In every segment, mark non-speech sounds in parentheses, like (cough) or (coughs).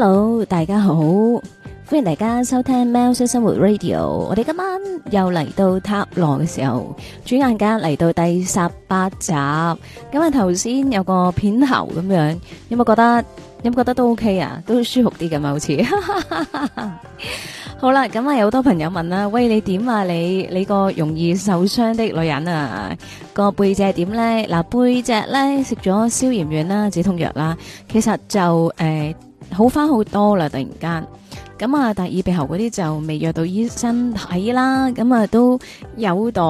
hello，大家好，歡迎大家收聽《喵式生活 Radio》，我哋今晚又嚟到塔羅嘅時候，轉眼間嚟到第十八集。咁啊，頭先有個片頭咁樣，有冇覺得？有冇覺得都 OK 啊？都舒服啲嘅嘛， (laughs) 好似。好啦，咁啊，有好多朋友問啦，喂，你點啊？你你個容易受傷的女人啊，個背脊點呢？嗱，背脊咧，食咗消炎丸啦，止痛藥啦，其實就誒。呃好翻好多啦！突然間，咁啊，但耳鼻喉嗰啲就未約到醫生睇啦，咁啊都有待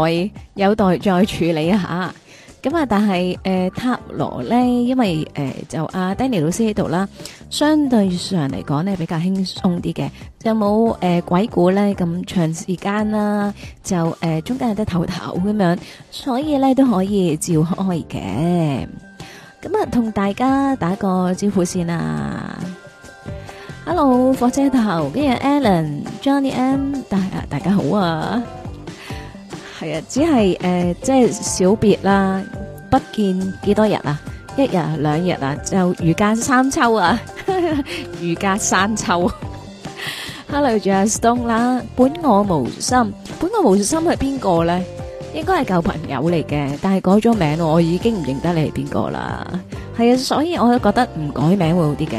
有待再處理一下。咁啊，但係誒塔羅咧，因為誒、呃、就阿 Danny 老師喺度啦，相對上嚟講咧比較輕鬆啲嘅。就有冇誒鬼故咧咁長時間啦？就誒、呃、中間有得唞唞咁樣，所以咧都可以照開嘅。咁啊，同大家打個招呼先啦。Hello，火車頭，跟日 Alan、Johnny M，大啊大家好啊，係啊，只係誒即係小別啦，不見幾多日啊，一日兩日啊，就如隔三秋啊， (laughs) 如隔三秋。 (laughs) Hello，仲有 Stone 啦，本我無心，本我無心係邊個咧？應該係舊朋友嚟嘅，但係改咗名，我已經唔認得你係邊個啦。係啊，所以我都覺得唔改名會好啲嘅。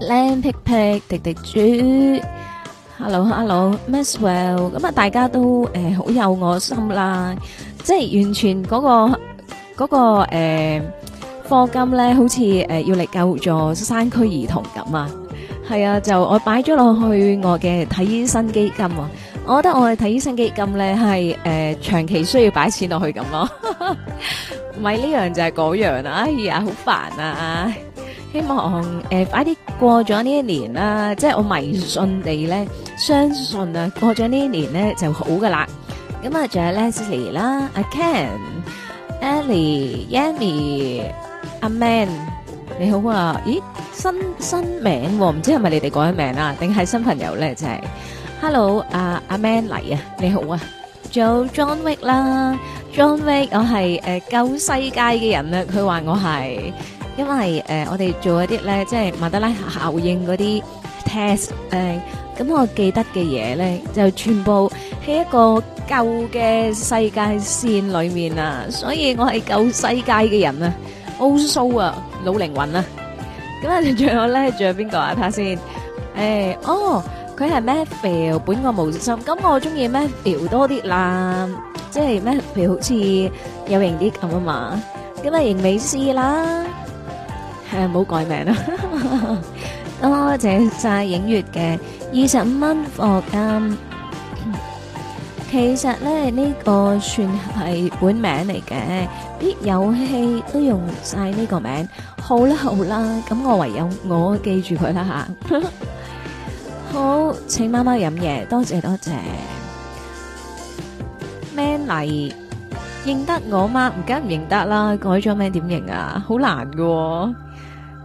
靚皮皮滴滴豬，hello hello Maxwell，咁啊，大家都誒好、呃、有我心啦，即係完全嗰、那個嗰、那個誒，課、呃、金咧好似誒、呃、要嚟救助山區兒童咁啊，係啊，就我擺咗落去我嘅睇醫生基金、哦，我覺得我嘅睇醫生基金咧係誒長期需要擺錢落去咁咯，唔係呢樣就係嗰樣啊，哎呀，好煩啊！希望誒，快啲過咗呢一年啦！即係我迷信地咧，相信啊，過咗呢一年咧就好噶啦。咁啊，仲有 Leslie 啦，阿 Ken，Ellie，Yami，阿 Man，你好啊！咦，新新名，唔知係咪你哋改名啊？定係新朋友咧？就係 Hello，阿阿 Man 嚟啊！你好啊！仲有 John Wick 啦，John Wick，我係誒救世界嘅人啊！佢話我係。因為誒，我哋做一啲咧，即係曼德拉效應嗰啲 test 誒，咁我記得嘅嘢咧，就全部喺一個舊嘅世界線裏面啊，所以我係舊世界嘅人啊，歐蘇啊，老靈魂啊。咁啊，仲有咧，仲有邊個啊？睇下先。誒，哦，佢係 Matthew，本我無心。咁我中意 Matthew 多啲啦，即係咩？譬如好似有型啲咁啊嘛。咁啊，仍未試啦。誒，唔好改名啦！多謝晒影月嘅二十五蚊貨金。其實咧，呢個算係本名嚟嘅，啲遊戲都用晒呢個名。好啦好啦，咁我唯有我記住佢啦吓。好，請媽媽飲嘢，多謝多謝。man 嚟，認得我嗎？唔梗唔認得啦，改咗名點認啊？好難㗎。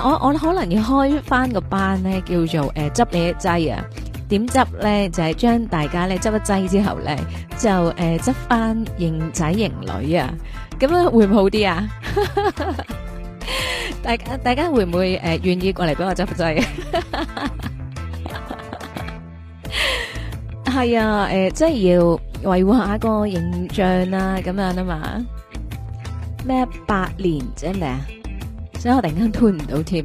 我我可能要開翻個班咧，叫做誒執你一劑啊。點執咧就係將大家咧執一劑之後咧就誒執翻型仔型女啊，咁樣會唔好啲啊？大家大家會唔會誒願意過嚟幫我執劑？係啊，誒，即係要維護下個形象啊，咁樣啊嘛，咩百年啫咩？所以我突然間推唔到添。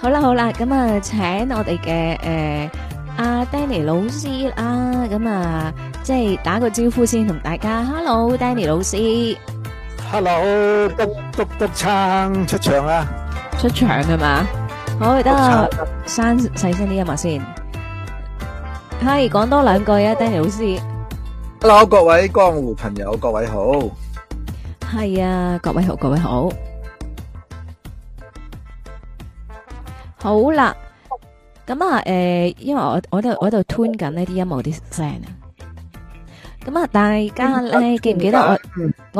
好啦好啦，咁啊，請我哋嘅誒阿 Danny 老師啊，咁啊即係打個招呼先同大家，Hello Danny 老師，Hello，篤篤篤撐出場啊，出場啊嘛？好，得我刪細聲啲音樂先。係講多兩句啊，Danny 老師，Hello 各位江湖朋友，各位好。係啊，各位好，各位好。好啦，咁啊，誒，因為我我度我度推緊呢啲音樂啲聲啊，咁啊，大家咧記唔記得我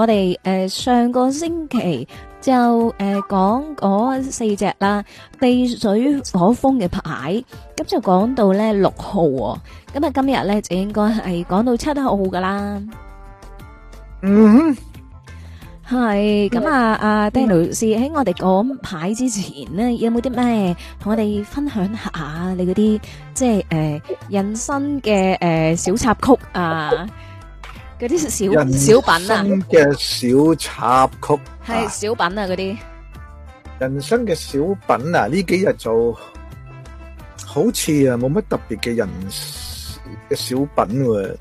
我哋誒上個星期就誒講嗰四隻啦，地水火風嘅牌，咁就講到咧六號，咁啊今日咧就應該係講到七號噶啦，嗯。係咁啊！阿 Danny 老師喺我哋講牌之前咧，有冇啲咩同我哋分享下你嗰啲即係誒人生嘅誒小插曲啊？嗰啲小小品啊！人生嘅小插曲係小品啊！嗰啲人生嘅小品啊！呢幾日就好似啊冇乜特別嘅人嘅小品喎，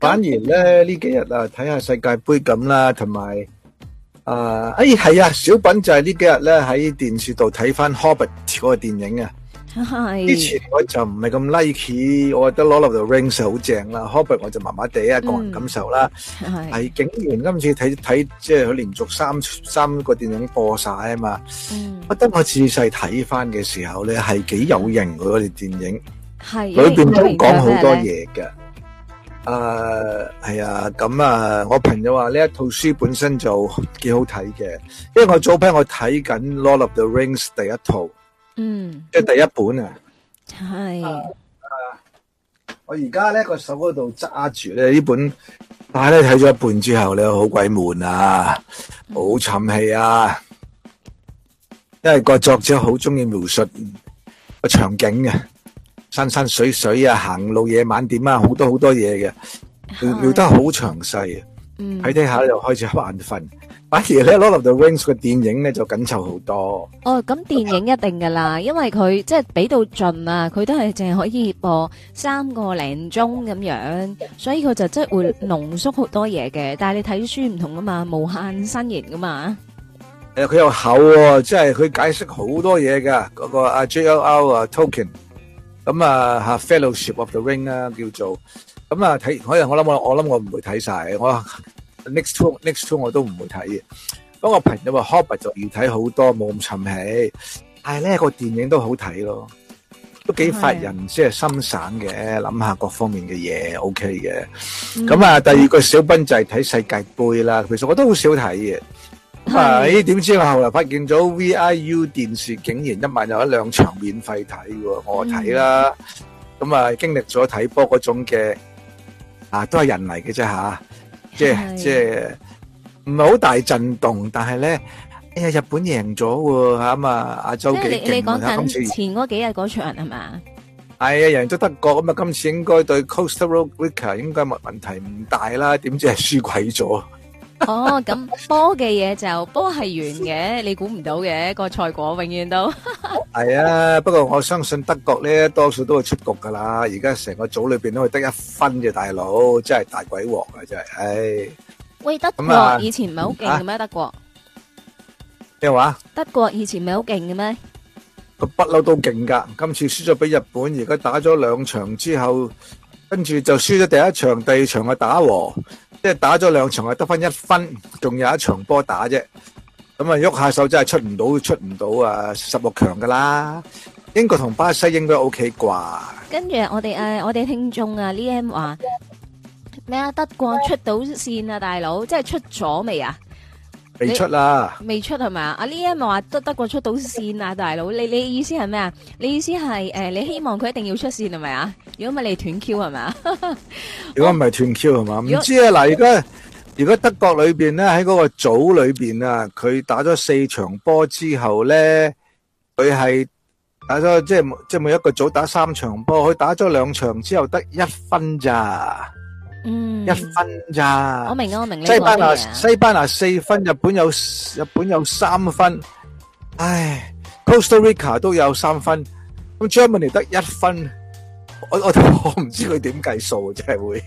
反而咧呢幾日啊睇下世界杯咁啦，同埋。誒、uh, 哎，哎係啊，小品就係呢幾日咧喺電視度睇翻《Hobbit》嗰個電影啊。之前我就唔係咁 like，我覺得攞落就《Rings》好正啦，嗯《Hobbit》我就麻麻地啊，個人感受啦。係竟然今次睇睇，即係佢連續三三個電影播晒啊嘛。我、嗯、得我自細睇翻嘅時候咧，係幾有型嗰啲、那個、電影，啊、裏邊都講好多嘢嘅。誒，係啊，咁啊，我朋友話呢一套書本身就幾好睇嘅，因為我早排我睇緊《Lord of the Rings》第一套，嗯，即係第一本啊，係，uh, uh, 我而家咧個手嗰度揸住咧呢本，但係咧睇咗一半之後咧好鬼悶啊，好沉氣啊，因為個作者好中意描述個場景嘅啊。山山水水啊，行路夜晚點啊，好多好多嘢嘅，聊得好詳細。睇睇下又開始眼瞓。反而佢攞《Lord of the Rings》嘅電影咧就緊湊好多。哦，咁電影一定噶啦，因為佢即係俾到盡啊，佢都係淨係可以播三個零鐘咁樣，所以佢就即係會濃縮好多嘢嘅。但係你睇書唔同噶嘛，無限身形噶嘛。誒，佢又厚，即係佢解釋好多嘢噶。嗰個阿 J R R 啊，Tolkien。咁啊，哈 Fellowship of the Ring 啦，叫做咁啊睇，可能我諗我我諗我唔會睇晒我 Next Two Next Two 我都唔會睇嘅。嗰個朋友話《Hobbit》就要睇好多，冇咁沉氣，但係呢個電影都好睇咯，都幾發人即係深省嘅，諗下各方面嘅嘢 OK 嘅。咁啊，第二個小賓就係睇世界杯啦，其實我都好少睇嘅。啊！咦？點知啊？我後來發現咗 Viu 電視，竟然一晚有兩場免費睇喎，我睇啦。咁啊，經歷咗睇波嗰種嘅啊，都係人嚟嘅啫嚇。即係即係唔係好大震動，但係咧，哎呀，日本贏咗喎嚇嘛！亞洲幾勁啊！你講緊前嗰幾日嗰場係嘛？係啊，贏咗德國咁啊，今次應該對 Costa Rica 應該問問題唔大啦。點知係輸鬼咗？ (laughs) 哦，咁波嘅嘢就波係圓嘅，你估唔到嘅，那個賽果永遠都係 (laughs) 啊！不過我相信德國咧，多數都會出局噶啦。而家成個組裡邊都可以得一分嘅大佬，真係大鬼王啊！真係，唉，喂，德國以前唔係好勁嘅咩？德國咩話？德國以前唔係好勁嘅咩？啊、不嬲都勁噶，今次輸咗俾日本，而家打咗兩場之後，跟住就輸咗第一場，第二場嘅打和。即係打咗兩場係得翻一分，仲有一場波打啫。咁啊，喐下手真係出唔到，出唔到啊！十六強噶啦，英國同巴西應該 OK 啩？跟住我哋誒、呃，我哋聽眾啊，Leon 話咩啊？德國出到線啊，大佬，即係出咗未啊？未出啦，未出係咪啊？啊呢一咪話德德國出到線啊，大佬，你你意思係咩啊？你意思係誒、呃，你希望佢一定要出線係咪啊？如果唔係你斷 Q 係咪啊？如果唔係斷 Q 係嘛？唔知啊，嗱，而家而家德國裏邊咧喺嗰個組裏邊啊，佢打咗四場波之後咧，佢係打咗即係即係每一個組打三場波，佢打咗兩場之後得一分咋。嗯，一分咋？我明啊，我明。西班牙，西班牙四分，日本有日本有三分，唉，Costa Rica 都有三分，咁 Germany 得一分。我我我唔知佢點計數，真係會。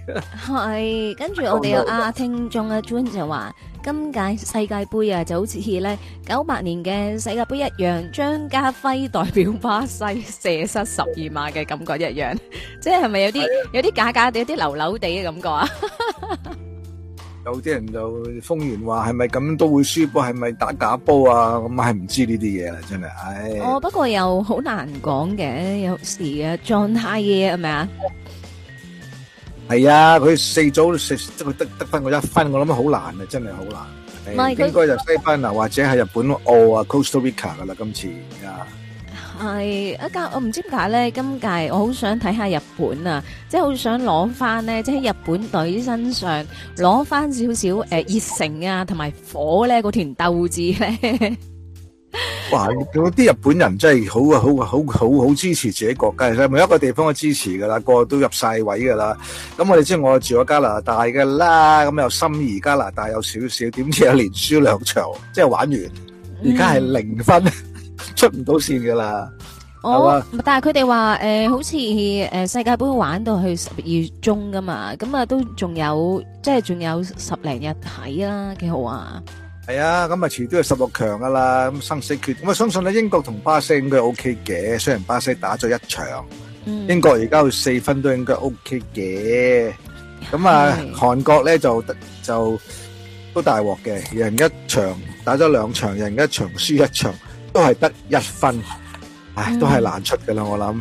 係跟住我哋啊，聽眾阿 Joan 就話： (laughs) 今屆世界盃啊，就好似咧九八年嘅世界盃一樣，張家輝代表巴西射失十二碼嘅感覺一樣， (laughs) 即係係咪有啲 (laughs) 有啲假假地、有啲流流地嘅感覺啊？ (laughs) 有啲人就封完話係咪咁都會輸波，係咪打假波啊？咁係唔知呢啲嘢啦，真係。唉、哎，我、oh, 不過又好難講嘅，有時嘅狀態嘅係咪啊？係啊，佢四組四，得得得分一分，我諗好難啊，真係好難的。唔係佢應該就西班牙或者係日本澳啊、oh，Costa Rica 噶啦，今次啊。係一屆我唔知點解咧，今屆我好想睇下日本啊，即係好想攞翻咧，即係喺日本隊身上攞翻少少誒熱誠啊，同埋火咧，嗰團鬥志咧。 (laughs) 哇！嗰啲日本人真係好啊，好好好好，好支持自己的國家，每一個地方都支持噶啦，個個都入晒位噶啦。咁我哋知我住喺加拿大嘅啦，咁又心儀加拿大，有少少，點知又連輸兩場，即係玩完，而家係零分。嗯出唔到線噶啦，係啦。但係佢哋話誒，好似誒世界盃玩到去十二中噶嘛，咁啊都仲有，即係仲有十零日睇啦，幾好啊！係啊，咁啊，始終係十六強噶啦，咁生死決。咁啊，相信咧，英國同巴西應該 OK 嘅，雖然巴西打咗一場，英國而家有四分都應該 OK 嘅。咁啊，韓國咧就就都大鑊嘅，贏一場打咗兩場，贏一場輸一場。都係得一分，唉，都係難出嘅啦，我諗。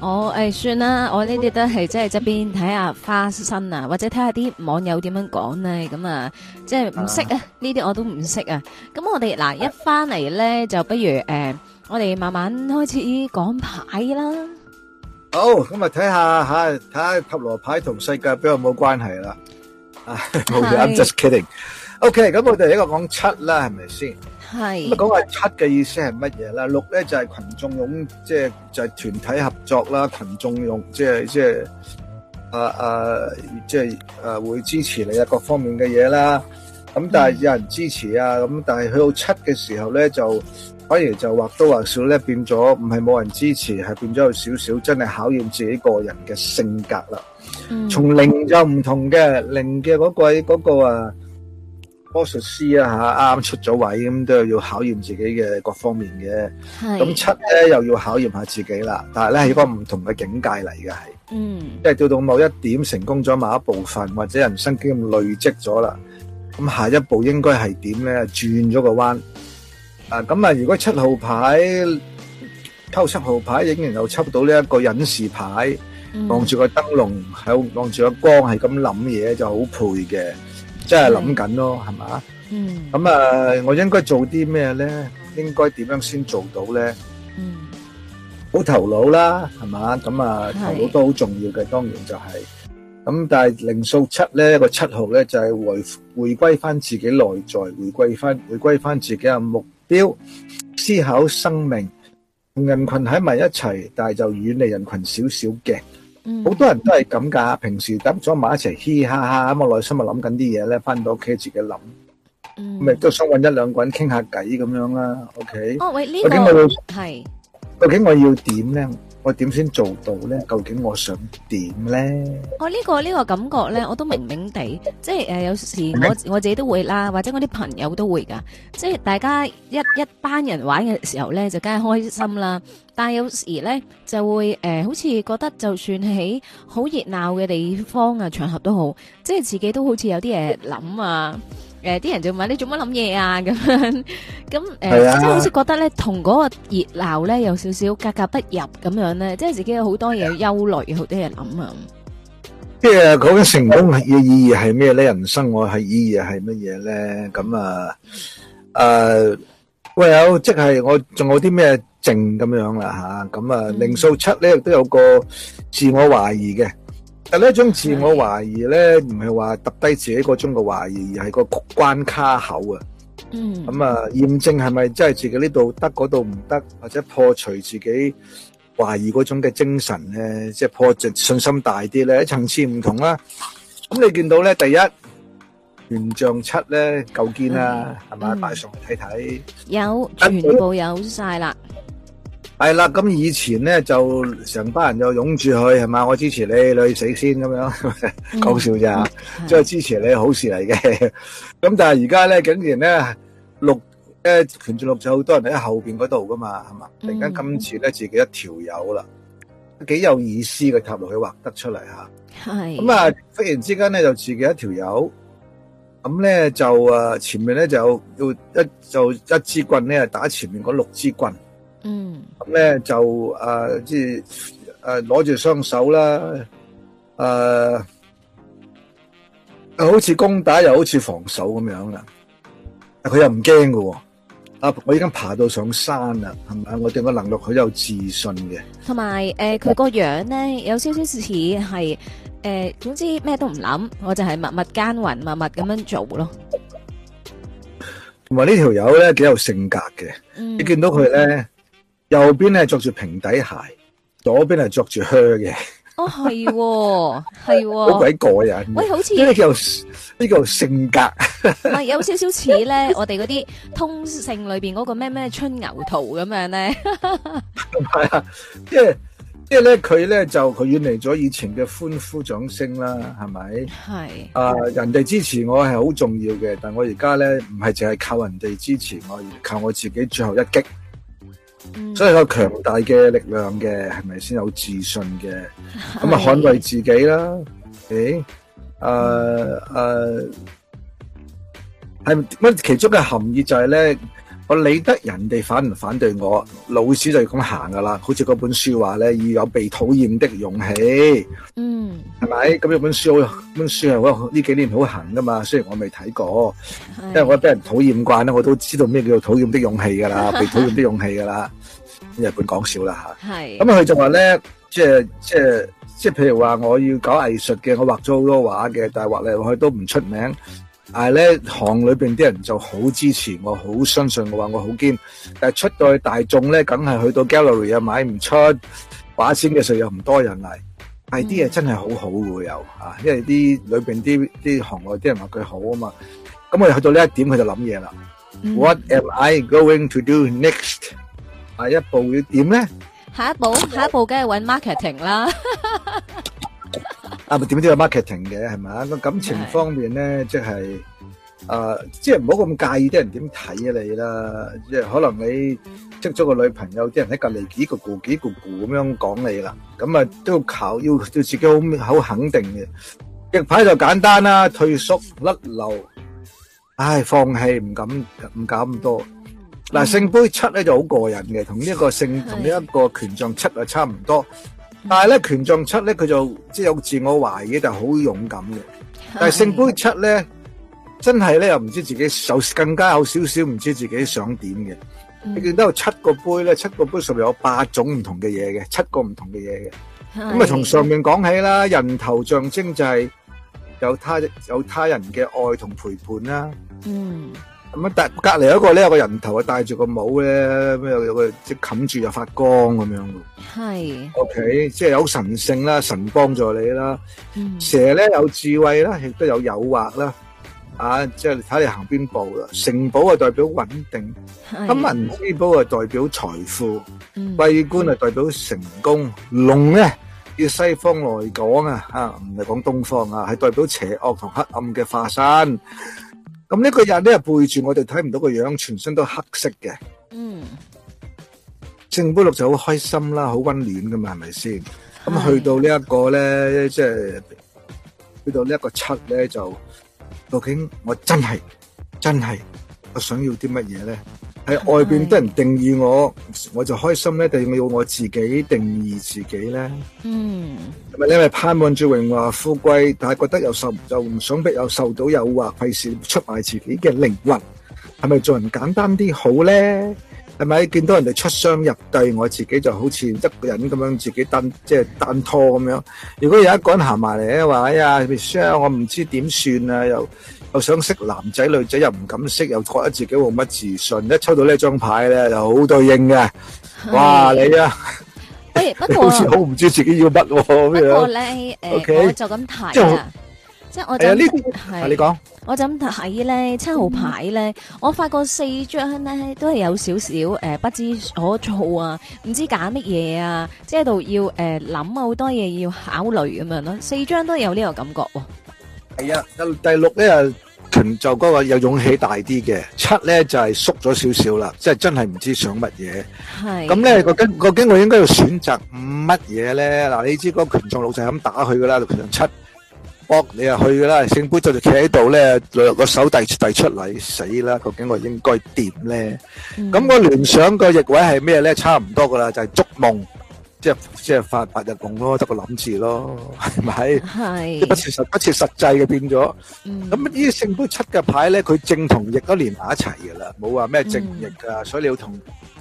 哦誒算啦，我呢啲都係即係側邊睇下花生啊，或者睇下啲網友點樣講咧，咁啊，即係唔識啊，呢啲我都唔識啊。咁我哋嗱一翻嚟咧，就不如誒，我哋慢慢開始講牌啦。好，咁啊，睇下吓，睇下塔羅牌同世界比較冇關係啦。冇嘢，I'm just kidding。OK，咁我哋一個講七啦，係咪先？係咁啊！講下七嘅意思係乜嘢啦？六咧就係、是、群眾用，即係就係、是、團、就是、體合作啦。群眾用，即係即係啊啊，即係啊、就是、啊會支持你啊，各方面嘅嘢啦。咁但係有人支持啊，咁、嗯、但係去到七嘅時候咧，就反而就或多或少咧變咗，唔係冇人支持，係變咗有少少真係考驗自己個人嘅性格啦。從零就唔同嘅零嘅嗰個個啊。魔術師啊吓，啱啱出咗位，咁都要考驗自己嘅各方面嘅。咁七咧又要考驗下自己啦，但係咧係一個唔同嘅境界嚟嘅，係。嗯。即係到到某一點成功咗某一部分，或者人生經驗累積咗啦，咁下一步應該係點咧？轉咗個彎。啊，咁啊，如果七號牌溝七號牌，影完又抽到呢一個隱士牌，嗯，望住個燈籠，喺望住個光，係咁諗嘢就好配嘅。即係諗緊咯，係嘛？咁啊、嗯，我應該做啲咩咧？應該點樣先做到咧、嗯？好頭腦啦，係嘛？咁啊，頭腦都好重要嘅，當然就係、是、咁。但係零數七咧，個七號咧就係、是、回歸回歸翻自己內在，回歸翻回歸翻自己嘅目標，思考生命，同人群喺埋一齊，但係就遠離人群少少嘅。好、嗯、多人都係咁噶，平時等咗埋一齊嘻嘻哈哈，咁我內心咪諗緊啲嘢咧，翻到屋企自己諗，咁、嗯、咪都想搵一兩個人傾下偈咁樣啦。O、OK? K，、哦、喂、究竟我要係、這個，究竟我要點咧？我點先做到呢？究竟我想點呢？我、哦、呢個、呢個感覺呢，我都明明地，即係有時我我自己都會啦，或者我啲朋友都會㗎。即係大家一一班人玩嘅時候呢，就梗係開心啦。但有時呢，就會誒、呃，好似覺得就算喺好熱鬧嘅地方啊、場合都好，即係自己都好似有啲嘢諗啊。誒，啲人就問你做乜諗嘢啊？咁樣咁誒，即係好似覺得咧，同嗰個熱鬧咧有少少格格不入咁樣咧，即係自己有好多嘢憂慮，好多嘢諗啊。即係講緊成功嘅意義係咩咧？人生我係意義係乜嘢咧？咁啊，誒，喂有，即係我仲有啲咩靜咁樣啦吓？咁啊，零數七咧都有個自我懷疑嘅。呢種自我懷疑咧，唔係話揼低自己嗰種嘅懷疑，而係個關卡口、嗯、啊。咁啊，驗證係咪真係自己呢度得嗰度唔得，或者破除自己懷疑嗰種嘅精神咧，即、就、係、是、破信心大啲咧，層次唔同啦、啊。咁你見到咧，第一權杖七咧夠堅啊，係咪？帶、嗯嗯、上嚟睇睇，有全部有晒啦。嗯係啦，咁以前咧就成班人就擁住佢係嘛，我支持你，你去死先咁樣，講笑咋？即、嗯、係支持你，好事嚟嘅。咁 (laughs) 但係而家咧，竟然咧六誒，權杖六就好多人喺後面邊嗰度噶嘛，係嘛、嗯？突然間今次咧自己一條友啦，幾有意思嘅套落去畫得出嚟吓。係咁啊！忽然之間咧就自己一條友，咁咧就誒，前面咧就要一就一支棍咧打前面嗰六支棍。嗯，咁咧就誒，即係誒，攞住，啊，雙手啦，誒，啊，好似攻打又好似防守咁樣啦。佢又唔驚㗎啊，我已經爬到上山啦，係咪？我哋個能力，好有自信嘅。同埋誒，佢，呃，個樣咧，有少少似係誒，總之咩都唔諗，我就係默默耕耘，默默咁樣做咯。同埋，這個，呢條友咧，幾有性格嘅，嗯，你見到佢咧。嗯右邊咧係着住平底鞋，左邊係着住靴嘅。哦，係喎，係喎，好鬼過癮。喂，好似呢個呢個性格，係 (laughs) 有少少似咧，我哋嗰啲通勝裏邊嗰個咩咩春牛圖咁樣咧。係 (laughs) 啊，即係即係咧，佢咧就佢遠離咗以前嘅歡呼掌聲啦，係咪？係。啊、呃，人哋支持我係好重要嘅，但我而家咧唔係淨係靠人哋支持我，而靠我自己最後一擊。所以有強大嘅力量嘅，係咪先有自信嘅？咁啊捍衛自己啦。誒、欸，誒、呃，係、嗯、乜、呃？其中嘅含義就係咧。我理得人哋反唔反對我，老師就咁行噶啦。好似嗰本書話咧，要有被討厭的勇氣。嗯，係咪？咁呢本書好，本書係呢幾年好行噶嘛。雖然我未睇過，因為我俾人討厭慣啦，我都知道咩叫做討厭的勇氣噶啦， (laughs) 被討厭的勇氣噶啦。日本講笑啦吓。係。咁佢就話咧，即係即係即係，譬如話我要搞藝術嘅，我畫咗好多畫嘅，但係畫嚟畫去都唔出名。但係咧，行裏邊啲人就好支持我，好相信我話我好堅。但係出到去大眾咧，梗係去到 gallery 又買唔出，把錢嘅時候又唔多人嚟。但係啲嘢真係好好會又，吓、啊，因為啲裏邊啲啲行內啲人話佢好啊嘛。咁我哋去到呢一點，佢就諗嘢啦。What am I going to do next？下一步要點咧？下一步， (laughs) 下一步梗係搵 marketing 啦。 (laughs) 啊，咪點都要 marketing 嘅，係咪？個感情方面咧，即係，啊，即係唔好咁介意啲人點睇你啦。即係可能你識咗個女朋友，啲人喺隔籬幾句句幾句句咁樣講你啦。咁啊，都要靠要對自己好好肯定嘅。逆牌就簡單啦，退縮甩漏，唉，放棄唔敢唔搞咁多。嗱，聖杯七咧就好過人嘅，同呢一個聖同呢一個權杖七啊差唔多。但係咧，權杖七咧佢就即係有自我懷疑，但係好勇敢嘅。但係聖杯七咧，真係咧又唔知自己，就更加有少少唔知自己想點嘅。嗯。你見到有七個杯咧，七個杯上面有八種唔同嘅嘢嘅，七個唔同嘅嘢嘅。咁啊，就從上面講起啦，人頭象徵，有他有他人嘅愛同陪伴啦。嗯。咁啊！但隔籬有一個咧，個人頭啊，戴住個帽咧，咩有個即係冚住又發光咁樣。係。O K，即係有神聖啦，神幫助你啦。蛇咧有智慧啦，亦都有誘惑啦。啊，即係睇你行邊步啦。城堡啊代表穩定，咁文珠寶啊代表財富，貴官啊代表成功。龍咧，要西方來講啊，唔係講東方啊，係代表邪惡同黑暗嘅化身。咁呢個人咧係背住我哋睇唔到個樣，全身都黑色嘅。嗯，聖杯六就好開心啦，好溫暖㗎嘛，係咪先？咁去到呢一個咧，即係去到呢一個七咧，就究竟我真係真係我想要啲乜嘢咧？喺外邊得人定義我，我就開心咧；定要我自己定義自己咧。嗯，係咪你咪盼望住榮華富貴，但係覺得又受，就唔想逼又受到誘惑，費事出賣自己嘅靈魂。係咪做人簡單啲好咧？係咪見到人哋出雙入對，我自己就好似一個人咁樣，自己單即係、就是、單拖咁樣。如果有一個人行埋嚟嘅話，哎呀，咩我唔知點算啊，又～又想識男仔女仔又唔敢識，又覺得自己冇乜自信。一抽到呢一張牌咧，又好對應嘅。哇，你啊，不過好似好唔知自己要乜咩樣。不過咧，誒，我就咁睇啦。即係我，誒，呢啲係你講。我就咁睇咧，七號牌咧，我發覺四張咧，都係有少少誒，不知所措啊，唔知揀乜嘢啊，即係度要誒諗啊，好多嘢要考慮咁樣咯。四張都有呢個感覺。係啊，咁第六咧。群就嗰個有勇氣大啲嘅，七咧就係縮咗少少啦，即係真係唔知想乜嘢。係咁咧，究竟究竟我應該要選擇五乜嘢咧？嗱，你知個群眾老細咁打佢噶啦，六強七，哦，你又去噶啦，聖杯就就企喺度咧，兩個手遞遞出嚟，死啦！究竟我應該點咧？咁個聯想個逆位係咩咧？差唔多噶啦，就係捉夢，即係即係發白日夢咯，得個諗字咯，係咪？係。不切實不切實際嘅變咗。咁呢啲聖杯七嘅牌咧，佢正同逆都連埋一齊噶啦，冇話咩正逆噶，所以你要同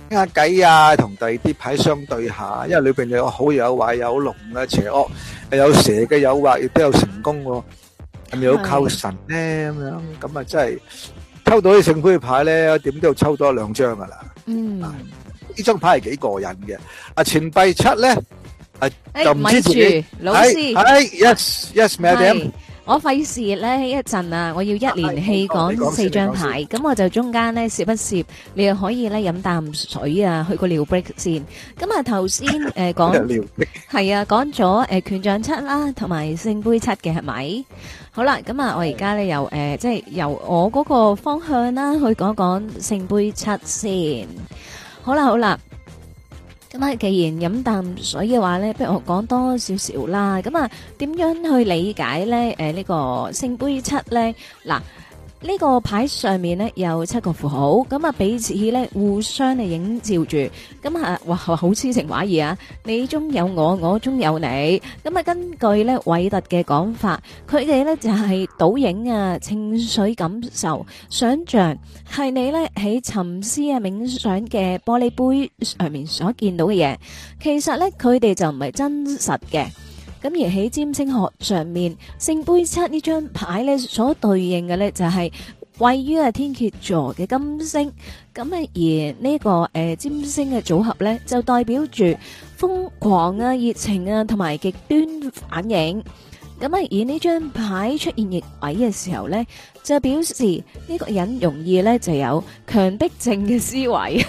傾下偈啊，同第二啲牌相對下，因為裏邊有好有壞，有龍啊邪惡，有蛇嘅誘惑，亦都有成功，又要有靠神咧咁樣，咁啊真係抽到啲聖杯牌咧，點都要抽多兩張噶啦。嗯。呢張牌係幾過癮嘅，啊錢幣七咧，啊就唔住老師。係係 yes yes，Madam，我費事咧一陣啊，我要一連氣講四張牌，咁我就中間咧攝一攝，你又可以咧飲啖水啊，去個尿 break 先。咁啊頭先誒講係啊，講咗誒權杖七啦，同埋聖杯七嘅係咪？好啦，咁啊我而家咧又誒，即係由我嗰個方向啦去講一講聖杯七先。好啦好啦，咁啊，既然飲啖水嘅話咧，不如我講多少少啦。咁啊，點樣去理解咧？誒，呢個聖杯七咧，嗱。呢、這個牌上面呢有七個符號，咁啊彼此呢互相嚟映照住，咁啊哇，哇好詩情畫意啊！你中有我，我中有你，咁啊根據呢偉特嘅講法，佢哋呢就係倒影啊情緒感受、想像，係你呢喺沉思啊冥想嘅玻璃杯上面所見到嘅嘢，其實呢，佢哋就唔係真實嘅。咁而喺占星學上面，聖杯七呢張牌呢所對應嘅呢，就係位於啊天蠍座嘅金星，咁啊而呢個誒占星嘅組合呢，就代表住瘋狂啊、熱情啊同埋極端反應。咁啊，而呢張牌出現逆位嘅時候咧，就表示呢個人容易咧就有強迫症嘅思維。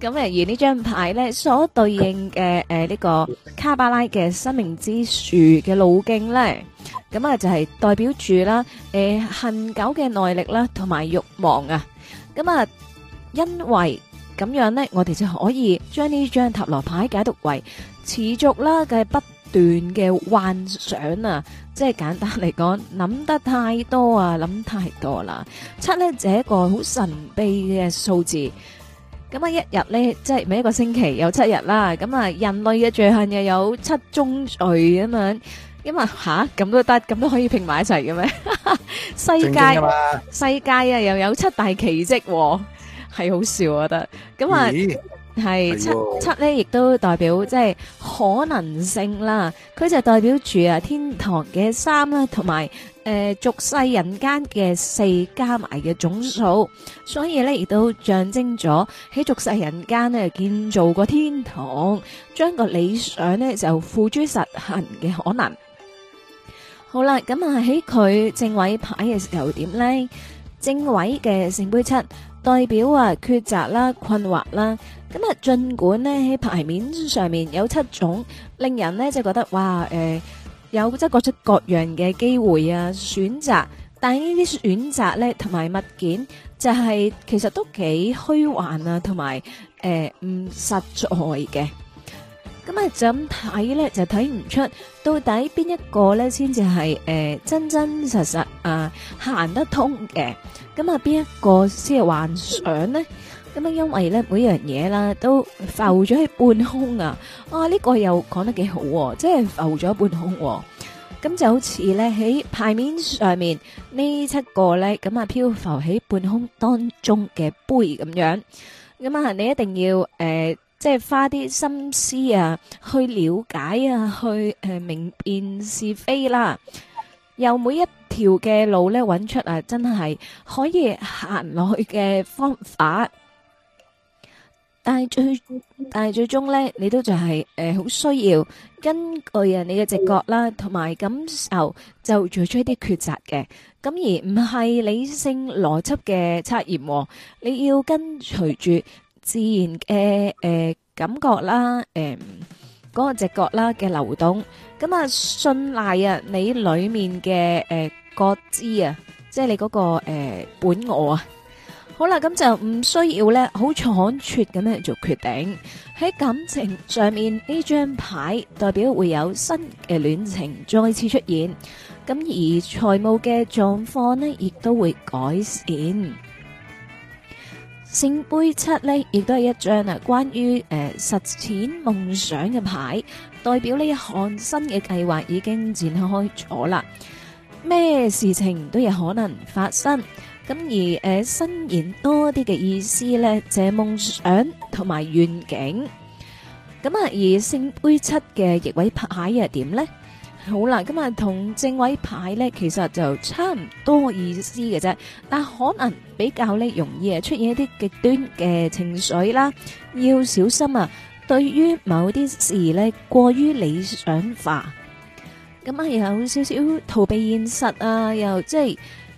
咁啊，而呢張牌咧所對應嘅誒呢個卡巴拉嘅生命之樹嘅路徑咧，咁啊就係代表住啦誒恆久嘅耐力啦，同埋慾望啊。咁啊，因為咁樣咧，我哋就可以將呢張塔羅牌解讀為持續啦嘅不。段嘅幻想啊，即係簡單嚟講，諗得太多啊，諗太多啦。七咧就係一個好神秘嘅數字，咁啊一日咧，即係每一個星期有七日啦。咁啊，人類嘅罪行又有七宗罪咁樣，咁啊吓，咁都得，咁都可以拼埋一齊嘅咩？世界世界啊，又有七大奇蹟，係好笑我覺得。咁啊。係七七咧，亦都代表即係可能性啦。佢就代表住啊天堂嘅三啦，同埋誒俗世人間嘅四加埋嘅總數，所以咧亦都象徵咗喺俗世人間咧建造個天堂，將個理想咧就付諸實行嘅可能。好啦，咁啊喺佢正位牌嘅時候點咧？正位嘅聖杯七代表啊抉擇啦、困惑啦。咁啊，盡管咧喺牌面上面有七種令人咧就覺得哇，誒、呃、有即各出各樣嘅機會啊選擇，但係呢啲選擇咧同埋物件就係、是、其實都幾虛幻啊，同埋誒唔實在嘅。咁啊，就咁睇咧就睇唔出到底邊一個咧先至係誒真真實實啊、呃、行得通嘅，咁啊邊一個先係幻想咧？ (laughs) 咁啊，因為咧每樣嘢啦都浮咗喺半空啊！哇，呢個又講得幾好，即係浮咗半空。咁就好似咧喺牌面上面呢七個咧，咁啊漂浮喺半空當中嘅杯咁樣。咁啊，你一定要誒，即係花啲心思啊，去了解啊，去誒明辨是非啦。由每一條嘅路咧，揾出啊，真係可以行落去嘅方法。但係最但係最終咧，你都就係誒好需要根據啊你嘅直覺啦，同埋感受就做出一啲抉擇嘅，咁而唔係理性邏輯嘅測驗。你要跟隨住自然嘅誒感覺啦，誒嗰個直覺啦嘅流動，咁啊信賴啊你裏面嘅誒覺知啊，即係你嗰個誒本我啊。好啦，咁就唔需要咧，好倉促咁咧做決定。喺感情上面呢張牌代表會有新嘅戀情再次出現，咁而財務嘅狀況呢亦都會改善。聖杯七呢亦都係一張啊，關於誒實踐夢想嘅牌，代表呢一項新嘅計劃已經展開咗啦，咩事情都有可能發生。咁而誒、呃、新言多啲嘅意思咧，就係夢想同埋願景。咁啊，而聖杯七嘅逆位牌又係點呢？好啦，咁啊同正位牌咧，其實就差唔多意思嘅啫，但可能比較咧，容易啊出現一啲極端嘅情緒啦，要小心啊！對於某啲事咧，過於理想化，咁啊有少少逃避現實啊，又即係。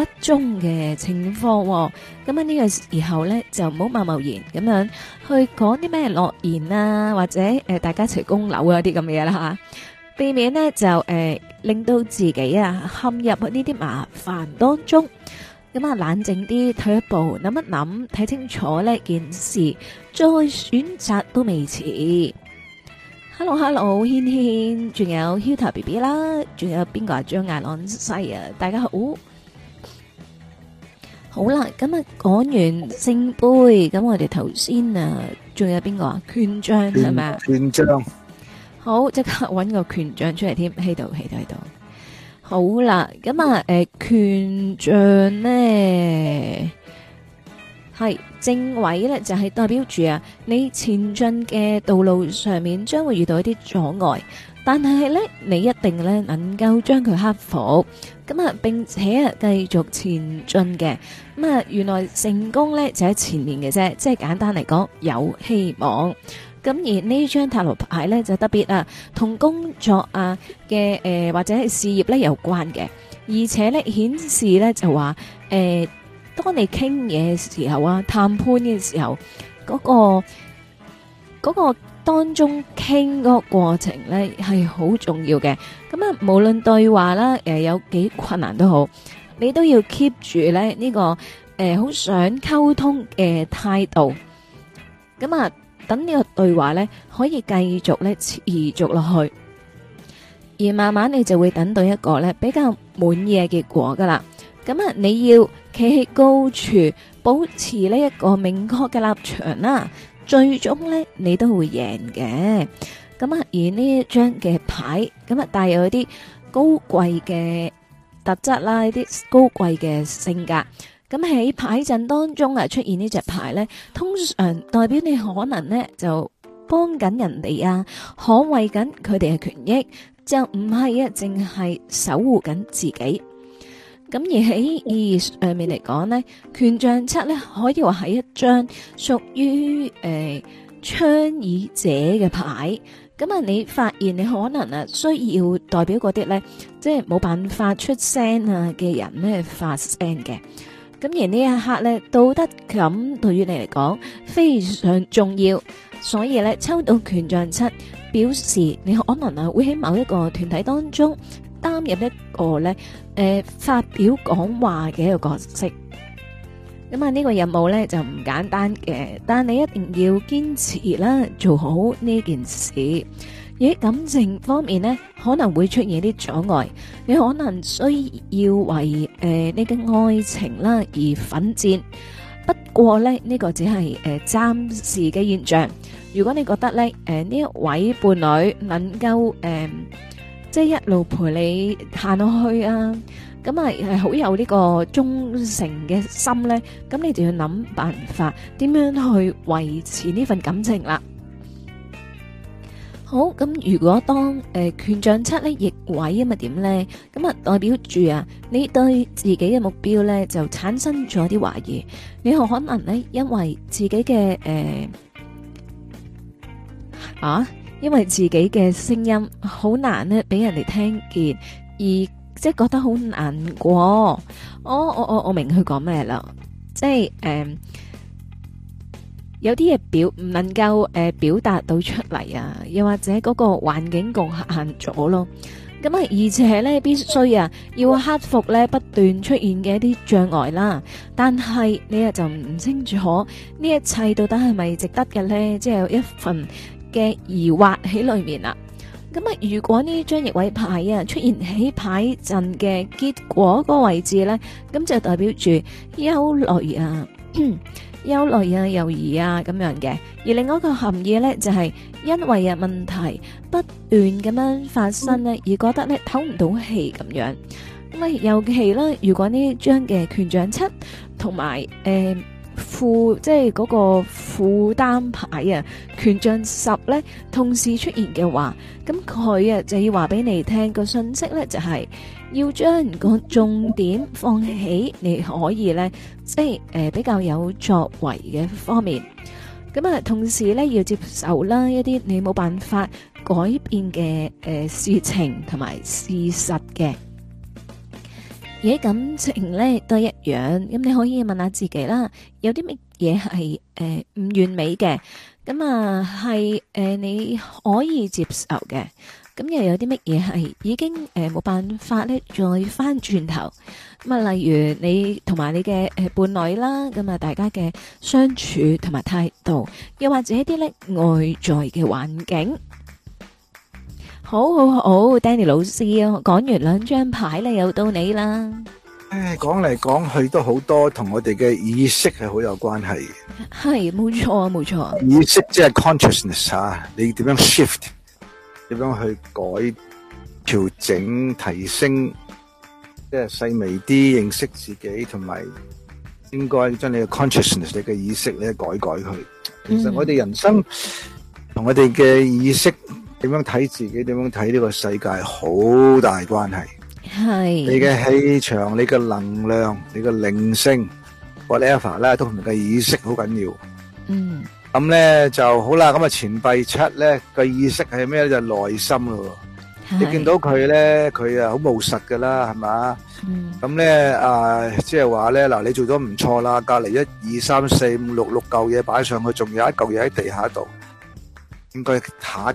不忠嘅情況，咁啊呢個時候咧，就唔好貿貿然咁樣去講啲咩諾言啦，或者誒大家一齊供樓啊啲咁嘅嘢啦吓，避免咧就誒令到自己啊陷入呢啲麻煩當中。咁啊冷靜啲，退一步諗一諗，睇清楚呢一件事，再選擇都未遲。Hello，Hello，軒軒，仲有 Hoota B B 啦，仲有邊個係張亞朗西啊，大家好。好啦，咁啊，講完聖杯，咁我哋頭先啊，仲有邊個啊？權杖係咪啊？權杖好，即刻揾個權杖出嚟添，喺度喺度喺度。好啦，咁啊，誒，權杖呢，係正位咧，就係、是、代表住啊，你前進嘅道路上面將會遇到一啲阻礙。但係咧，你一定咧能夠將佢克服，咁啊，並且啊繼續前進嘅。咁啊，原來成功咧就喺前面嘅啫，即係簡單嚟講有希望。咁而呢張塔羅牌咧就特別啊，同工作啊嘅誒或者係事業咧有關嘅，而且咧顯示咧就話誒，當你傾嘢時候啊，談判嘅時候嗰個嗰個。當中傾嗰個過程咧係好重要嘅，咁啊無論對話啦，誒有幾困難都好，你都要 keep 住咧呢個誒好想溝通嘅態度，咁啊等呢個對話咧可以繼續咧持續落去，而慢慢你就會等到一個咧比較滿意嘅結果噶啦，咁啊你要企喺高處，保持呢一個明確嘅立場啦。最終咧，你都會贏嘅。咁啊，而呢一張嘅牌，咁啊，帶有啲高貴嘅特質啦，一啲高貴嘅性格。咁喺牌陣當中啊，出現呢隻牌咧，通常代表你可能咧就幫緊人哋啊，捍衛緊佢哋嘅權益，就唔係啊，淨係守護緊自己。咁而喺意義上面嚟講咧，權杖七咧可以話係一張屬於誒倡議者嘅牌。咁啊，你發現你可能啊需要代表嗰啲咧，即係冇辦法出聲啊嘅人咧發聲嘅。咁而呢一刻咧，道德感對於你嚟講非常重要。所以咧，抽到權杖七表示你可能啊會喺某一個團體當中，擔任一個咧誒發表講話嘅一個角色，咁啊呢個任務咧就唔簡單嘅，但你一定要堅持啦，做好呢件事。而喺感情方面咧，可能會出現啲阻礙，你可能需要為誒呢啲愛情啦而奮戰。不過咧呢個只係誒暫時嘅現象。如果你覺得咧誒呢一位伴侶能夠誒，即係一路陪你行落去啊！咁啊，係好有呢個忠誠嘅心咧。咁你就要諗辦法，點樣去維持呢份感情啦？好，咁如果當誒權杖七咧逆位啊嘛點咧？咁啊代表住啊你對自己嘅目標咧就產生咗啲懷疑，你好可能咧因為自己嘅誒啊。因為自己嘅聲音好難咧俾人哋聽見，而即係覺得好難過。哦、我我我我明佢講咩啦，即係誒、嗯、有啲嘢表唔能夠誒、呃、表達到出嚟啊，又或者嗰個環境局限咗咯。咁啊，而且咧必須啊要克服咧不斷出現嘅一啲障礙啦。但係你啊就唔清楚，呢一切到底係咪值得嘅咧？即係有一份嘅疑惑喺裏面啦，咁啊，如果呢張逆位牌啊出現喺牌陣嘅結果個位置咧，咁就代表住憂慮啊、憂慮啊、猶疑啊咁樣嘅。而另外一個含義咧，就係、是、因為啊問題不斷咁樣發生咧、嗯，而覺得咧唞唔到氣咁樣。咁啊，尤其咧，如果呢張嘅權杖七同埋誒。負即係嗰個負擔牌啊，權杖十咧同時出現嘅話，咁佢啊就要話俾你聽、個信息咧，就係、是、要將個重點放喺你可以咧，即係誒比較有作為嘅方面。咁啊，同時咧要接受啦一啲你冇辦法改變嘅誒、呃、事情同埋事實嘅。而感情咧都一樣，咁你可以問下自己啦，有啲乜嘢係誒唔完美嘅？咁啊係誒、呃、你可以接受嘅，咁又有啲乜嘢係已經誒冇、呃、辦法咧再翻轉頭，咁啊例如你同埋你嘅誒伴侶啦，咁啊大家嘅相處同埋態度，又或者一啲咧外在嘅環境。好好好，Danny 老師啊，講完兩張牌咧，又到你啦。唉、哎，講嚟講去都好多同我哋嘅意識係好有關係。係，冇錯啊，冇錯。意識即係、就是、consciousness 啊，你點樣 shift？點樣去改調整提升？即係細微啲認識自己，同埋應該將你嘅 consciousness，你嘅意識咧改改佢、嗯。其實我哋人生同我哋嘅意識。點樣睇自己，點樣睇呢個世界，好大關係。係你嘅氣場，你嘅能量，你嘅靈性，whatever 咧，同埋個意識好緊要。嗯，咁咧就好啦。咁啊，錢幣七咧個意識係咩咧？就內心咯。你見到佢咧，佢啊好務實噶啦，係嘛？嗯。咁咧啊，即係話咧嗱，你做咗唔錯啦。隔籬一二三四五六六嚿嘢擺上去，仲有一嚿嘢喺地下度，應該下。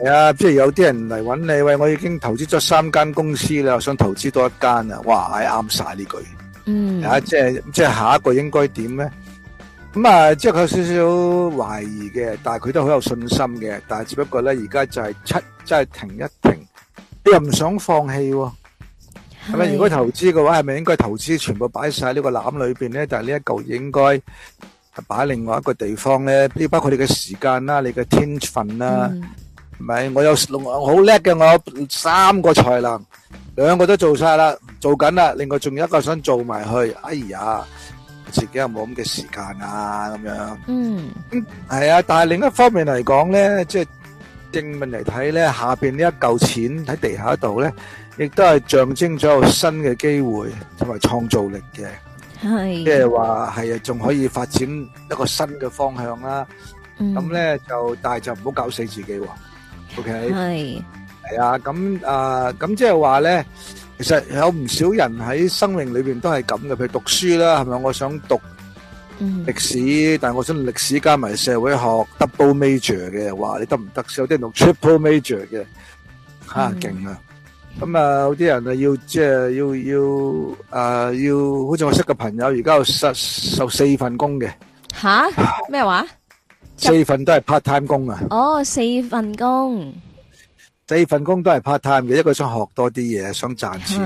係啊，即係有啲人嚟揾你喂，我已經投資咗三間公司啦，我想投資多一間啊！哇，係啱晒呢句。嗯，啊，即係即係下一個應該點咧？咁、嗯、啊，即係佢有少少懷疑嘅，但係佢都好有信心嘅。但係只不過咧，而家就係七，即、就、係、是、停一停。你又唔想放棄、啊？係咪？如果投資嘅話，係咪應該投資全部擺晒喺呢個籃裏邊咧？但係呢一嚿應該擺喺另外一個地方咧？呢包括你嘅時間啦、啊，你嘅天分啦、啊。嗯唔係我有，我好叻嘅。我三個才能，兩個都做晒啦，做緊啦。另外仲有一個想做埋去。哎呀，自己有冇咁嘅時間啊？咁樣嗯，係啊。但係另一方面嚟講咧，即係正面嚟睇咧，下邊呢一嚿錢喺地下度咧，亦都係象徵咗一個新嘅機會同埋創造力嘅。係即係話係啊，仲可以發展一個新嘅方向啦。咁咧就，但係就唔好搞死自己。O.K. 係係啊，咁啊，咁即係話咧，其實有唔少人喺生命裏邊都係咁嘅，譬如讀書啦，係咪？我想讀歷史，但係我想歷史加埋社會學 double major 嘅，話你得唔得？有啲人讀 triple major 嘅，吓，勁啊！咁啊，有啲人啊要即係要要啊要，好似我識個朋友，而家有受受四份工嘅。吓咩話？四份都係 part time 工啊！哦，四份工，四份工都係 part time 嘅，一個想學多啲嘢，想賺錢。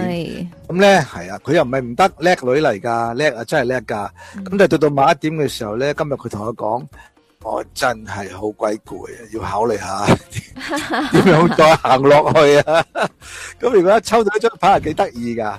咁咧，係啊，佢又唔係唔得，叻女嚟噶，叻啊，真係叻噶。咁、啊嗯、但係到到晚一點嘅時候咧，今日佢同我講，我真係好鬼攰啊，要考慮下點 (laughs) 樣再行落去啊。咁 (laughs) (laughs) 如果一抽到一張牌，係幾得意噶。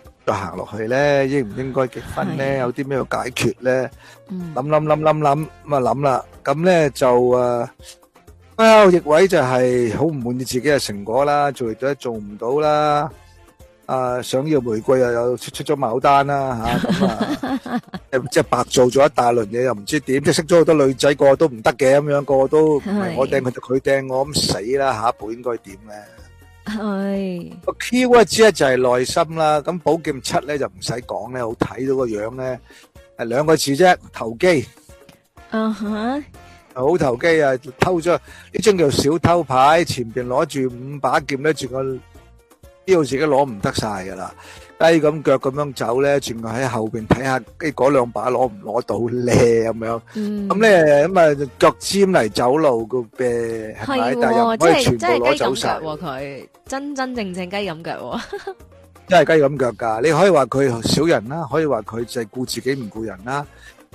再行落去咧，應唔應該結婚咧？有啲咩嘅解決咧？諗諗諗諗諗，咪諗啦。咁咧就啊，逆位就係好唔滿意自己嘅成果啦，做到做唔到啦。啊，想要玫瑰又有出出咗牡丹啦，吓咁啊，即係白做咗一大輪嘢又唔知點，即係識咗好多女仔個個都唔得嘅咁樣，個個都我掟佢，佢掟我咁死啦，下一步應該點咧？係個 Q 一字咧就係耐心啦，咁寶劍七咧就唔使講咧，好睇到個樣咧係兩個字啫，投機。啊哈！好投機啊，偷咗呢張叫小偷牌，前邊攞住五把劍咧，住個呢度自己攞唔得晒噶啦。雞咁腳咁樣走咧，仲係喺後邊睇下，即係嗰兩把攞唔攞到咧咁樣。咁咧咁啊，腳尖嚟走路嘅，係喎，即係雞咁腳佢真真正正雞咁腳，真係雞咁腳噶。你可以話佢小人啦，可以話佢就係顧自己唔顧人啦，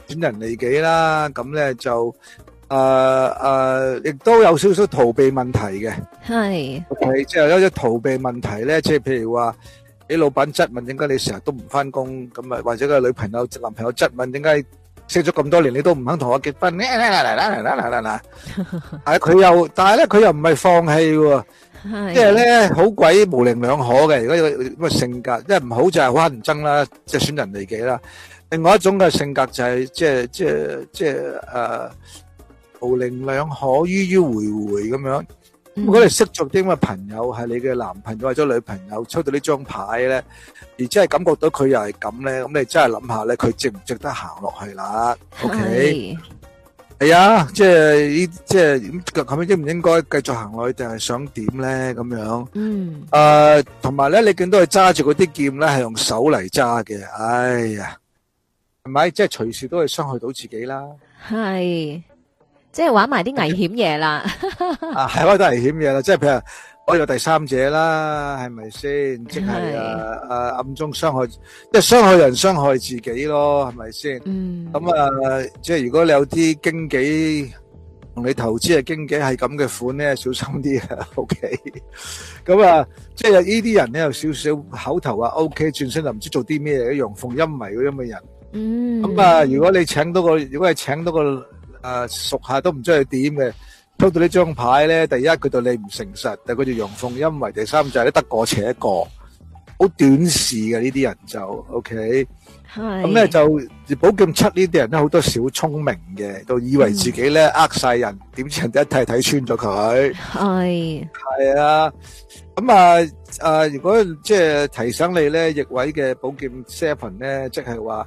損人利己啦。咁咧就誒誒，亦都有少少逃避問題嘅。係，係即係有啲逃避問題咧，即係譬如話。俾老闆質問：點解你成日都唔翻工？咁啊，或者個女朋友、男朋友質問：點解識咗咁多年，你都唔肯同我結婚？嚟啦嚟啦嚟啦嚟啦嚟啦！但係佢又，但係咧，佢又唔係放棄，即係咧好鬼模棱兩可嘅。如果個性格，即係唔好就係好乞人憎啦，即係損人利己啦。另外一種嘅性格就係即係即係即係誒模棱兩可，迂迂迴迴咁樣。如果你識咗啲咁嘅朋友，係你嘅男朋友或者女朋友抽到呢張牌咧，而真係感覺到佢又係咁咧，咁你真係諗下咧，佢值唔值得行落去啦？O K，係啊，即係呢，即係咁樣應唔應該繼續行落去，定係想點咧？咁樣，嗯，誒，同埋咧，你見到佢揸住嗰啲劍咧，係用手嚟揸嘅，哎呀，係咪？即係隨時都係傷害到自己啦，係。即係玩埋啲危險嘢啦，啊係玩得危險嘢啦，即係譬如我有第三者啦，係咪先？即係誒誒暗中傷害，即係傷害人，傷害自己咯，係咪先？嗯，咁啊，即係如果你有啲經紀同你投資嘅經紀係咁嘅款咧，小心啲啊，OK。咁啊，即係有呢啲人咧，有少少口頭話 OK，轉身就唔知做啲咩嘢，陽奉陰違嗰啲咁嘅人。嗯，咁啊，如果你請到個如果係請到個。啊，熟客都唔知佢點嘅，抽到呢張牌咧，第一佢對你唔誠實，第二佢就陽奉陰違，第三就係啲得過且過，好短視嘅呢啲人就，OK，咁咧就寶劍七呢啲人咧好多小聰明嘅，就以為自己咧呃晒人，點知人哋一睇睇穿咗佢，係係啊，咁啊啊，如果即係提醒你咧，逆位嘅寶劍 seven 咧，即係話。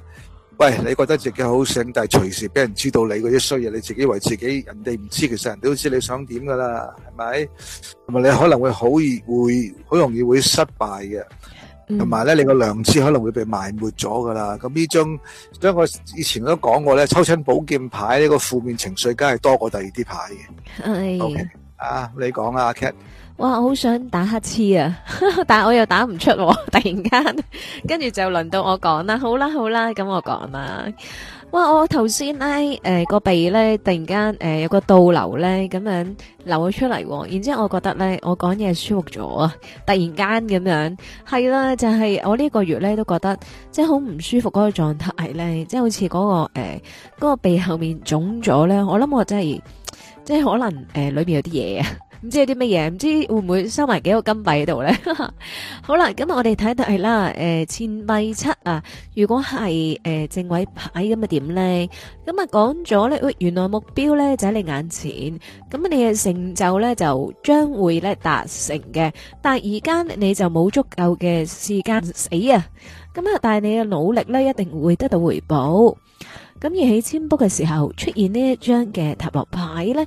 喂，你覺得自己好醒，但係隨時俾人知道你嗰啲衰嘢，你自己以為自己，人哋唔知，其實人哋都知你想點噶啦，係咪？同埋你可能會好易會好容易會失敗嘅，同埋咧，你個良知可能會被埋沒咗噶啦。咁呢張，將我以前都講過咧，抽親寶劍牌呢個負面情緒，梗係多過第二啲牌嘅。OK，啊，你講啊，Cat。Kat 哇，好想打乞嗤啊！但係我又打唔出，啊，突然間，跟住就輪到我講啦。好啦，好啦，咁我講啦。哇，我頭先咧，誒、呃、個鼻咧，突然間誒、呃、有個倒流咧，咁樣流咗出嚟，啊。然之後我覺得咧，我講嘢舒服咗啊！突然間咁樣，係啦，啊，就係、是、我呢個月咧都覺得，即係好唔舒服嗰個狀態咧，即係好似嗰、嗰個誒、嗰、呃嗰個鼻後面腫咗咧。我諗我真係，即係可能誒、呃、裏面有啲嘢啊。唔知有啲乜嘢，唔知會唔會收埋幾個金幣喺度咧？ (laughs) 好啦，咁我哋睇睇啦。誒、呃，錢幣七啊，如果係誒、呃、正位牌咁啊，點咧？咁啊，講咗咧，原來目標咧就喺你眼前，咁你嘅成就咧就將會咧達成嘅。但而家你就冇足夠嘅時間死啊！咁啊，但係你嘅努力咧一定會得到回報。咁而喺占卜嘅時候出現一張呢一張嘅塔羅牌咧。.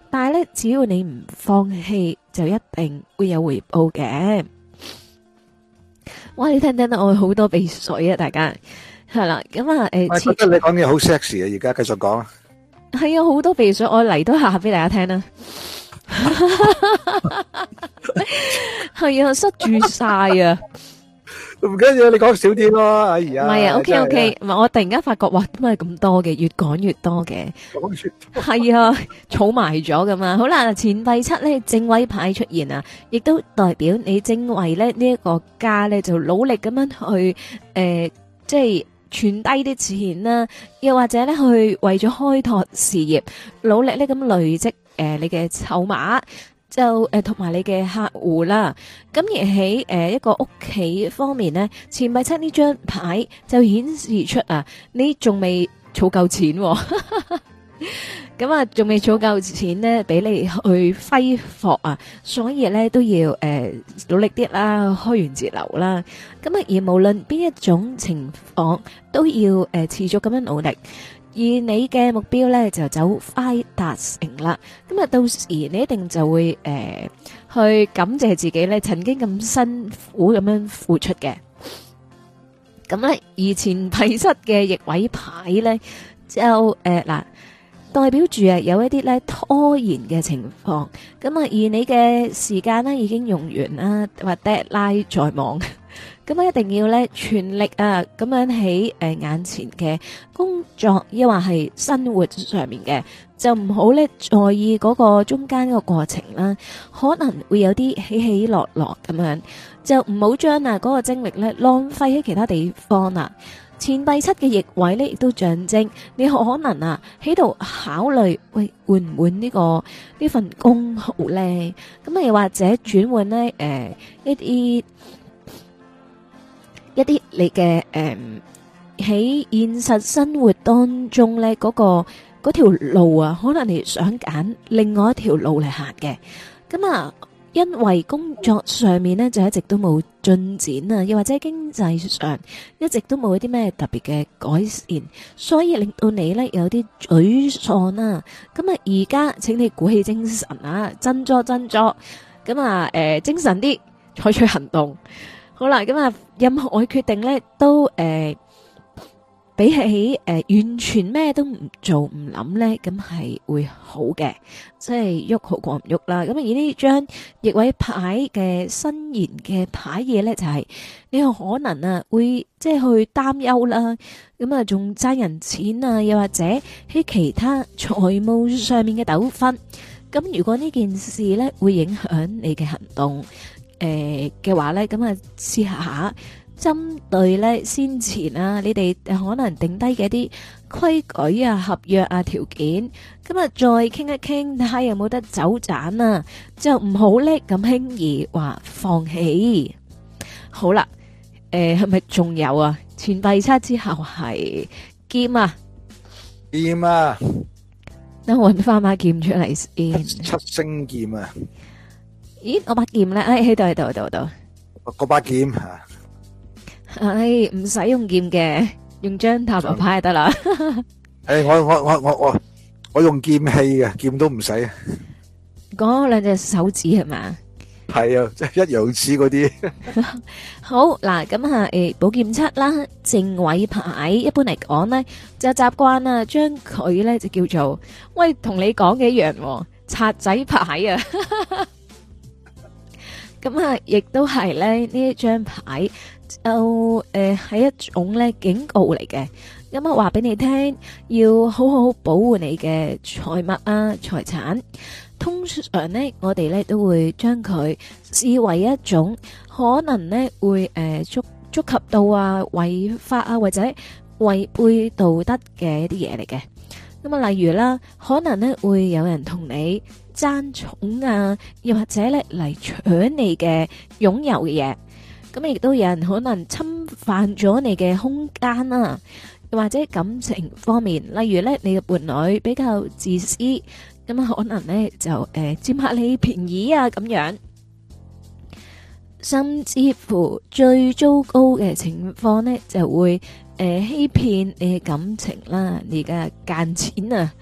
但係咧，只要你唔放棄，就一定會有回報嘅。哇，你聽唔聽到我好多鼻水啊？大家係啦，咁啊，誒，我覺得你講嘢好 sexy 啊！而家繼續講，係啊，好多鼻水，我嚟都下俾大家聽啦。係啊，塞住晒啊！唔緊要，你講少啲咯，阿姨啊。唔係啊，OK OK，唔係我突然間發覺，哇，點解咁多嘅？越講越多嘅，係啊，儲埋咗㗎嘛。好啦，錢幣七咧，正位牌出現啊，亦都代表你正位咧呢一個家咧，就努力咁樣去誒，即係存低啲錢啦，又或者咧去為咗開拓事業，努力咧咁累積誒你嘅籌碼。就誒，同、呃、埋你嘅客戶啦。咁而喺誒、呃、一個屋企方面呢，錢幣七呢張牌就顯示出啊，你仲未儲夠錢，哦，咁啊仲未儲夠錢呢，俾你去揮霍啊。所以咧都要誒、呃、努力啲啦，開源節流啦。咁、嗯、啊而無論邊一種情況，都要誒、呃、持續咁樣努力。而你嘅目標咧就走快達成啦，咁啊到時你一定就會誒、呃、去感謝自己咧，曾經咁辛苦咁樣付出嘅。咁咧，以前排出嘅逆位牌咧，就誒嗱、呃，代表住啊有一啲咧拖延嘅情況。咁啊，而你嘅時間呢，已經用完啦，或 deadline 在網。咁一定要咧全力啊，咁樣喺誒、呃、眼前嘅工作，亦或係生活上面嘅，就唔好咧在意嗰個中間個過程啦。可能會有啲起起落落咁樣，就唔好將啊嗰、嗰個精力咧浪費喺其他地方啦。錢幣七嘅逆位呢，亦都象徵你可能啊喺度考慮，喂，換唔換呢個呢份工好咧？咁你又或者轉換呢誒一啲。呃一啲你嘅誒，喺現實生活當中呢，嗰個嗰條路啊，可能你想揀另外一條路嚟行嘅。咁啊，因為工作上面呢，就一直都冇進展啊，又或者經濟上一直都冇一啲咩特別嘅改善，所以令到你呢有啲沮喪啦。咁啊，而家請你鼓起精神啊，振作振作，咁啊，誒，精神啲，採取行動。好啦，咁啊，任何嘅決定咧，都、呃、誒，比起誒、呃、完全咩都唔做唔諗咧，咁係會好嘅，即係喐好過唔喐啦。咁而呢張逆位牌嘅新言嘅牌嘢咧，就係、是、你可能啊會即係去擔憂啦，咁啊仲爭人錢啊，又或者喺其他財務上面嘅糾紛。咁如果呢件事咧會影響你嘅行動。誒嘅話咧，咁啊試下下針對咧先前啊，你哋可能定低嘅一啲規矩啊、合約啊、條件，咁就再傾一傾，睇下有冇得走盞啊，之後唔好叻咁輕易話放棄。好啦，誒係咪仲有啊？前排差之後係劍啊，劍啊，等我搵翻把劍出嚟先，七星劍啊。咦，我把劍咧，喺喺度喺度度度。個把劍吓，誒、哎，唔使用劍嘅，用張塔羅牌就得啦。誒、 (laughs) 哎，我我我我我我用劍器嘅，劍都唔使。嗰兩隻手指係咪？係啊，即係一樣似嗰啲。 (laughs) (laughs) 好嗱，咁啊，誒，寶劍七啦，正位牌，一般嚟講咧就習慣啊，將佢咧就叫做，喂，同你講嘅一樣、哦，賊仔牌啊。 (laughs) 咁啊，亦都係咧呢一張牌就，就誒係一種咧警告，嚟嘅。咁、嗯、啊，話俾你聽，要好好保護你嘅財物啊財產。通常咧，我哋咧都會將佢視為一種可能咧會誒、呃、觸觸及到啊違法啊或者違背道德嘅一啲嘢嚟嘅。咁、嗯、啊，例如啦，可能咧會有人同你。爭寵啊，又或者咧嚟搶你嘅擁有嘅嘢，咁亦都有人可能侵犯咗你嘅空間啊，又或者感情方面，例如咧你嘅伴侶比較自私，咁啊可能咧就誒佔下你便宜啊咁樣，甚至乎最糟糕嘅情況咧就會誒欺騙你嘅感情啦，你嘅金錢啊。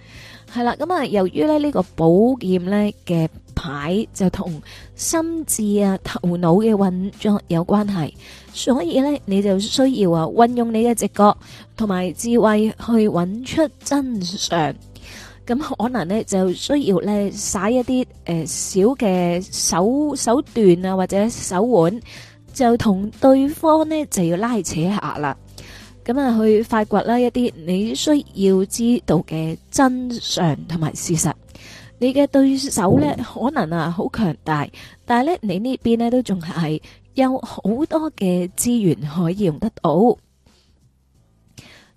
係啦，咁啊，由於咧呢個寶劍呢嘅牌就同心智啊、頭腦嘅運作有關係，所以呢你就需要啊運用你嘅直覺同埋智慧去揾出真相。咁可能呢就需要呢使一啲誒、呃、小嘅手手段啊或者手腕，就同對方呢就要拉扯一下啦。咁啊，去發掘啦一啲你需要知道嘅真相同埋事實。你嘅對手呢，可能啊好強大，但係呢，你呢邊呢，都仲係有好多嘅資源可以用得到。咁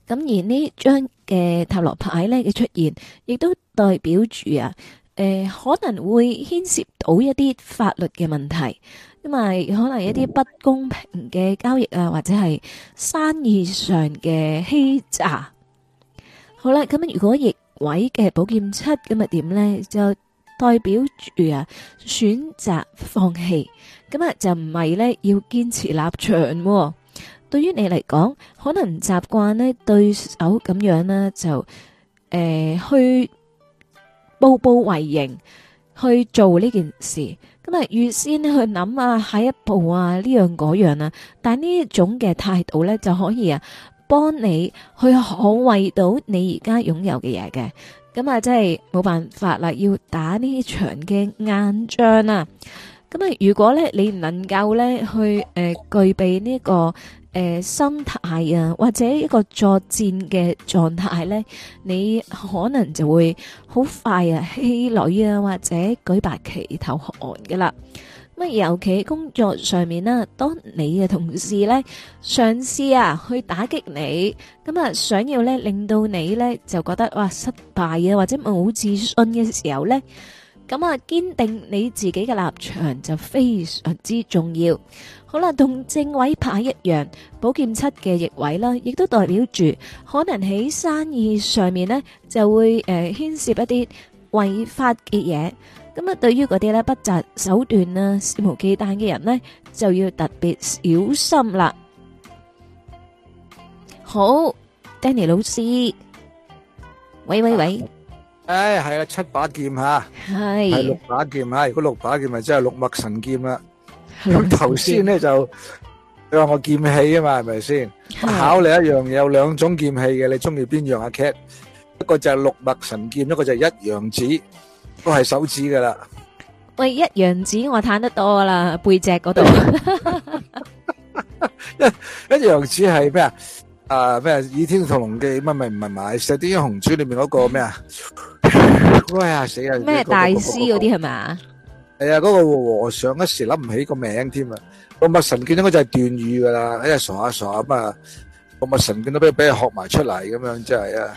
而呢張嘅塔羅牌呢嘅出現，亦都代表住啊，誒、呃、可能會牽涉到一啲法律嘅問題。因為可能一啲不公平嘅交易啊，或者係生意上嘅欺詐。好啦，咁樣如果逆位嘅寶劍七，咁啊點咧就代表住啊選擇放棄，咁啊就唔係咧要堅持立場。對於你嚟講，可能習慣咧對手咁樣咧就誒去步步為營去做呢件事。咁啊，預先去諗啊，下一步啊，呢樣嗰樣啊，但係呢一種嘅態度咧，就可以啊，幫你去捍衛到你而家擁有嘅嘢嘅。咁啊，真係冇辦法啦，要打呢場嘅硬仗啊。咁啊，如果咧你唔能夠咧去誒、呃、具備呢、這個。誒，心態啊，或者一個作戰嘅狀態咧，你可能就會好快啊，氣餒啊，或者舉白旗投降噶啦。咁啊，尤其工作上面啦，當你嘅同事咧，嘗試啊，去打擊你，咁啊，想要咧令到你咧就覺得哇失敗啊，或者冇自信嘅時候咧。咁啊，堅定你自己嘅立場就非常之重要。好啦，同正位牌一樣，寶劍七嘅逆位啦，亦都代表住可能喺生意上面呢，就會誒牽、呃、涉一啲違法嘅嘢。咁啊，對於嗰啲呢不擇手段啊肆無忌憚嘅人呢，就要特別小心啦。好，Danny 老師，喂喂喂。喂。誒、哎，係啊，七把劍吓，係六把劍，下，如果六把劍咪真係六脈神劍啦。咁頭先咧就你話我劍氣啊嘛，係咪先？考你一樣有兩種劍氣嘅，你中意邊樣啊 Cat，一個就係六脈神劍，一個就係一陽指，都係手指噶啦。喂，一陽指，我彈得多啦，背脊嗰度。一陽指係咩啊？啊咩《倚天屠龍記》乜咪唔係咪《射鵰英雄傳》裏面嗰個咩啊？哎呀死啊！咩大師嗰啲係咪？係啊，嗰個和尚一時諗唔起個名添啊！個墨神見到就係段譽㗎喇，真係傻下傻下咁啊！個墨神見到俾俾佢學埋出嚟咁樣真係啊！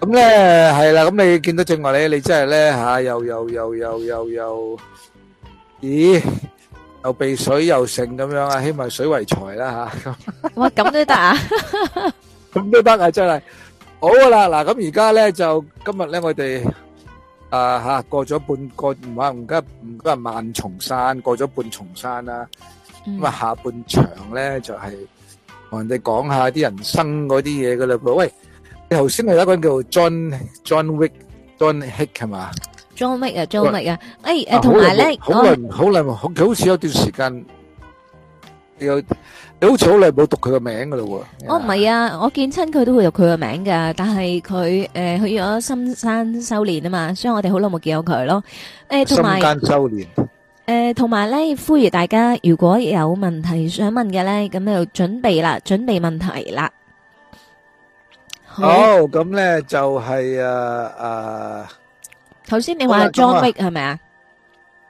咁咧係啦，咁你見到正話咧，你真係咧吓又又又又又又咦？又避水又盛咁樣啊，希望水為財啦吓。哇，咁都得啊？咁都得啊，真係。好啦，嗱，咁而家咧就今日咧我哋啊吓過咗半過唔係唔得唔得係萬重山過咗半重山啦。咁啊下半場咧就係同人哋講下啲人生嗰啲嘢噶啦噃。喂，頭先係一個叫 John John Wick John Hick 係嘛？做乜啊？做乜啊？誒誒，同埋咧，好耐，好耐，佢好似有段時間有，你好似好耐冇讀佢個名噶啦喎。我唔係啊，我見親佢都會讀佢個名噶，但係佢誒去咗深山修煉啊嘛，所以我哋好耐冇見到佢咯。誒，同埋間修煉。誒，同埋咧，呼籲大家如果有問題想問嘅咧，咁就準備啦，準備問題啦。好，咁咧就係誒誒。頭先你話 John Wick 係咪啊？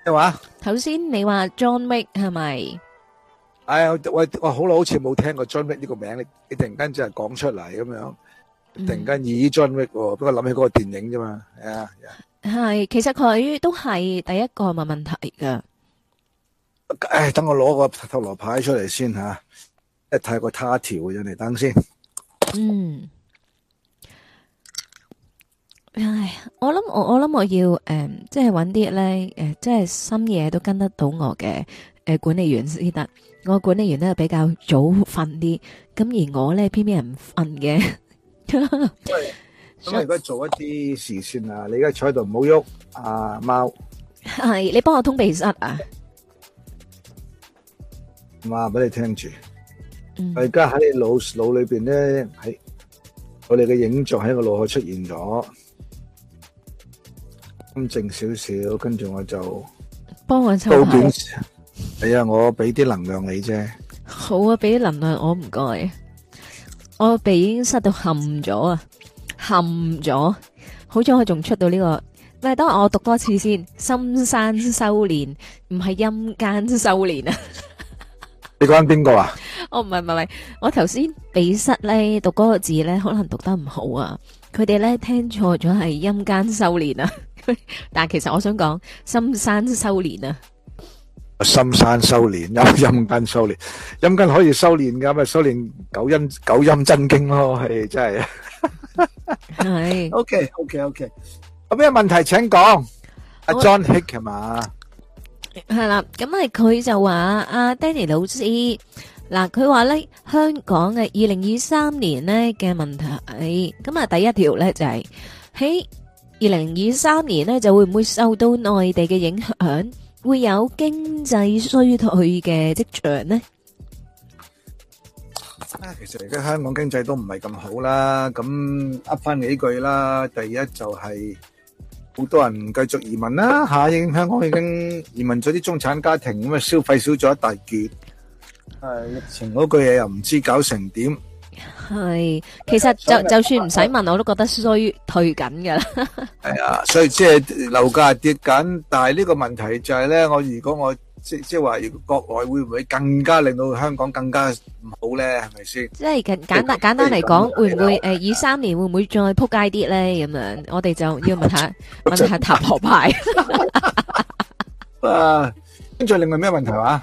咩話？頭先你話 John Wick 係咪？係啊，喂，我好耐好似冇聽過 John Wick 呢個名，你突然間即係講出嚟咁樣，突然間咦 John Wick，不過諗起嗰個電影啫嘛，係啊。係，其實佢都係第一個係咪問題噶？誒，等我攞個塔羅牌出嚟先吓，一睇個他條嘅人嚟等先。嗯。唉，我諗我我諗我要誒，即係搵啲咧，誒，即係深夜都跟得到我嘅誒管理員先得。我管理員咧比較早瞓啲，咁而我咧偏偏唔瞓嘅。咁我而家做一啲事先啦，你而家坐喺度唔好喐，阿貓係，你幫我通鼻塞啊，話俾你聽住。我而家喺你腦腦裏邊咧，喺我哋嘅影像喺我腦海出現咗。安靜少少，跟住我就幫我抽下。係啊，哎，我俾啲能量你啫。好啊，俾啲能量我唔該。我，我鼻已經塞到冚咗啊，冚咗。好彩我仲出到呢，這個，咪等我讀多次先。深山修煉唔係陰間修煉啊。你講緊邊個啊？哦，唔係唔係，我頭先鼻塞咧，讀嗰個字咧，可能讀得唔好啊。佢哋咧聽錯咗係陰間修煉啊。但係其實我想講深山修練啊，深山修練，有陰根修練，陰根可以修練噶，咪修練九陰九陰真經咯，係真係。係，OK OK OK，有咩問題請講，阿 John Hick 係嘛？係啦，咁啊佢就話阿 Danny 老師，嗱佢話咧香港嘅二零二三年咧嘅問題，咁啊第一條咧就係喺。二零二三年呢，就會唔會受到內地嘅影響，會有經濟衰退嘅跡象呢？啊，其實而家香港經濟都唔係咁好啦。咁噏翻幾句啦，第一就係好多人繼續移民啦，吓，香港已經移民咗啲中產家庭，咁啊消費少咗一大截。係疫情嗰句嘢又唔知搞成點。係，其實就就算唔使問，我都覺得衰退緊噶。係啊，所以即係樓價跌緊，但係呢個問題就係咧，我如果我即即係話，國內會唔會更加令到香港更加唔好咧？係咪先？即係簡簡單簡單嚟講，會唔會誒二三年會唔會再撲街啲咧？咁樣我哋就要問下，問下塔羅牌。啊，跟住另外咩問題話？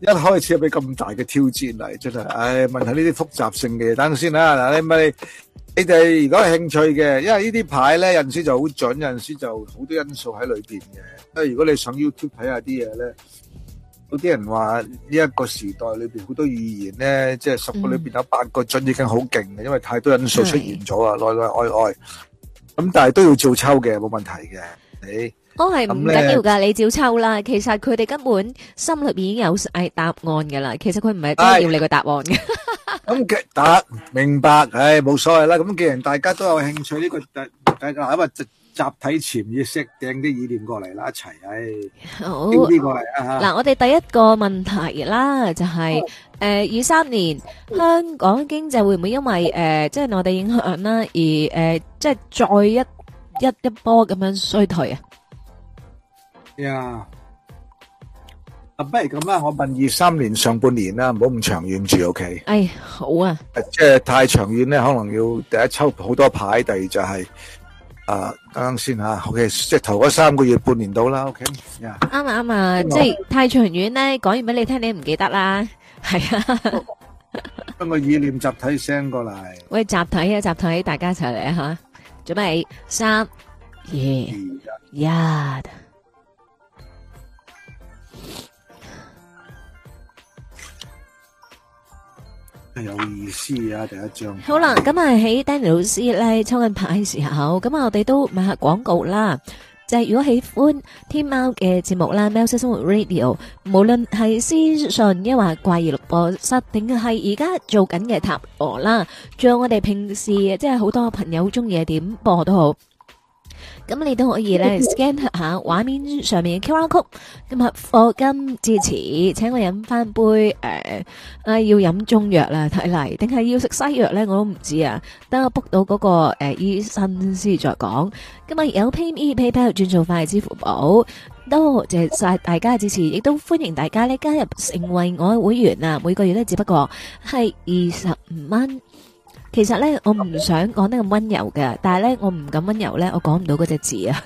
一開始有俾咁大嘅挑戰嚟，真係，唉，問下呢啲複雜性嘅嘢，等陣先啦！嗱，你咪，你哋如果係興趣嘅，因為呢啲牌咧，有陣時就好準，有陣時就好多因素喺裏邊嘅。啊，如果你想上 YouTube 睇下啲嘢咧，有啲人話呢一個時代裏邊好多預言咧，即係十個裏邊有八個準，已經好勁嘅，因為太多因素出現咗啊，內內外外。咁但係都要照抽嘅，冇問題嘅，誒。我係唔緊要噶，你照抽啦。其實佢哋根本心裏邊已經有係答案噶啦。其實佢唔係真係要你個答案嘅。咁得明白，唉，冇所謂啦。咁既然大家都有興趣呢個大家，因為集體潛意識掟啲意念過嚟啦，一齊唉。好呢個係嗱，我哋第一個問題啦，就係誒二三年香港經濟會唔會因為誒即係內地影響啦，而誒即係再一一一波咁樣衰退啊？呀，啊，不如咁啦，我問二三年上半年啦，唔好咁長遠住，OK。哎，好啊。即係太長遠咧，可能要第一抽好多牌，第二就係啊，等等先吓。O K，即係頭嗰三個月，半年到啦。O K，啱啊，啱啊，即係太長遠咧，講完俾你聽，你唔記得啦。係啊，將個意念集體聲過嚟。喂，集體啊，集體，大家一齊嚟吓，準備三二一。有意思啊！第一張好啦，今日喺 Danny 老師咧抽緊牌嘅時候，咁啊我哋都買下廣告啦。就係如果喜歡天喵嘅節目啦，喵式生活 Radio，無論係屍訊抑或怪異錄播室，定係而家做緊嘅塔羅啦，仲有我哋平時即係好多朋友中意嘅點播都好。咁你都可以咧 scan 下畫面上面嘅 QR code，今日課金支持，請我飲翻杯誒、呃呃，要飲中藥啦，睇嚟定係要食西藥咧，我都唔知啊，等我 book 到嗰、那個誒、呃、醫生先再講。今日有 pay me PayPal 轉數快支付寶，多謝晒大家嘅支持，亦都歡迎大家咧加入成為我會員啊！每個月咧只不過係二十五蚊。其實咧，我唔想講得咁温柔嘅，但係咧，我唔敢温柔咧，我講唔到嗰隻字啊。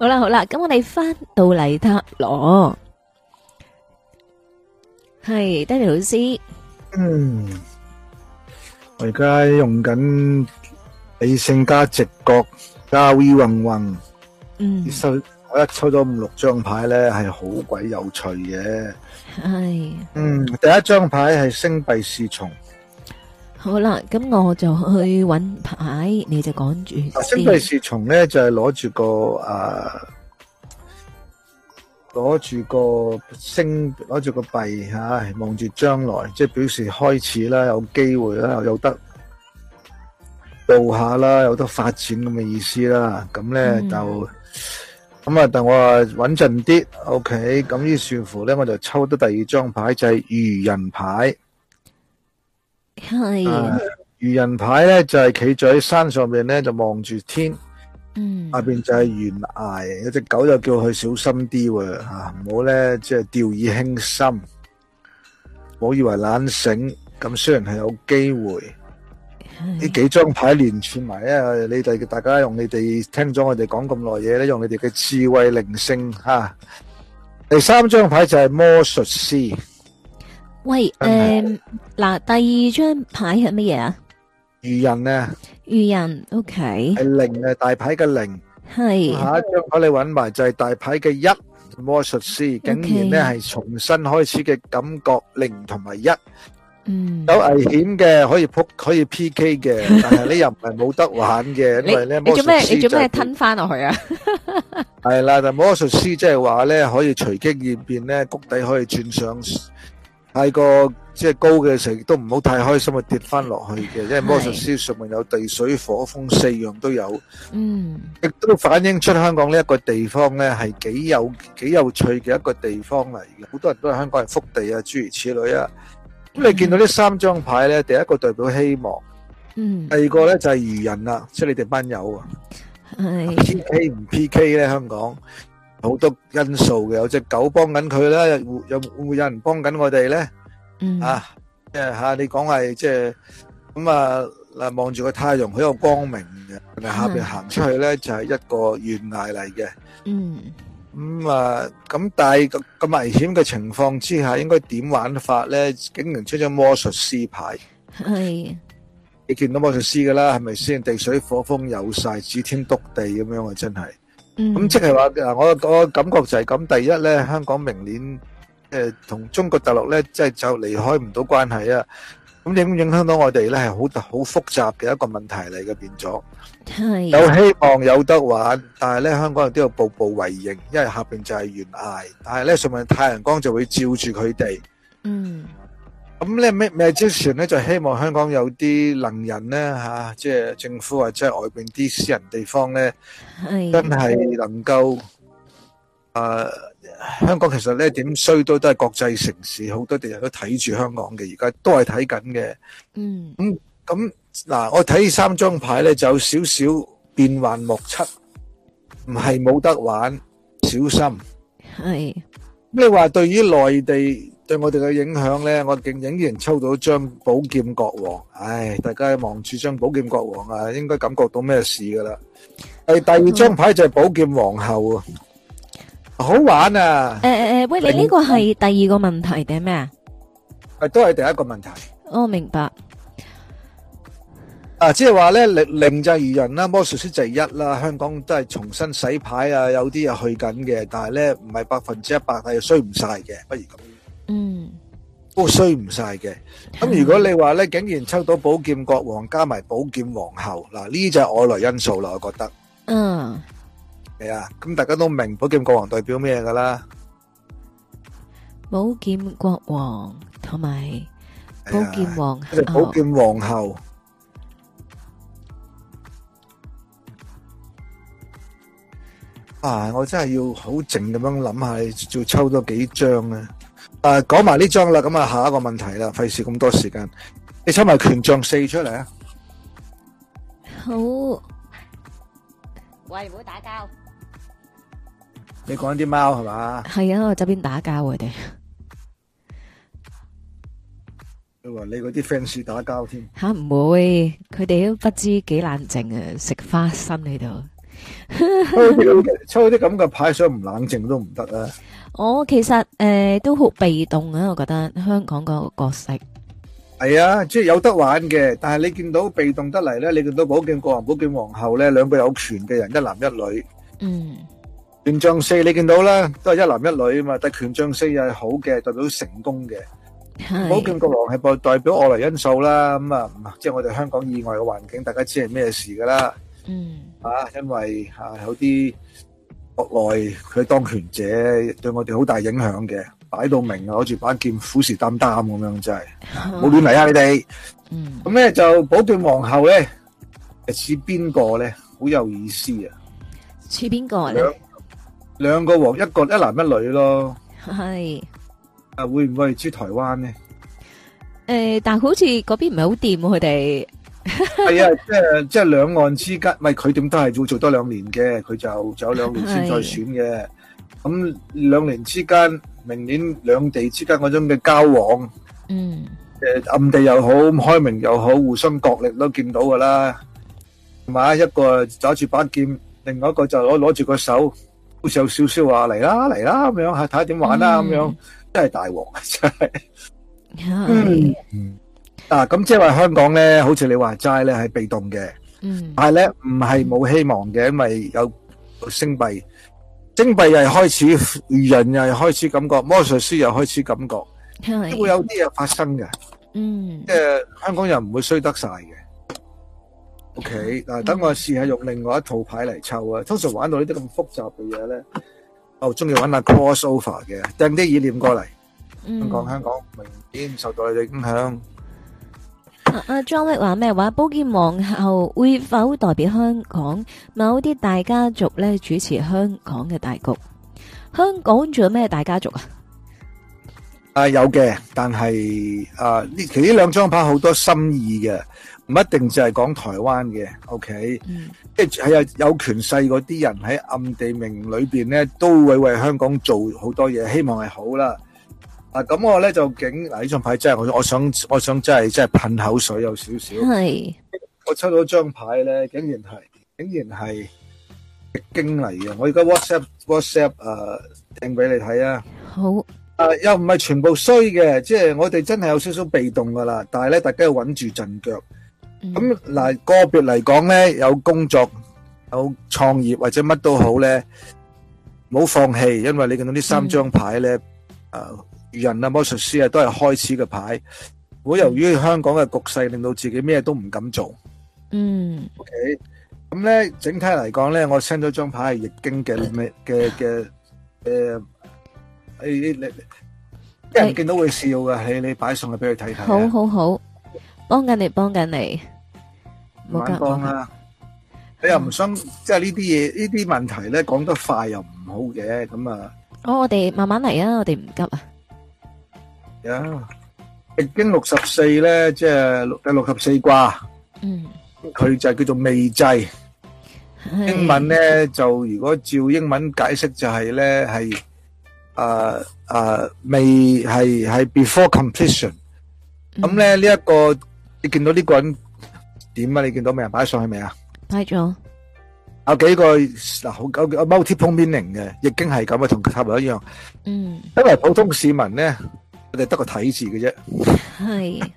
好啦好啦，咁我哋翻到嚟塔羅，係 Danny 老師。嗯，我而家用緊理性加直覺加 V 運運。嗯。抽我一抽咗五六張牌咧，係好鬼有趣嘅。係。嗯，第一張牌係星幣侍從。好啦，咁我就去搵牌，你就講住先。星幣侍從咧就係攞住個攞住、啊、個星，攞住個幣吓，望、啊、住將來，即係表示開始啦，有機會啦，有得做下啦，有得發展咁嘅意思啦。咁咧、嗯、就咁啊、嗯，但我穩陣啲，OK。咁呢，於是乎咧，我就抽得第二張牌，就係、是、愚人牌。係愚人牌咧，就係企咗喺山上邊咧，就望住天，下邊就係懸崖。有隻狗又叫佢小心啲喎，吓，唔好咧，即係掉以輕心，唔好以為懶醒。咁雖然係有機會，呢幾張牌連串埋咧，你哋大家用你哋聽咗我哋講咁耐嘢咧，用你哋嘅智慧靈性吓。第三張牌就係魔術師。喂，誒。嗱，第二張牌係乜嘢啊？愚人啊！愚人，OK。係零啊，大牌嘅零。係。下一張我你揾埋就係大牌嘅一魔術師，okay，竟然咧係重新開始嘅感覺零同埋一。嗯。有危險嘅，可以扑可以 PK 嘅，但係你又唔係冇得玩嘅， (laughs) 因為咧你做咩？你做咩吞翻落去啊？係 (laughs) 啦，但魔術就魔術師即係話咧，可以隨機應變咧，谷底可以轉上。太過即係高嘅時候，都唔好太開心啊！跌翻落去嘅。即係魔術師上面有地水火風四樣都有，嗯，亦都反映出香港這個地方呢是有有趣的一個地方咧，係幾有幾有趣嘅一個地方嚟嘅。好多人都係香港人福地啊，諸如此類啊。咁、嗯、你見到這三張呢三張牌咧，第一個代表希望，嗯，第二個咧就係愚人啦，啊嗯，即係你哋班友啊，P K 唔 P K 咧，香港。好多因素嘅，有隻狗幫緊佢啦，有有會唔會有人幫緊我哋咧？嗯，啊，即係吓，你講係即係咁啊，嗱，望住個太陽好有光明嘅，下邊行出去咧就係一個懸崖嚟嘅。嗯，咁啊，咁但係咁咁危險嘅情況之下，應該點玩法咧？竟然出咗魔術師牌，係，你見到魔術師噶啦，係咪先？地水火風有晒，指天篤地咁樣啊，真係。咁、嗯嗯、即係話，我我感覺就係、是、咁，第一呢，香港明年誒同、呃、中國大陸呢，即係就離開唔到關係啊。咁點影響到我哋呢？係好好複雜嘅一個問題嚟嘅變咗。有希望有得玩，嗯、但係呢，香港人都要步步為營，因為下邊就係懸崖。但係呢，上面太陽光就會照住佢哋。嗯。咁咧 Magician 咧就希望香港有啲能人咧吓，即係政府啊，或者係外邊啲私人地方咧，真係能夠誒，香港其實咧點衰都都係國際城市，好多地方都睇住香港嘅，而家都係睇緊嘅。嗯，咁咁嗱，我睇三張牌咧就有少少變幻莫測，唔係冇得玩，小心。係咁，你話對於內地？對我哋嘅影響咧，我竟竟然抽到張寶劍國王，唉！大家望住張寶劍國王啊，應該感覺到咩事噶啦？誒，第二張牌就係寶劍皇后啊，好玩啊！誒誒誒，喂，你呢個係第二個問題定咩啊？係都係第一個問題。我、哦、明白。啊，即係話咧，令令就愚人啦，魔術師就一啦，香港都係重新洗牌啊，有啲又去緊嘅，但係咧唔係百分之一百係衰唔晒嘅，不如咁。嗯，都衰唔晒嘅。咁如果你話咧，竟然抽到寶劍國王加埋寶劍皇后，嗱呢啲就係外來因素啦，我覺得。嗯，係啊，咁大家都明寶劍國王代表咩噶啦？寶劍國王同埋寶劍皇后，寶劍皇后。啊，我真係要好靜咁樣諗下，要抽多幾張啊！誒，講埋呢張啦，咁啊，下一個問題啦，費事咁多時間，你抽埋權杖四出嚟啊！好，喂，唔好打交！你講啲貓係嘛？係啊，我周邊打交佢哋。你話你嗰啲 fans 打交添？吓唔會，佢哋都不知幾冷靜啊！食花生喺度。抽啲咁嘅抽啲咁嘅牌，想唔冷靜都唔得啊！我其實誒都好被動啊，我覺得香港個角色係啊，即係有得玩嘅。但係你見到被動得嚟咧，你見到寶劍國王、寶劍皇后咧，兩個有權嘅人，一男一女。嗯，權杖四你見到啦，都係一男一女啊嘛。但權杖四係好嘅，代表成功嘅。寶劍國王係代代表外來因素啦。咁啊，即係我哋香港以外嘅環境，大家知係咩事㗎啦。嗯，啊，因為啊有啲。國內佢當權者對我哋好大影響嘅，擺到明啊，攞住把劍虎視眈眈咁樣，真係冇亂嚟啊！你哋，咁咧、嗯、就寶殿皇后咧似邊個咧，好有意思啊！似邊個咧？兩個王，一個一男一女咯。係啊，會唔會似台灣呢誒、呃，但好似嗰邊唔係好掂佢哋。係啊，即係即係兩岸之間，咪佢點都係要做多兩年嘅，佢就走兩年先再選嘅。咁兩年之間，明年兩地之間嗰種嘅交往，嗯，誒暗地又好，開明又好，互相角力都見到噶啦。同埋一個揸住把劍，另外一個就攞攞住個手，好似少少話嚟啦嚟啦咁樣吓，睇下點玩啦咁樣，真係大鑊啊，真係，嗯。啊，咁即係話香港咧，好似你話齋咧係被動嘅，但係咧唔係冇希望嘅，因為有星幣，星幣又係開始，人又係開始感覺，魔術師又開始感覺，都會有啲嘢發生嘅。嗯，即係香港人唔會衰得晒嘅。O K，嗱，等我試下用另外一套牌嚟抽啊。通常玩到呢啲咁複雜嘅嘢咧，我中意玩下 cross over 嘅，掟啲意念過嚟。嗯，香港香港明顯受到你哋影響。阿張力話咩話？寶劍王后會否代表香港某啲大家族咧，主持香港嘅大局？香港仲有咩大家族啊？啊有嘅，但係啊，其實呢兩張牌好多心意嘅，唔一定就係講台灣嘅。OK，即係係啊，有權勢嗰啲人喺暗地名裏邊咧，都會為香港做好多嘢，希望係好啦。嗱，咁我咧就驚嗱呢張牌真係我我想我想真係真係噴口水有少少，係我抽到張牌咧，竟然係竟然係經嚟嘅，我而家 WhatsApp WhatsApp 誒，掟俾你睇啊，好啊，又唔係全部衰嘅，即係我哋真係有少少被動噶啦，但係咧大家要穩住陣腳，咁嗱個別嚟講咧，有工作有創業或者乜都好咧，唔好放棄，因為你見到呢三張牌咧誒。人啊，魔術師啊，都係開始嘅牌。會由於香港嘅局勢，令到自己咩都唔敢做。嗯。O K，咁咧整體嚟講咧，我 send 咗張牌係易經嘅咩嘅嘅誒，你你你，一人、欸欸欸欸欸、見到會笑用嘅，喺、欸欸、你擺上去俾佢睇睇。好好好，幫緊你，幫緊你。唔急、嗯。你又唔想即係呢啲嘢，呢啲問題咧講得快又唔好嘅，咁啊。哦，我哋慢慢嚟啊，我哋唔急啊。啊，易經六十四咧，即係第六十四卦，嗯，佢就係叫做未濟。英文咧就如果照英文解釋就係咧係誒誒未係係 before completion。咁咧呢一個你見到呢個人點啊？你見到未啊？擺上去未啊？擺咗。有幾個嗱，好有 multiple meaning 嘅易經係咁啊，同塔羅一樣。嗯，因為普通市民咧。我哋得個睇字嘅啫，係，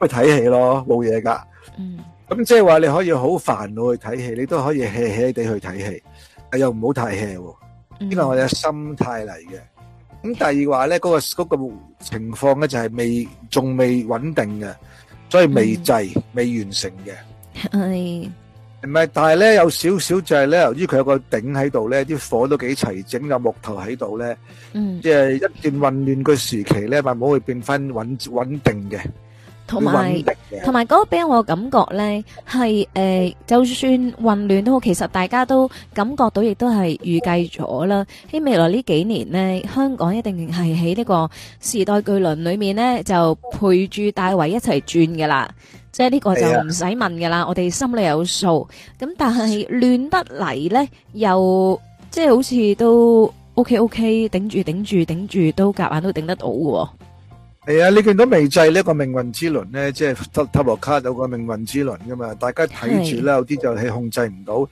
都係睇戲咯，冇嘢噶。咁即係話你可以好煩惱去睇戲，你都可以 hea hea 地去睇戲，但又唔好太 hea，因為我哋嘅心態嚟嘅。咁、嗯、第二話咧，嗰、嗰個、嗰個情況咧就係未仲未穩定嘅，所以未制未、嗯、完成嘅。唔係，但係咧有少少就係咧，由於佢有個頂喺度咧，啲火都幾齊整，有木頭喺度咧，即係一段混亂嘅時期咧，咪冇會變翻穩穩定嘅。同埋，同埋嗰個俾我嘅感覺咧，係誒，就算混亂都好其實大家都感覺到，亦都係預計咗啦。喺未來呢幾年咧，香港一定係喺呢個時代巨輪裏面咧，就陪住大圍一齊轉㗎啦。即係呢個就唔使問噶啦，我哋心裏有數。咁但係亂得嚟咧，又即係好似都 O K O K，頂住頂住頂住都夾硬都頂得到噶係啊，你見到未制呢個命運之輪咧，即係塔塔羅卡有個命運之輪噶嘛？大家睇住啦，有啲就係控制唔到，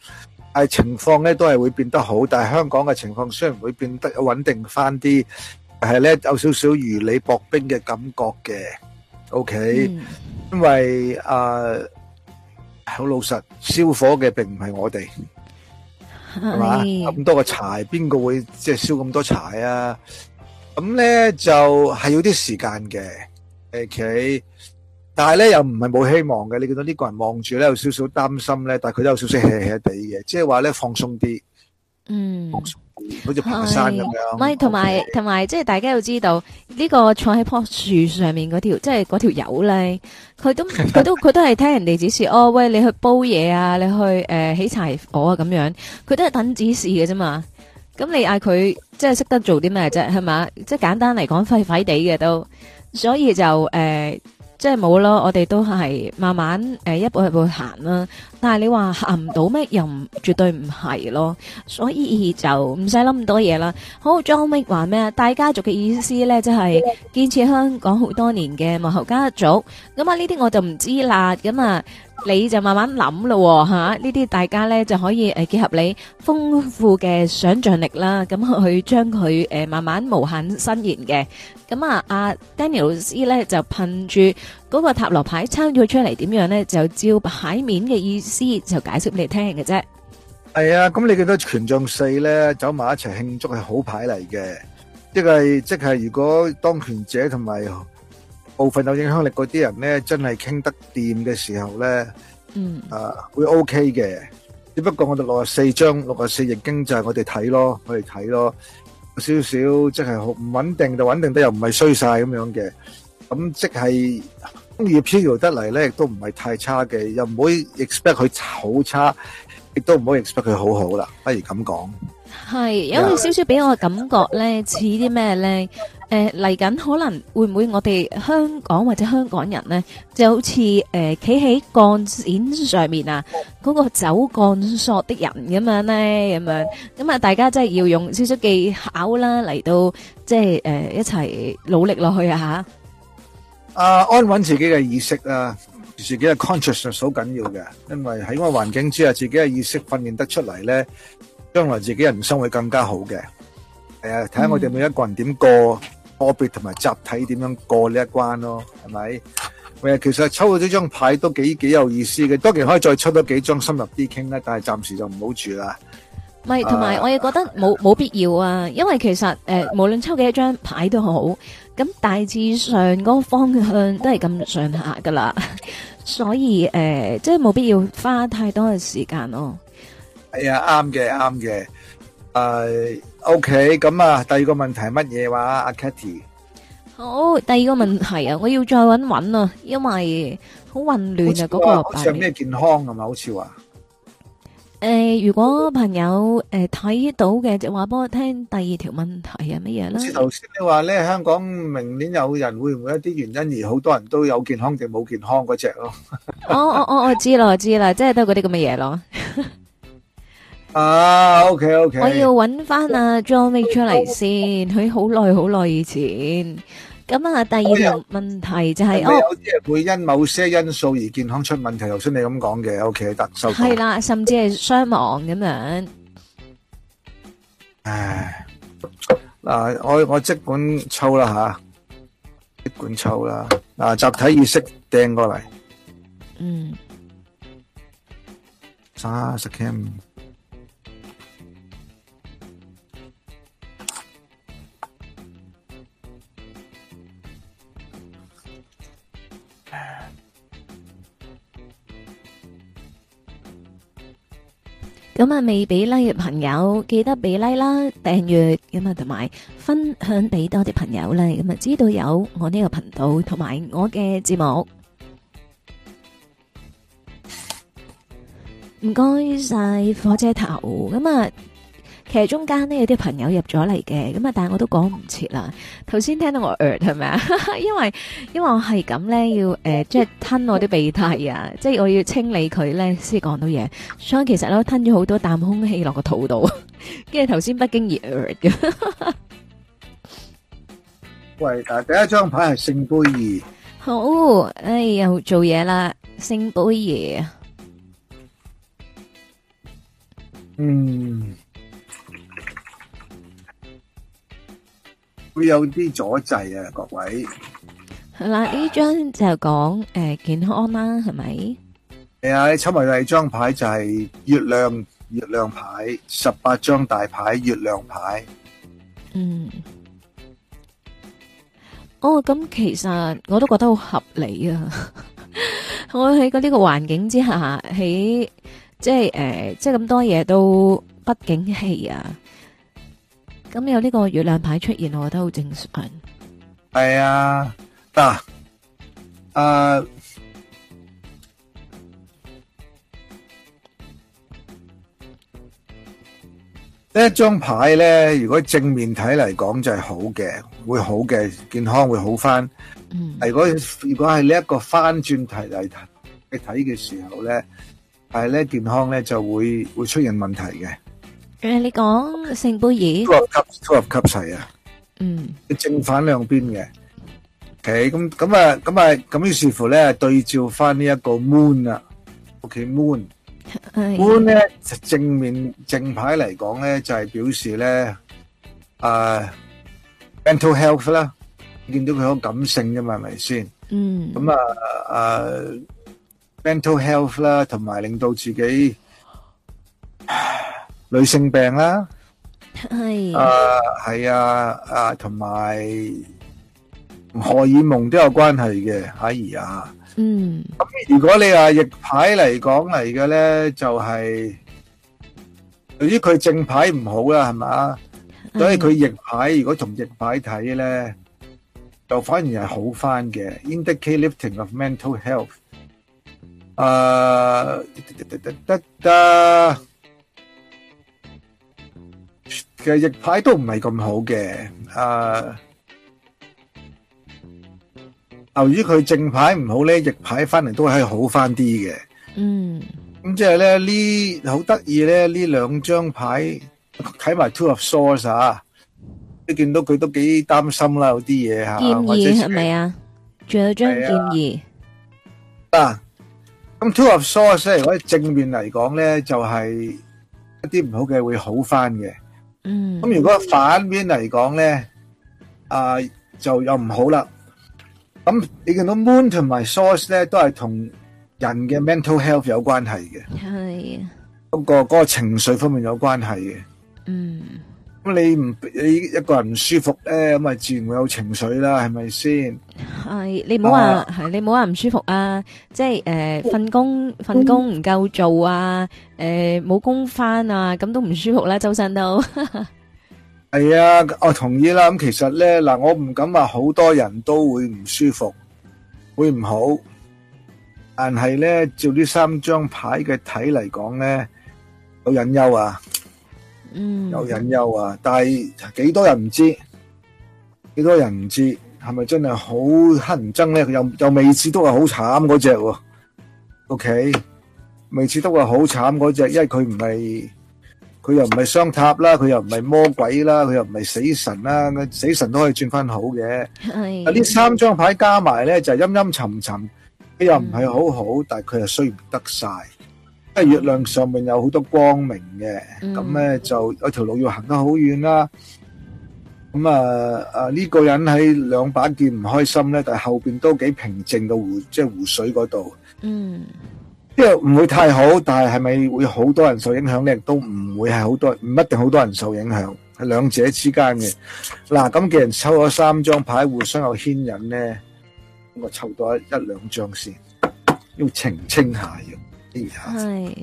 但係情況咧都係會變得好。但係香港嘅情況雖然會變得穩定翻啲，係咧有少少如履薄冰嘅感覺嘅。O K。因為誒，好、呃、老實燒火嘅並唔係我哋，係嘛，咁多個柴，邊個會即係燒咁多柴啊？咁咧就係要啲時間嘅誒，企、okay？但係咧又唔係冇希望嘅。你見到呢個人望住咧，有少少擔心咧，但係佢都有少少 hea hea 地嘅，即係話咧，放鬆啲。嗯。好似爬山咁樣，唔係同埋同埋，即係大家要知道呢個坐喺棵樹上面嗰條，即係嗰條友咧，佢都佢都佢都係聽人哋指示 (laughs) 哦。喂，你去煲嘢啊，你去誒、呃、起柴火啊，咁樣佢都係等指示嘅啫嘛。咁你嗌佢即係識得做啲咩啫？係嘛，即係簡單嚟講，廢廢地嘅都，所以就誒。呃即係冇咯，我哋都係慢慢誒、呃、一步一步行啦、啊。但係你話行唔到咩？又唔絕對唔係咯。所以就唔使諗咁多嘢啦。好，John Wick 話咩啊？大家族嘅意思咧，即、就、係、是、建設香港好多年嘅幕後家族。咁啊，呢啲我就唔知啦咁啊。你就慢慢諗咯吓，呢啲大家咧就可以誒結合你豐富嘅想象力啦，咁去將佢誒慢慢無限伸延嘅。咁啊，阿 Danny 老師咧就憑住嗰個塔羅牌抽咗出嚟，點樣咧就照牌面嘅意思就解釋俾你聽嘅啫。係啊，咁你見到權杖四咧走埋一齊慶祝係好牌嚟嘅，即係即係如果當權者同埋。部分有影響力嗰啲人咧，真係傾得掂嘅時候咧、嗯，啊，會 O K 嘅。只不過我哋六十四張、六十四億經濟，我哋睇咯，我哋睇咯，少少即係唔穩定就穩定得，又唔係衰晒咁樣嘅。咁即係業飄搖得嚟咧，亦都唔係太差嘅，又唔可以 expect 佢好差，亦都唔可以 expect 佢好好啦。不如咁講。係，有少少俾我嘅感覺咧，似啲咩咧？誒嚟緊可能會唔會我哋香港或者香港人咧，就好似誒企喺鋼線上面啊，嗰、那個走鋼索的人咁樣咧，咁樣咁啊！大家真係要用少少技巧啦，嚟到即係誒、呃、一齊努力落去啊！吓、啊，啊安穩自己嘅意識啊，自己嘅 consciousness 好緊要嘅，因為喺個環境之下，自己嘅意識訓練得出嚟咧，將來自己人生會更加好嘅，睇、呃、下我哋每一個人點過 Orbit 同埋集體點樣過呢一關咯，係咪？其實抽到呢張牌都幾幾有意思嘅，當然可以再抽多幾張深入啲傾啦，但係暫時就唔好住啦。唔、嗯、係，同埋我又覺得冇冇、啊、必要啊，因為其實誒、呃嗯，無論抽幾多張牌都好，咁大致上嗰個方向都係咁上下噶啦，所以誒、呃，即係冇必要花太多嘅時間咯。係啊，啱嘅，啱嘅。誒，OK，咁啊，第二個問題係乜嘢話？阿 Kitty，好，第二個問題啊，我要再搵搵啊，因為好混亂啊，嗰個。好似話，好似咩健康係咪？好似話，誒，如果朋友誒睇到嘅就話，幫我聽第二條問題係乜嘢啦？頭先你話咧，香港明年有人會唔會一啲原因而好多人都有健康定冇健康嗰隻咯？我我我我知啦，知啦，即係都係嗰啲咁嘅嘢咯。啊，OK OK，我要揾翻阿 Jo 出嚟先，佢好耐好耐以前。咁啊，第二條問題就係我有啲人會因某些因素而健康出問題，頭先你咁講嘅，OK 得收。係啦，甚至係傷亡咁樣。唉，嗱，我我即管抽啦吓，即管抽啦。嗱，集體意識掟過嚟，嗯，三十 K。咁啊，未俾 like 嘅朋友記得俾 like 啦，訂閱，咁啊，同埋分享俾多啲朋友啦，咁啊，知道有我呢個頻道同埋我嘅節目。唔該晒火車頭，咁啊。其實中間呢，有啲朋友入咗嚟嘅，咁啊，但係我都講唔切啦。頭先聽到我耳係咪啊？因為因為我係咁咧，要誒、即，呃、係吞我啲鼻涕啊， (laughs) 即係我要清理佢咧先講到嘢，所以 (laughs) 其實咧吞咗好多啖空氣落個肚度，跟住頭先不經意耳嘅。喂，嗱，第一張牌係聖杯二。好，哎，又做嘢啦，聖杯二。嗯。會有啲阻滯啊，各位。嗱，呢張就講誒健康啦，係咪？係啊，你抽埋第二張牌就係月亮月亮牌，十八張大牌月亮牌。嗯。哦，咁其實我都覺得好合理啊！我喺個呢個環境之下，喺即係誒，即係咁多嘢都不景氣啊！咁有呢個月亮牌出現，我覺得好正常。係啊，得，誒，呢一張牌咧，如果正面睇嚟講就係好嘅，會好嘅健康會好翻。嗯。係，如果如果係呢一個翻轉睇嚟睇嘅時候咧，係咧健康咧就會會出現問題嘅。誒，你講聖杯二，抽入級，抽入級齊啊！嗯，正反兩邊嘅，OK，咁咁啊，咁啊，咁於是乎咧，對照翻呢一個 moon 啊，OK，moon，moon 咧就正面正牌嚟講咧，就係表示咧，誒，mental health 啦，見到佢好感性㗎嘛，係咪先？嗯，咁啊，誒，mental health 啦，同埋令到自己。女性病啦，係，啊係啊，啊同埋荷爾蒙都有關係嘅，係啊，嗯，咁如果你話逆牌嚟講嚟嘅咧，就係由於佢正牌唔好啦，係咪？所以佢逆牌如果同逆牌睇咧，就反而係好翻嘅。Indicator lifting of mental health，啊。其實逆牌都唔係咁好嘅，誒，由於佢正牌唔好咧，逆牌翻嚟都係好翻啲嘅。嗯，咁即係咧，呢好得意咧，呢兩張牌睇埋 Two of Swords 啊，你見到佢都幾擔心啦，有啲嘢吓。建議係咪啊？仲有張建議啊？咁 Two of Swords 如果正面嚟講咧，就係一啲唔好嘅會好翻嘅。嗯，咁如果反面嚟講咧，啊，就又唔好啦。咁你見到 moon 同埋 source 咧，都係同人嘅 mental health 有關係嘅，係嗰、嗰個、嗰個情緒方面有關係嘅。嗯。咁你唔你一個人唔舒服咧，咁咪自然會有情緒啦，係咪先？係你唔好話係你唔好話唔舒服啊！即係誒，份工份工唔夠做啊！誒，冇工翻啊！咁都唔舒服啦，周身都係啊！我同意啦。咁其實咧嗱，我唔敢話好多人都會唔舒服，會唔好。但係咧，照呢三張牌嘅睇嚟講咧，有隱憂啊！有引誘啊，但係幾多人唔知？幾多人唔知係咪真係好乞人憎咧？佢又又未至都係好慘嗰隻喎。OK，未至都係好慘嗰隻，因為佢唔係佢又唔係雙塔啦，佢又唔係魔鬼啦，佢又唔係死神啦。死神都可以轉翻好嘅。嗱，呢三張牌加埋咧就陰陰沉沉，佢又唔係好好，但係佢又衰唔得晒。即係月亮上面有好多光明嘅，咁咧就有條路要行得好遠啦。咁啊啊呢個人喺兩把劍唔開心咧，但係後邊都幾平靜到湖，即係湖水嗰度。嗯，即係唔會太好，但係係咪會好多人受影響咧？亦都唔會係好多，唔一定好多人受影響，係兩者之間嘅。嗱，咁既然抽咗三張牌，互相有牽引咧，我抽多一兩張先，要澄清下嘅。係，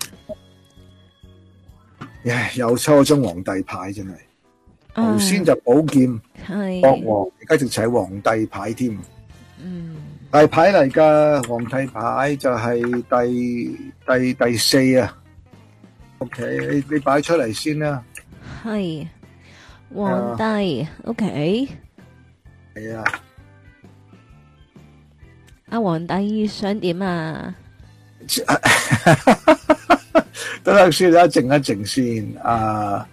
耶又抽咗張皇帝牌，真係，頭先就寶劍、國王，而家仲係皇帝牌添，嗯，大牌嚟㗎。皇帝牌就係第第第四啊，OK，你你擺出嚟先啦，係，皇帝，OK，係啊，阿皇帝想點啊？ (laughs) 等下先，等，等靜一靜一靜先。啊！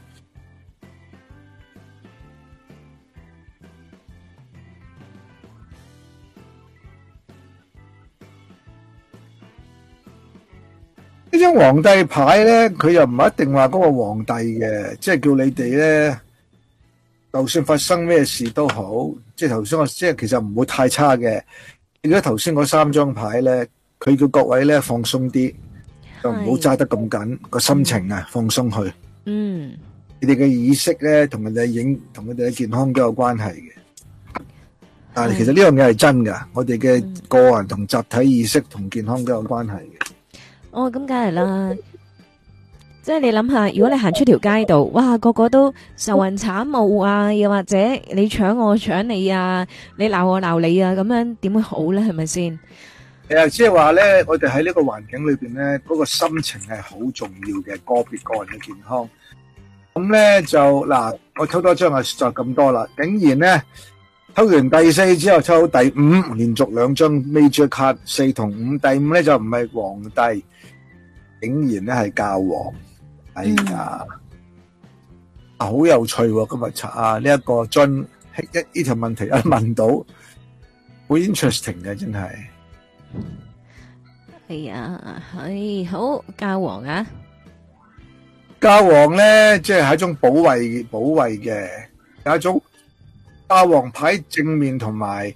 呢 (music) 張皇帝牌咧，佢又唔一定話嗰個皇帝嘅，即係叫你哋咧，就算發生咩事都好，即係頭先我即係其實唔會太差嘅。如果頭先嗰三張牌咧。佢叫各位咧放鬆啲，就唔好揸得咁緊，個心情啊，放鬆去。嗯，你哋嘅意識咧，同人哋影，同佢哋嘅健康都有關係嘅。但係其實呢樣嘢係真噶，我哋嘅個人同集體意識同健康都有關係嘅。哦，咁梗係啦，即係你諗下，如果你行出條街度，哇，個個都愁雲慘霧啊，又或者你搶我搶你啊，你鬧我鬧你啊，咁樣點會好咧？係咪先？誒，即係話咧，我哋喺呢個環境裏邊咧，嗰個心情係好重要嘅，個別個人嘅健康。咁咧就，嗱，我抽多張啊，就咁多啦。竟然咧，抽完第四之後，抽到第五，連續兩張 major card，四同五。第五咧就唔係皇帝，竟然咧係教皇。哎呀，啊，好有趣喎！今日拆啊呢一個樽，一呢條問題一問到，好 interesting 嘅真係。係啊，係好教皇啊！教皇咧，即係一種保衛、保衛嘅，有一種教皇牌正面同埋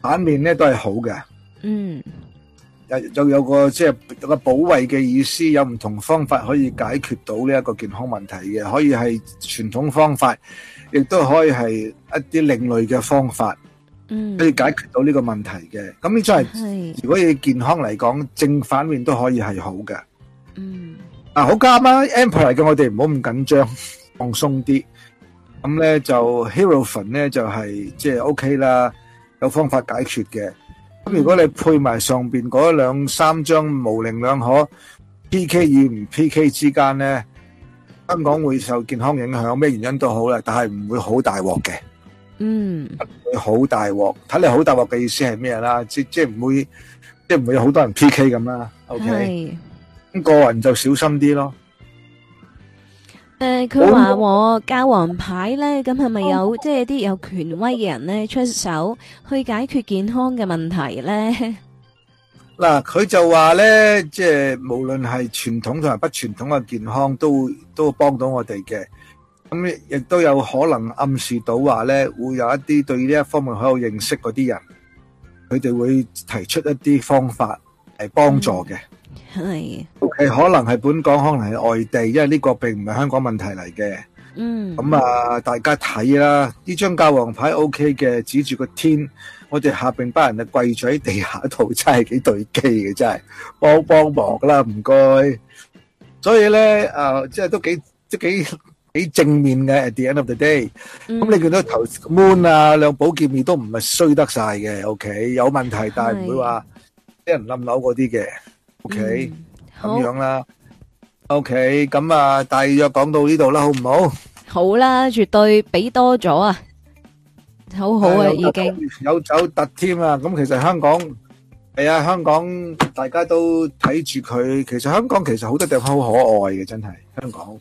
反面咧都係好嘅。嗯，有有有個即係個保衛嘅意思，有唔同方法可以解決到呢一個健康問題嘅，可以係傳統方法，亦都可以係一啲另類嘅方法。可以解決到呢個問題嘅，咁呢張係如果你健康嚟講，正反面都可以係好嘅。嗯，啊好啱啊，Empire 嘅我哋唔好咁緊張，放鬆啲。咁咧就 Hero n 咧就係、是、即係 OK 啦，有方法解決嘅。咁如果你配埋上邊嗰兩三張模棱兩可 PK 與唔 PK 之間咧，香港會受健康影響，咩原因都好啦，但係唔會好大鑊嘅。嗯，好大鑊，睇你好大鑊嘅意思係咩啦？即即唔會，即唔會有好多人 P K 咁啦。OK，個人就小心啲咯。誒、呃，佢話我教皇牌咧，咁係咪有即係啲有權威嘅人咧出手去解決健康嘅問題咧？嗱、呃，佢就話咧，即係無論係傳統同埋不傳統嘅健康都，都都幫到我哋嘅。咁、嗯、亦都有可能暗示到話咧，會有一啲對呢一方面好有認識嗰啲人，佢哋會提出一啲方法嚟幫助嘅。係、嗯，係可能係本港，可能係外地，因為呢個並唔係香港問題嚟嘅。嗯、咁、嗯、啊、嗯嗯，大家睇啦，呢張教皇牌 O K 嘅，指住個天，我哋下邊班人啊跪咗喺地下度，真係幾對機嘅，真係幫幫忙㗎啦，唔該。所以咧，啊、呃，即係都幾都幾，都幾幾正面嘅，at the end of the day。咁你見到頭 Moon 啊，兩寶劍面都唔係衰得晒嘅，OK。有問題，但係唔會話啲人冧樓嗰啲嘅，OK。咁樣啦，OK。咁啊，大約講到呢度啦，好唔好？好啦，絕對俾多咗啊，好好啊，已經有走突添啊。咁其實香港係啊，香港大家都睇住佢。其實香港其實好多地方好可愛嘅，真係香港。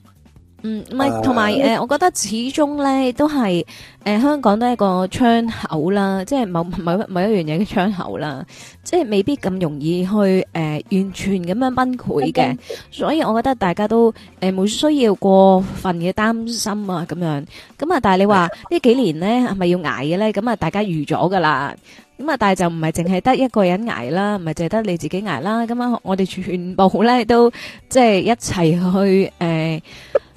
嗯，唔係，同埋誒，我覺得始終咧都係誒、呃、香港都係一個窗口啦，即係某某某一樣嘢嘅窗口啦，即係未必咁容易去誒、呃、完全咁樣崩潰嘅，所以我覺得大家都誒冇、呃、需要過分嘅擔心啊，咁樣咁啊，但係你話呢 (laughs) 幾年咧係咪要挨嘅咧？咁啊，大家預咗噶啦，咁啊，但係就唔係淨係得一個人挨啦，唔係淨係得你自己挨啦，咁啊，我哋全部咧都即係一齊去誒。呃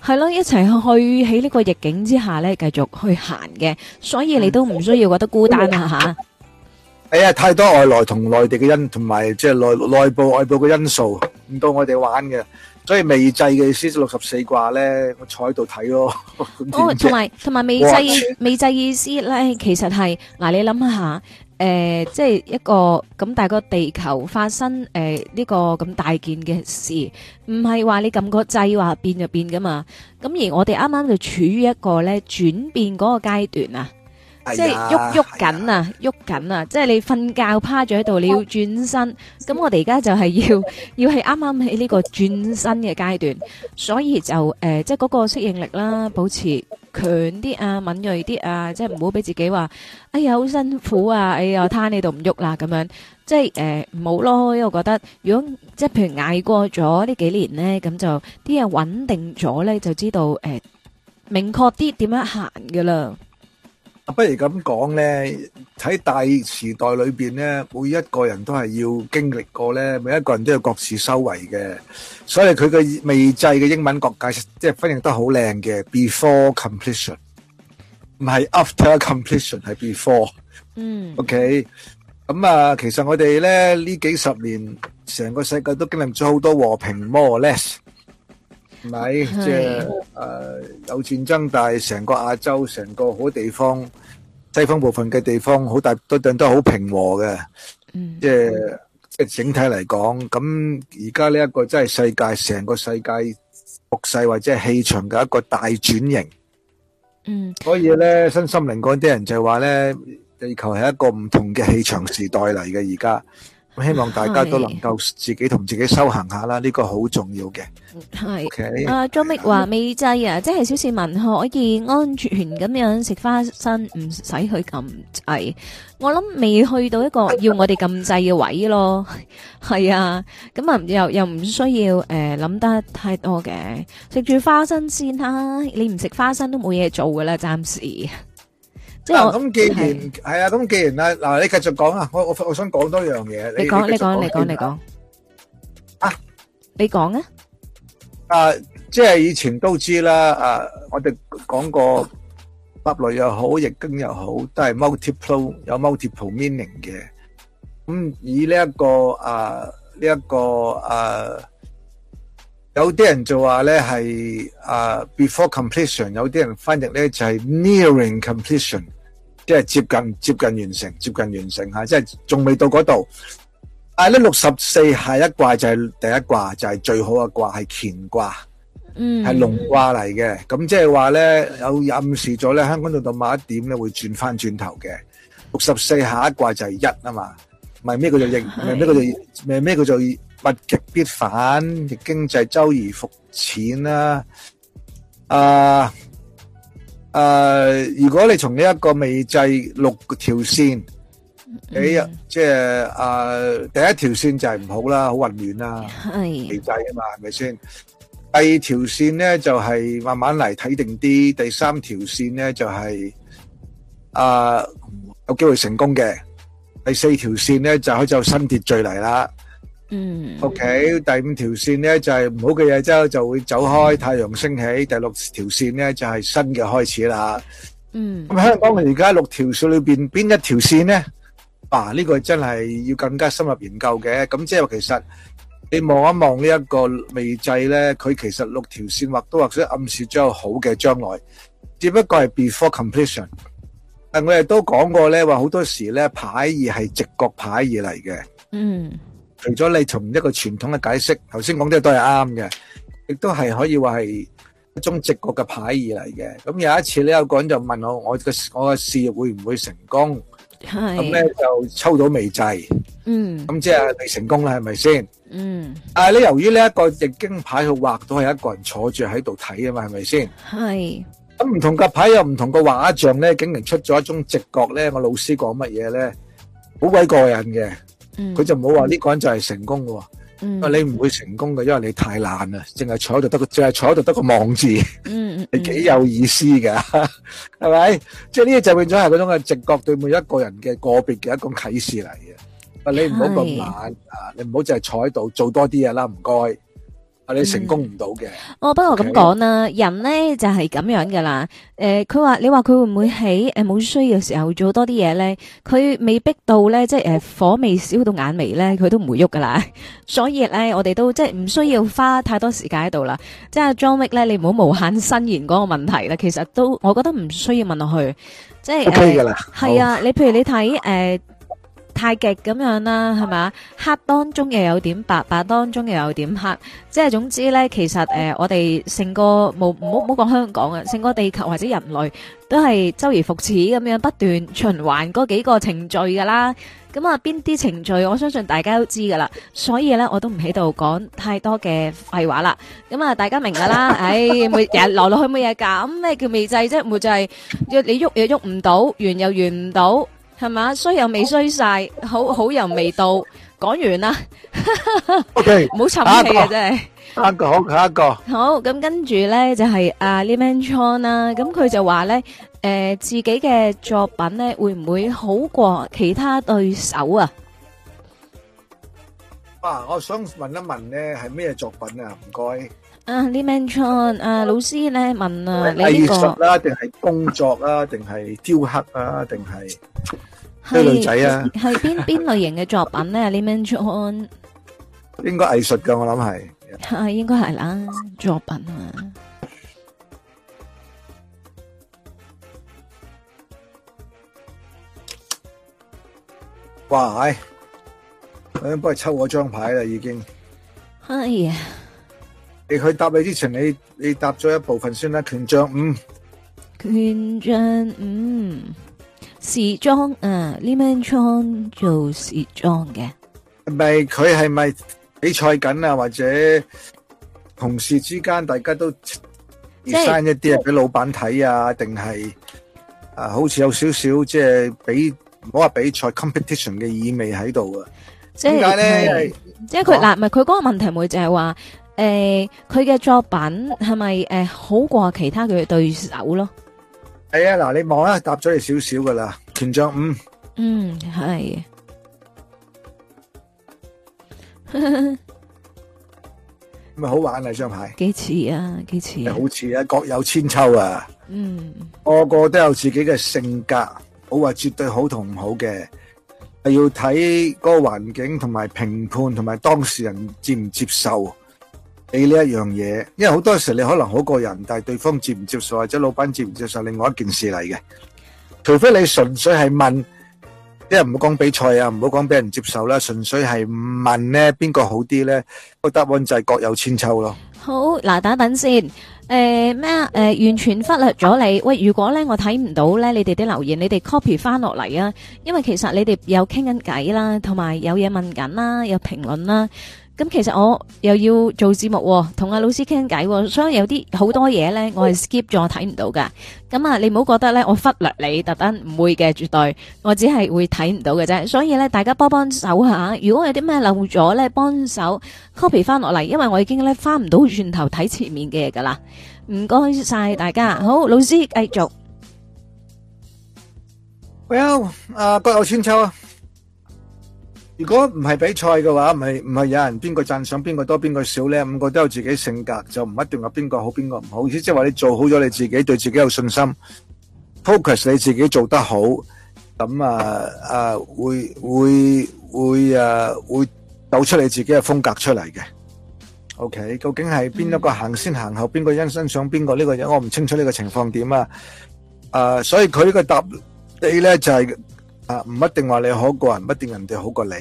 係咯， (noise) 一齊去喺呢個逆境之下咧，繼續去行嘅，所以你都唔需要覺得孤單啊吓！哎、嗯嗯嗯嗯、呀，太多外來同內地嘅因，同埋即係內內部、外部嘅因素，唔到我哋玩嘅，所以未濟嘅《易經》六十四卦咧，我坐喺度睇咯。哦，同埋同埋未濟未濟意思咧，其實係嗱，你諗下。誒、呃，即係一個咁大個地球發生誒呢、呃這個咁大件嘅事，唔係話你撳個掣話變就變噶嘛。咁而我哋啱啱就處於一個咧轉變嗰個階段啊、哎，即係喐喐緊啊，喐緊啊，即係你瞓覺趴咗喺度，你要轉身。咁我哋而家就係要要係啱啱喺呢個轉身嘅階段，所以就誒、呃，即係嗰個適應力啦，保持。強啲啊，敏鋭啲啊，即係唔好俾自己話，哎呀好辛苦啊，哎呀我攤喺度唔喐啦咁樣，即係唔好咯，因為我覺得如果即係譬如捱過咗呢幾年咧，咁就啲嘢穩定咗咧，就知道誒、呃、明確啲點樣行嘅啦。啊，不如咁講咧，喺大時代裏邊咧，每一個人都係要經歷過咧，每一個人都有各自修為嘅，所以佢嘅未濟嘅英文講解即係翻譯得好靚嘅，before completion 唔係 after completion，係 before，嗯，OK，咁啊，其實我哋咧呢幾十年成個世界都經歷咗好多和平 more or less。咪即係誒有戰爭，但係成個亞洲、成個好地方、西方部分嘅地方，好大都對都好平和嘅。即係即係整體嚟講，咁而家呢一個真係世界，成個世界局勢或者係氣場嘅一個大轉型。嗯，所以咧，身心靈嗰啲人就話咧，地球係一個唔同嘅氣場時代嚟嘅，而家。希望大家都能夠自己同自己修行下啦，呢、這個好重要嘅。係，阿 m 力話未制啊，即係小市民可以安全咁樣食花生，唔使去咁制。我諗未去到一個要我哋咁制嘅位咯。係、uh, (laughs) 啊，咁、嗯、啊又又唔需要誒諗、呃、得太多嘅，食住花生先啦、啊、你唔食花生都冇嘢做噶啦，暫時。嗱，咁既然係啊，咁既然啊，嗱，你繼續講啊。我我我想講多樣嘢。你講，你講，你講，你講啊。你講啊。啊，即係以前都知啦。啊，我哋講過八雷又好，易經又好，都係 multiple 有 multiple meaning 嘅。咁以呢一個啊，呢一個啊，有啲人就話咧係啊，before completion，有啲人翻譯咧就係 nearing completion。即係接近接近完成，接近完成吓，啊，即係仲未到嗰度。但呢咧，六十四下一卦就係第一卦，就係、是、最好嘅卦，係乾卦，係龍卦嚟嘅。咁即係話咧，有暗示咗咧，香港度到某一點咧會轉翻轉頭嘅。六十四下一卦就係一啊嘛，咪咩叫做逆，咪咩叫做咪咩叫做物極必反，亦經濟週而復始啦，啊！誒，如果你從呢一個未制六條線，你即係誒，第一條線就係唔好啦，好混亂啦，未制啊嘛，係咪先？第二條線咧就係慢慢嚟睇定啲，第三條線咧就係誒有機會成功嘅，第四條線咧就喺度新秩序嚟啦。嗯，OK，mm -hmm. 第五條線呢，就係、是、唔好嘅嘢，之後就會走開。Mm -hmm. 太陽升起，第六條線呢，就係、是、新嘅開始啦。嗯，咁香港佢而家六條線裏邊邊一條線呢？嗱呢、這個真係要更加深入研究嘅。咁即係話，其實你望一望呢一個未濟呢，佢其實六條線或都或者暗示咗好嘅將來，只不過係 before completion。我哋都講過呢，話好多時呢，牌而係直覺牌而嚟嘅。嗯、mm -hmm.。除咗你從一個傳統嘅解釋，頭先講啲都係啱嘅，亦都係可以話係一種直覺嘅牌而嚟嘅。咁有一次，你有個人就問我：我嘅我嘅事業會唔會成功？係。咁咧就抽到未濟。嗯。咁即係未成功啦，係咪先？嗯。但係你由於呢一個易經牌佢畫到係一個人坐住喺度睇啊嘛，係咪先？係。咁唔同嘅牌有唔同嘅畫像咧，竟然出咗一種直覺咧，我老師講乜嘢咧，好鬼過癮嘅。佢、嗯、就唔好話呢個人就係成功嘅，啊、嗯、你唔會成功嘅，因為你太懶啦，淨係坐喺度得個淨係坐喺度得個望字，嗯 (laughs) 你幾有意思噶，係、嗯、咪？即係呢嘢就變咗係嗰種嘅直覺對每一個人嘅個別嘅一種啟示嚟嘅，啊你唔好咁懶啊，你唔好淨係坐喺度做多啲嘢啦，唔該。你成功唔到嘅，哦，不過咁講啦，okay。人咧就係、是、咁樣噶啦。誒、呃，佢話你話佢會唔會喺誒冇需要嘅時候做多啲嘢咧？佢未逼到咧，即係誒火未燒到眼眉咧，佢都唔會喐噶啦。所以咧，我哋都即係唔需要花太多時間喺度啦。即係 John Wick 咧，你唔好無限伸延嗰個問題啦。其實都我覺得唔需要問落去，即係 OK 噶啦。係、okay。呃、啊，你譬如你睇誒。呃太極咁樣啦，係咪？黑當中又有點白，白當中又有點黑。即係總之呢，其實誒、呃，我哋成個冇唔好講香港啊，成個地球或者人類都係周而復始咁樣不斷循環嗰幾個程序噶啦。咁、嗯、啊，邊啲程序？我相信大家都知噶啦。所以呢，我都唔喺度講太多嘅廢話啦。咁、嗯、啊，大家明噶啦。唉、 (laughs) 哎，冇嘢，去冇嘢咁。咩叫未濟啫？未濟，你喐又喐唔到，完又完唔到。係嘛？衰又未衰晒，好好又未到，講完啦。OK，唔好沉氣啊！真係，下一個好，下一個。好，咁跟住咧就係阿 Li Man Chuan 啦，咁佢就話咧，誒，自己嘅作品咧會唔會好過其他對手啊？啊，我想問一問咧，係咩作品啊？唔該。啊，Leon Chan，啊，老師咧問啊，你呢個藝術啦，定係工作啦，定係雕刻啊，定係女仔啊？係邊邊類型嘅作品咧，Leon Chan？應該藝術噶，我諗係。係應該係啦，作品啊。哇，哎，咁不如抽我張牌啦，已經。係。你去答你之前，你你答咗一部分先啦，權杖五，權杖五時裝，嗯，Levi's、嗯啊、做時裝嘅，係咪佢係咪比賽緊啊？或者同事之間大家都 design 一啲啊，俾老闆睇啊？定係啊？好似有少少即係俾唔好話比賽 competition 嘅意味喺度啊？即係點解咧？即係佢嗱，唔係佢嗰個問題是是，唔會就係話。誒，佢嘅作品係咪誒好過其他佢嘅對手咯？係啊，嗱，你望啦，搭咗你少少噶啦，權杖五，嗯，係咁咪好玩啊！張牌幾似啊，幾似，啊，又，嗯、好似啊，各有千秋啊。嗯，個個都有自己嘅性格，好話絕對好同唔好嘅，係要睇嗰個環境同埋評判同埋當事人接唔接受。你呢一樣嘢，因為好多時你可能好過人，但係對方接唔接受或者老闆接唔接受，另外一件事嚟嘅。除非你純粹係問，即係唔好講比賽啊，唔好講俾人接受啦，純粹係問呢，邊個好啲呢？個答案就係各有千秋咯。好，嗱，等下先，誒咩啊？誒，完全忽略咗你。喂，如果呢我睇唔到呢，你哋啲留言，你哋 copy 翻落嚟啊，因為其實你哋有傾緊偈啦，同埋有嘢問緊啦，有評論啦。咁其實我又要做節目，哦，同阿老師傾偈，哦，所以有啲好多嘢咧，我係 skip 咗睇唔到噶。咁啊，你唔好覺得咧，我忽略你，特登唔會嘅，絕對我只係會睇唔到嘅啫。所以咧，大家幫幫手下，如果有啲咩漏咗咧，幫手 copy 翻落嚟，因為我已經咧翻唔到轉頭睇前面嘅嘢噶啦。唔該晒大家，好，老師繼續。Well，啊、呃，各有千秋啊。如果唔係比賽嘅話，唔係唔係有人邊個讚賞邊個多邊個少咧？五個都有自己性格，就唔一定話邊個好邊個唔好。意思即係話你做好咗你自己，對自己有信心，focus 你自己做得好，咁啊啊會會會啊會抖出你自己嘅風格出嚟嘅。OK，究竟係邊一個行先行後，邊個欣欣賞邊個呢個人？我唔清楚呢個情況點啊！啊，所以佢呢個答你咧就係。啊，唔一定話你好過人，不一定人哋好過你。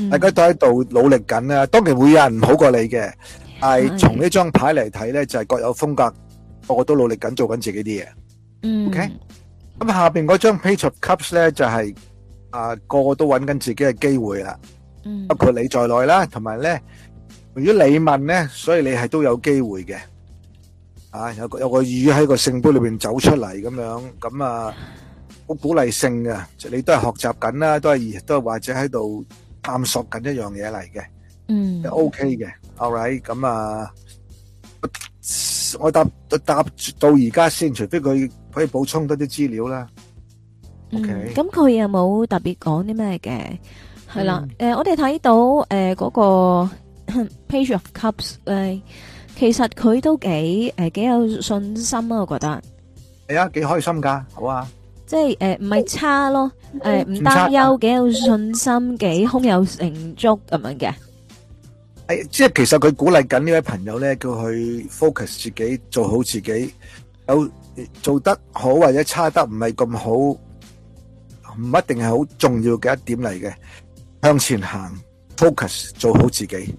嗯、大家都喺度努力緊啦，當然會有人唔好過你嘅。係從呢張牌嚟睇咧，就係、是、各有風格，個個都努力緊做緊自己啲嘢、嗯。OK，咁下邊嗰張 Page of Cups 咧，就係、是、啊，個個都揾緊自己嘅機會啦、嗯。包括你在內啦，同埋咧，如果你問咧，所以你係都有機會嘅。啊，有個有個魚喺個聖杯裏邊走出嚟咁樣，咁啊。好鼓勵性嘅，你都係學習緊啦，都係都係或者喺度探索緊一樣嘢嚟嘅，嗯，OK 嘅，Alright，咁啊，我答答到而家先，除非佢可以補充多啲資料啦。OK，咁佢有冇特別講啲咩嘅？係啦，誒，我哋睇到誒嗰個 Page of Cups 咧，其實佢都幾誒幾有信心啊，我覺得係啊，幾開心噶，好啊。即係誒，唔係差咯，誒唔擔憂，幾有信心，幾胸有成竹咁樣嘅。誒，即係其實佢鼓勵緊呢位朋友咧，叫佢 focus 自己，做好自己。有做得好或者差得唔係咁好，唔一定係好重要嘅一點嚟嘅。向前行，focus，做好自己。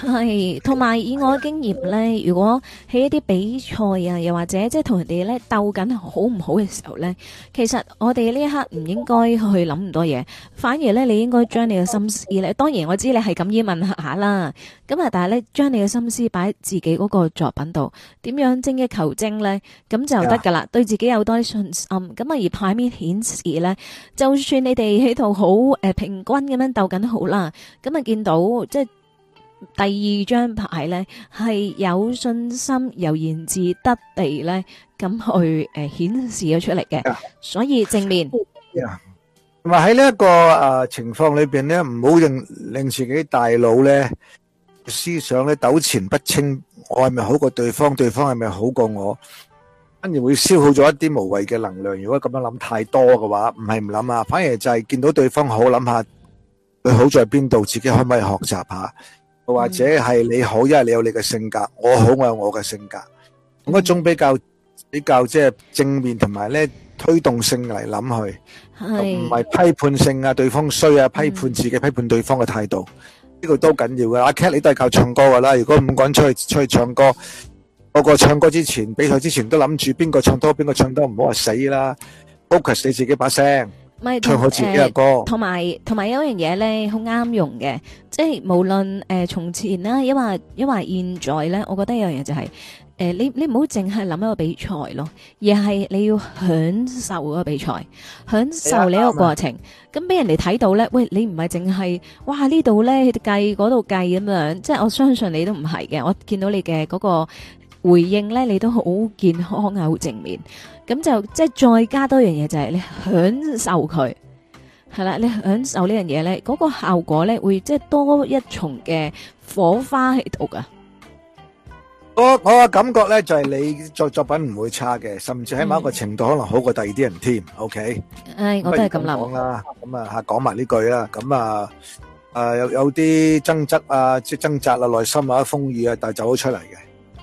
係，同埋以我嘅經驗咧，如果喺一啲比賽啊，又或者即係同人哋咧鬥緊好唔好嘅時候咧，其實我哋呢一刻唔應該去諗唔多嘢，反而咧你應該將你嘅心思咧，當然我知你係咁樣問下啦，咁啊，但係咧將你嘅心思擺喺自己嗰個作品度，點樣精益求精咧，咁就得噶啦，yeah. 對自己有多啲信心，咁啊而牌面顯示咧，就算你哋喺度好誒平均咁樣鬥緊好啦，咁啊見到即係。第二張牌咧，係有信心、悠然自得地咧咁去誒顯示咗出嚟嘅，所以正面。啊，同埋喺呢一個誒情況裏邊咧，唔好令令自己大腦咧思想咧糾纏不清，我係咪好過對方？對方係咪好過我？反而會消耗咗一啲無謂嘅能量。如果咁樣諗太多嘅話，唔係唔諗啊，反而就係見到對方好，諗下佢好在邊度，自己可唔可以學習下？或者係你好，因為你有你嘅性格；我好我有我嘅性格。咁一種比較比較即係正面同埋咧推動性嚟諗去，唔係批判性啊，對方衰啊，批判自己批判對方嘅態度，呢、嗯這個都緊要噶。阿、啊、Cat 你都係靠唱歌噶啦，如果唔趕出去出去唱歌，個個唱歌之前比賽之前都諗住邊個唱多邊個唱多，唔好話死啦。Focus 你自己把聲。唔同同埋同埋有樣嘢咧，好啱用嘅，即係無論誒、呃、從前啦，因為因為現在咧，我覺得有樣嘢就係、是、誒、呃，你你唔好淨係諗一個比賽咯，而係你要享受個個比賽，享受呢個過程。咁、yeah, 俾、right. 人哋睇到咧，喂，你唔係淨係哇呢度咧計嗰度計咁樣，即係我相信你都唔係嘅。我見到你嘅嗰個回應咧，你都好健康啊，好正面。咁就即係再加多樣嘢，就係你享受佢係啦，你享受呢樣嘢咧，嗰個效果咧會即係多一重嘅火花喺度噶。我我嘅感覺咧就係你作作品唔會差嘅，甚至喺某一個程度可能好過第二啲人添。OK，誒，我都係咁諗。咁啊，吓講埋呢句啦。咁啊，誒有有啲掙扎啊，即係掙扎啊，內心啊風雨啊，但係走咗出嚟嘅。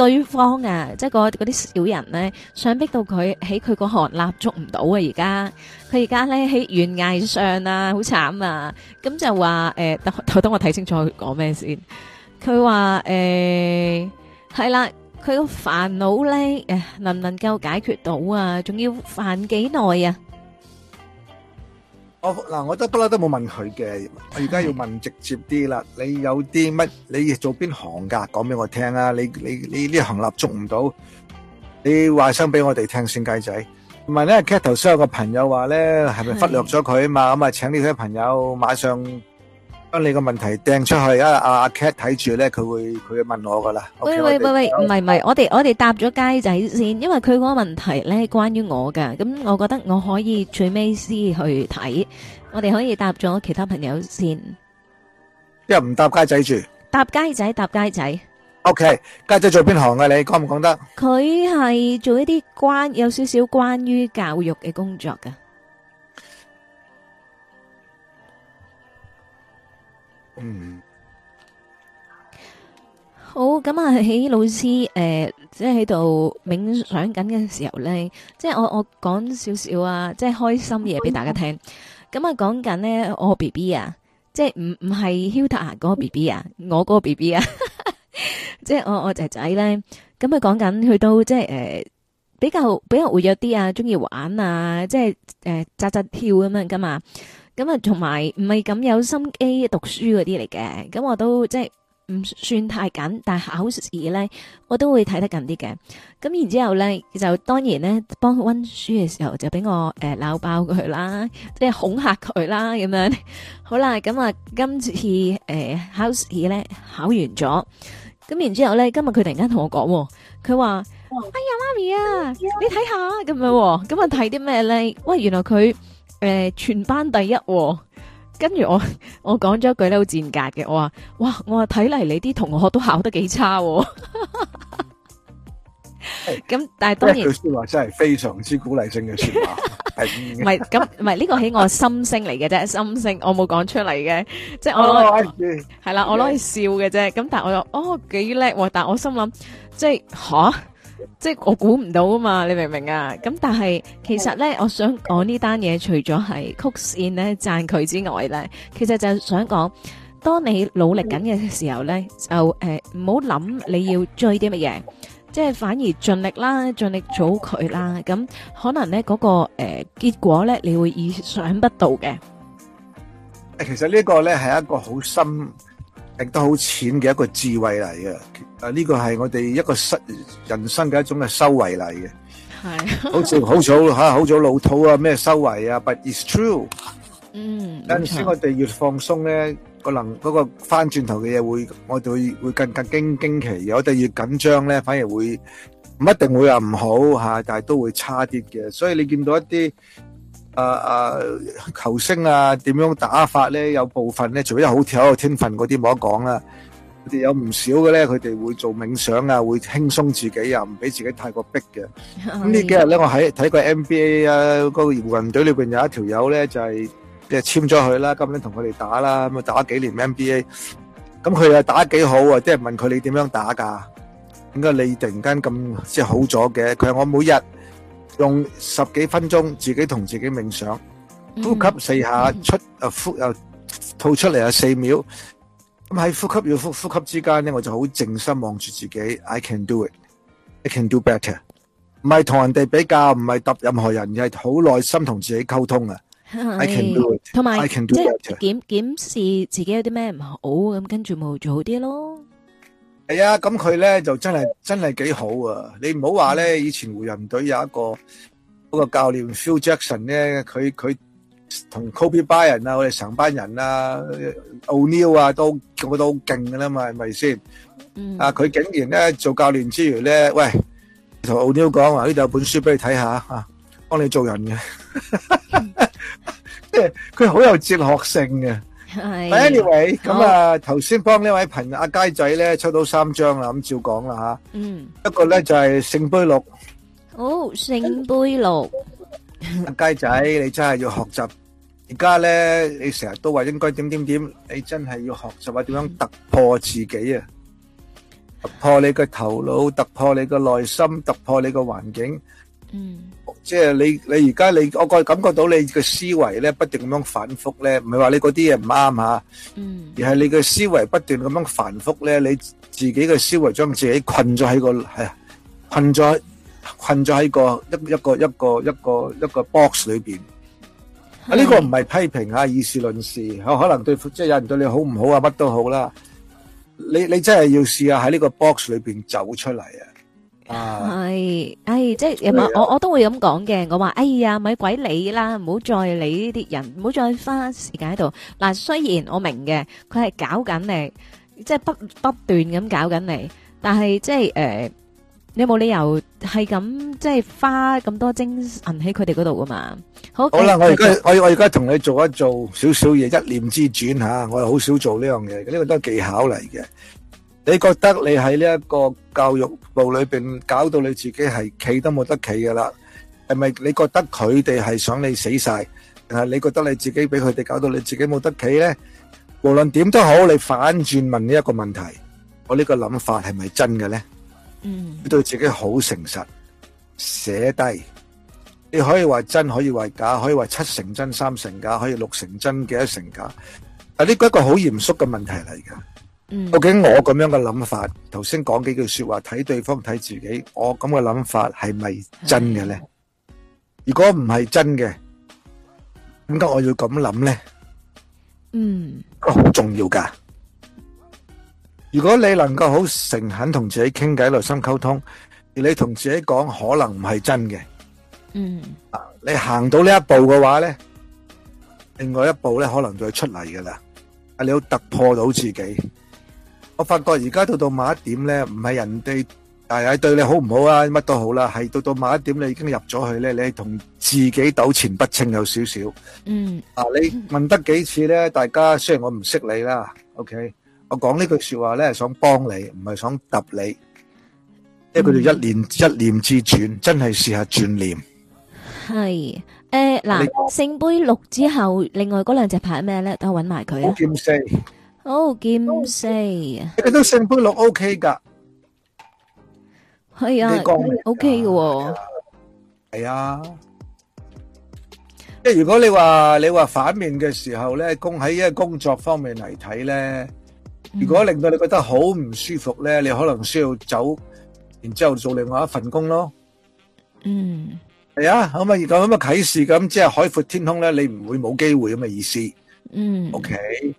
對方啊，即係個嗰啲小人咧，想逼到佢喺佢個行立足唔到啊！而家佢而家咧喺懸崖上啊，好慘啊！咁就話誒，等我睇清楚佢講咩先。佢話誒，係啦，佢個煩惱咧，能唔能夠解決到啊？仲要煩幾耐啊？我嗱，我都不嬲都冇問佢嘅，我而家要問直接啲啦。你有啲乜？你做邊行噶？講俾我聽啊！你你你呢行立足唔到，你話聲俾我哋聽先，雞仔。同埋咧，頭先有個朋友話咧，係咪忽略咗佢啊嘛？咁啊，請呢啲朋友馬上。將你個問題掟出去，阿阿 cat 睇住咧，佢會佢會問我噶啦。喂喂喂喂，唔係唔係，我哋我哋答咗街仔先，因為佢個問題咧關於我噶，咁我覺得我可以最尾先去睇，我哋可以答咗其他朋友先。又唔答街仔住？答街仔，答街仔。OK，街仔做邊行噶？你講唔講得？佢係做一啲關有少少關於教育嘅工作噶。嗯、mm -hmm.，好，咁啊喺老師誒，即係喺度冥想緊嘅時候咧，即係我我講少少啊，即係開心嘢俾大家聽。咁啊講緊咧，我 B B 啊，即係唔唔係 Hilda 嗰個 B B 啊，我嗰個 B B 啊，即 (laughs) 係我我仔仔咧，咁佢講緊佢都即係誒比較比較活躍啲啊，中意玩啊，即係誒扎扎跳咁樣噶嘛。咁啊，同埋唔係咁有心機讀書嗰啲嚟嘅，咁我都即係唔算太緊，但係考試咧，我都會睇得緊啲嘅。咁然之後咧，就當然咧，幫佢溫書嘅時候就俾我誒鬧、呃、爆佢啦，即係恐嚇佢啦，咁樣好啦。咁、嗯、啊，今次誒、呃、考試咧考完咗，咁然之後咧，今日佢突然間同我講，佢話：哎呀媽咪啊，哎、呀你睇下咁樣、哦，咁啊睇啲咩咧？喂，原來佢。誒、呃，全班第一，哦，跟住我，我講咗一句咧好賤格嘅，我話，哇，我話睇嚟你啲同學都考得幾差，哦，咁、 (laughs) 欸、但係當然，一、那、句、個、說話真係非常之鼓勵性嘅說話，係唔係咁？唔係呢個喺我心聲嚟嘅啫， (laughs) 心聲我冇講出嚟嘅，即係我係啦、啊哦，我攞嚟笑嘅啫，咁、okay。但係我又哦幾叻、哦，但我心諗即係吓。即係我估唔到啊嘛，你明唔明啊？咁但係其實咧，我想講呢單嘢，除咗係曲線咧讚佢之外咧，其實就係想講，當你努力緊嘅時候咧，就誒唔好諗你要追啲乜嘢，即係反而盡力啦，盡力做佢啦，咁可能咧嗰個誒結果咧，你會意想不到嘅。誒，其實呢個咧係一個好深。亦都好淺嘅一個智慧嚟嘅，啊呢個係我哋一個生人生嘅一種嘅修為嚟嘅，係，好早好早嚇，好早老土啊，咩修為啊，but it's true，嗯，有時我哋越放鬆咧，可能嗰個翻轉頭嘅嘢會我哋會會更加驚驚奇，我哋越緊張咧反而會唔一定會話唔好嚇，但係都會差啲嘅，所以你見到一啲。誒誒，球星啊，點樣打法咧？有部分咧，除咗好跳、有天份嗰啲冇得講啦，佢哋有唔少嘅咧，佢哋會做冥想啊，會輕鬆自己啊，唔俾自己太過逼嘅。咁呢幾日咧，我喺睇過 NBA 啊，嗰個湖人隊裏邊有一條友咧，就係即係簽咗佢啦，今日同佢哋打啦，咁啊打幾年 NBA，咁佢又打得幾好啊！即係問佢你點樣打噶？點解你突然間咁即係好咗嘅？佢話我每日。用十幾分鐘自己同自己冥想，嗯、呼吸四下、嗯、出啊呼又、啊、吐出嚟啊四秒，咁喺呼吸與呼呼吸之間咧，我就好靜心望住自己，I can do it，I can do better，唔係同人哋比較，唔係揼任何人，而係好耐心同自己溝通啊，I can do it，同埋 I can do better，即係檢檢視自己有啲咩唔好，咁跟住冇做好啲咯。係啊，咁佢咧就真係真係幾好啊！你唔好話咧，以前湖人隊有一個嗰個教練 Phil Jackson 咧，佢佢同 Kobe Bryant 啊，我哋成班人啊，O’Neal 啊，都佢都好勁噶啦嘛，係咪先？啊，佢竟然咧做教練之餘咧，喂，同 O’Neal 講話呢度有本書俾你睇下啊，幫你做人嘅，即係佢好有哲學性嘅。Anyway，咁啊，頭先幫呢位朋友阿佳仔咧抽到三張啦，咁照講啦吓。嗯。一個咧就係聖杯六。好，聖杯六。阿佳仔，你真係要學習。而家咧，你成日都話應該點點點，你真係要學習啊，點樣突破自己啊？突破你個頭腦，突破你個內心，突破你個環境。嗯。即係你，你而家你，我覺感覺到你嘅思維咧，不斷咁樣反覆咧，唔係話你嗰啲嘢唔啱吓，嗯，而係你嘅思維不斷咁樣反覆咧，你自己嘅思維將自己困咗喺個係，困咗困咗喺個一一個一個一個一個 box 裏邊。啊，呢個唔係批評吓，以事論事，可可能對即係有人對你好唔好啊，乜都好啦。你你真係要試下喺呢個 box 裏邊走出嚟啊！係，誒，即係唔係？我我都會咁講嘅。我話，哎呀，咪鬼理啦，唔好再理呢啲人，唔好再花時間喺度。嗱，雖然我明嘅，佢係搞緊你，即係不不斷咁搞緊你，但係即係誒，你冇理由係咁，即係花咁多精神喺佢哋嗰度噶嘛。好，好啦，我而家我我而家同你做一做少少嘢，一念之轉吓。我好少做呢樣嘢，呢個都係技巧嚟嘅。你覺得你喺呢一個教育部裏邊搞到你自己係企都冇得企嘅啦？係咪你覺得佢哋係想你死晒？定係你覺得你自己俾佢哋搞到你自己冇得企呢？無論點都好，你反轉問呢一個問題，我呢個諗法係咪真嘅呢？嗯，你對自己好誠實，寫低，你可以話真，可以話假，可以話七成真三成假，可以六成真幾成假？啊，呢個一個好嚴肅嘅問題嚟㗎。嗯、究竟我咁樣嘅諗法，頭先講幾句說話，睇對方睇自己，我咁嘅諗法係咪真嘅呢？如果唔係真嘅，點解我要咁諗呢？嗯，好重要噶。如果你能夠好誠懇同自己傾偈，內心溝通，而你同自己講可能唔係真嘅，嗯，你行到呢一步嘅話呢，另外一步呢，可能就會出嚟噶啦。啊，你要突破到自己。我發覺而家到到某一點咧，唔係人哋係係對你好唔好啊，乜都好啦，係到到某一點你已經入咗去咧，你同自己糾纏不清有少少。嗯，啊，你問得幾次咧？大家雖然我唔識你啦，OK，我講呢句說話咧，係想幫你，唔係想揼你。即係佢哋一念一念之轉，真係試下轉念。係誒，嗱，聖杯六之後，另外嗰兩隻牌咩咧？等我揾埋佢啊。五點四。哦劍士，你覺得聖杯六 O K 噶，係啊，你講，O K 嘅係啊。即係如果你話你話反面嘅時候咧，供喺一個工作方面嚟睇咧，如果令到你覺得好唔舒服咧，你可能需要走，然之後做另外一份工咯。嗯，係啊，咁啊，如果咁啊啟示咁，即係海闊天空咧，你唔會冇機會咁嘅意思。嗯，O K。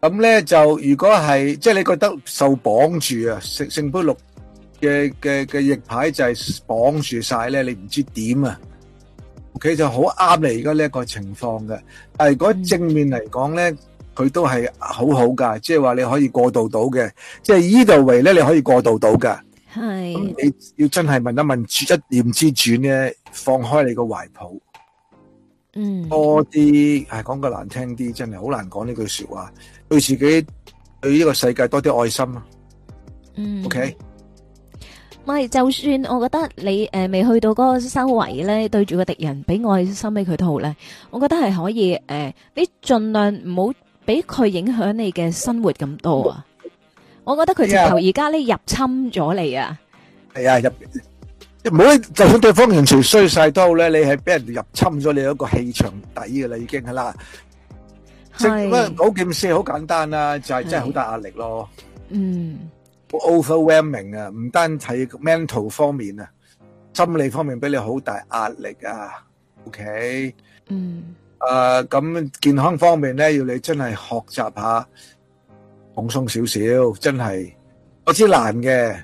咁咧就如果係即係你覺得受綁住啊，聖聖杯六嘅嘅嘅逆牌就係綁住晒咧，你唔知點啊？佢就好啱你而家呢一個情況嘅。但係如果正面嚟講咧，佢、嗯、都係好好噶，即係話你可以過渡到嘅，即係呢度位咧，你可以過渡到噶。係你要真係問一問一念之轉咧，放開你個懷抱。嗯，多啲係講句難聽啲，真係好難講呢句說話。對自己，對呢個世界多啲愛心啊！嗯，OK，唔係就算，我覺得你誒未去到嗰個修為咧，對住個敵人俾愛心俾佢都好咧。我覺得係可以誒，你盡量唔好俾佢影響你嘅生活咁多啊。我覺得佢直頭而家咧入侵咗你啊！係啊，入唔好就算對方完全衰曬都好咧，你係俾人入侵咗你一個氣場底噶啦，已經係啦。即係，嗰件事好簡單啦、啊，就係、是、真係好大壓力咯。嗯，overwhelming 啊，唔單睇 mental 方面啊，心理方面俾你好大壓力啊。O、okay? K，嗯，誒、呃，咁健康方面咧，要你真係學習下放鬆少少，真係，我知難嘅，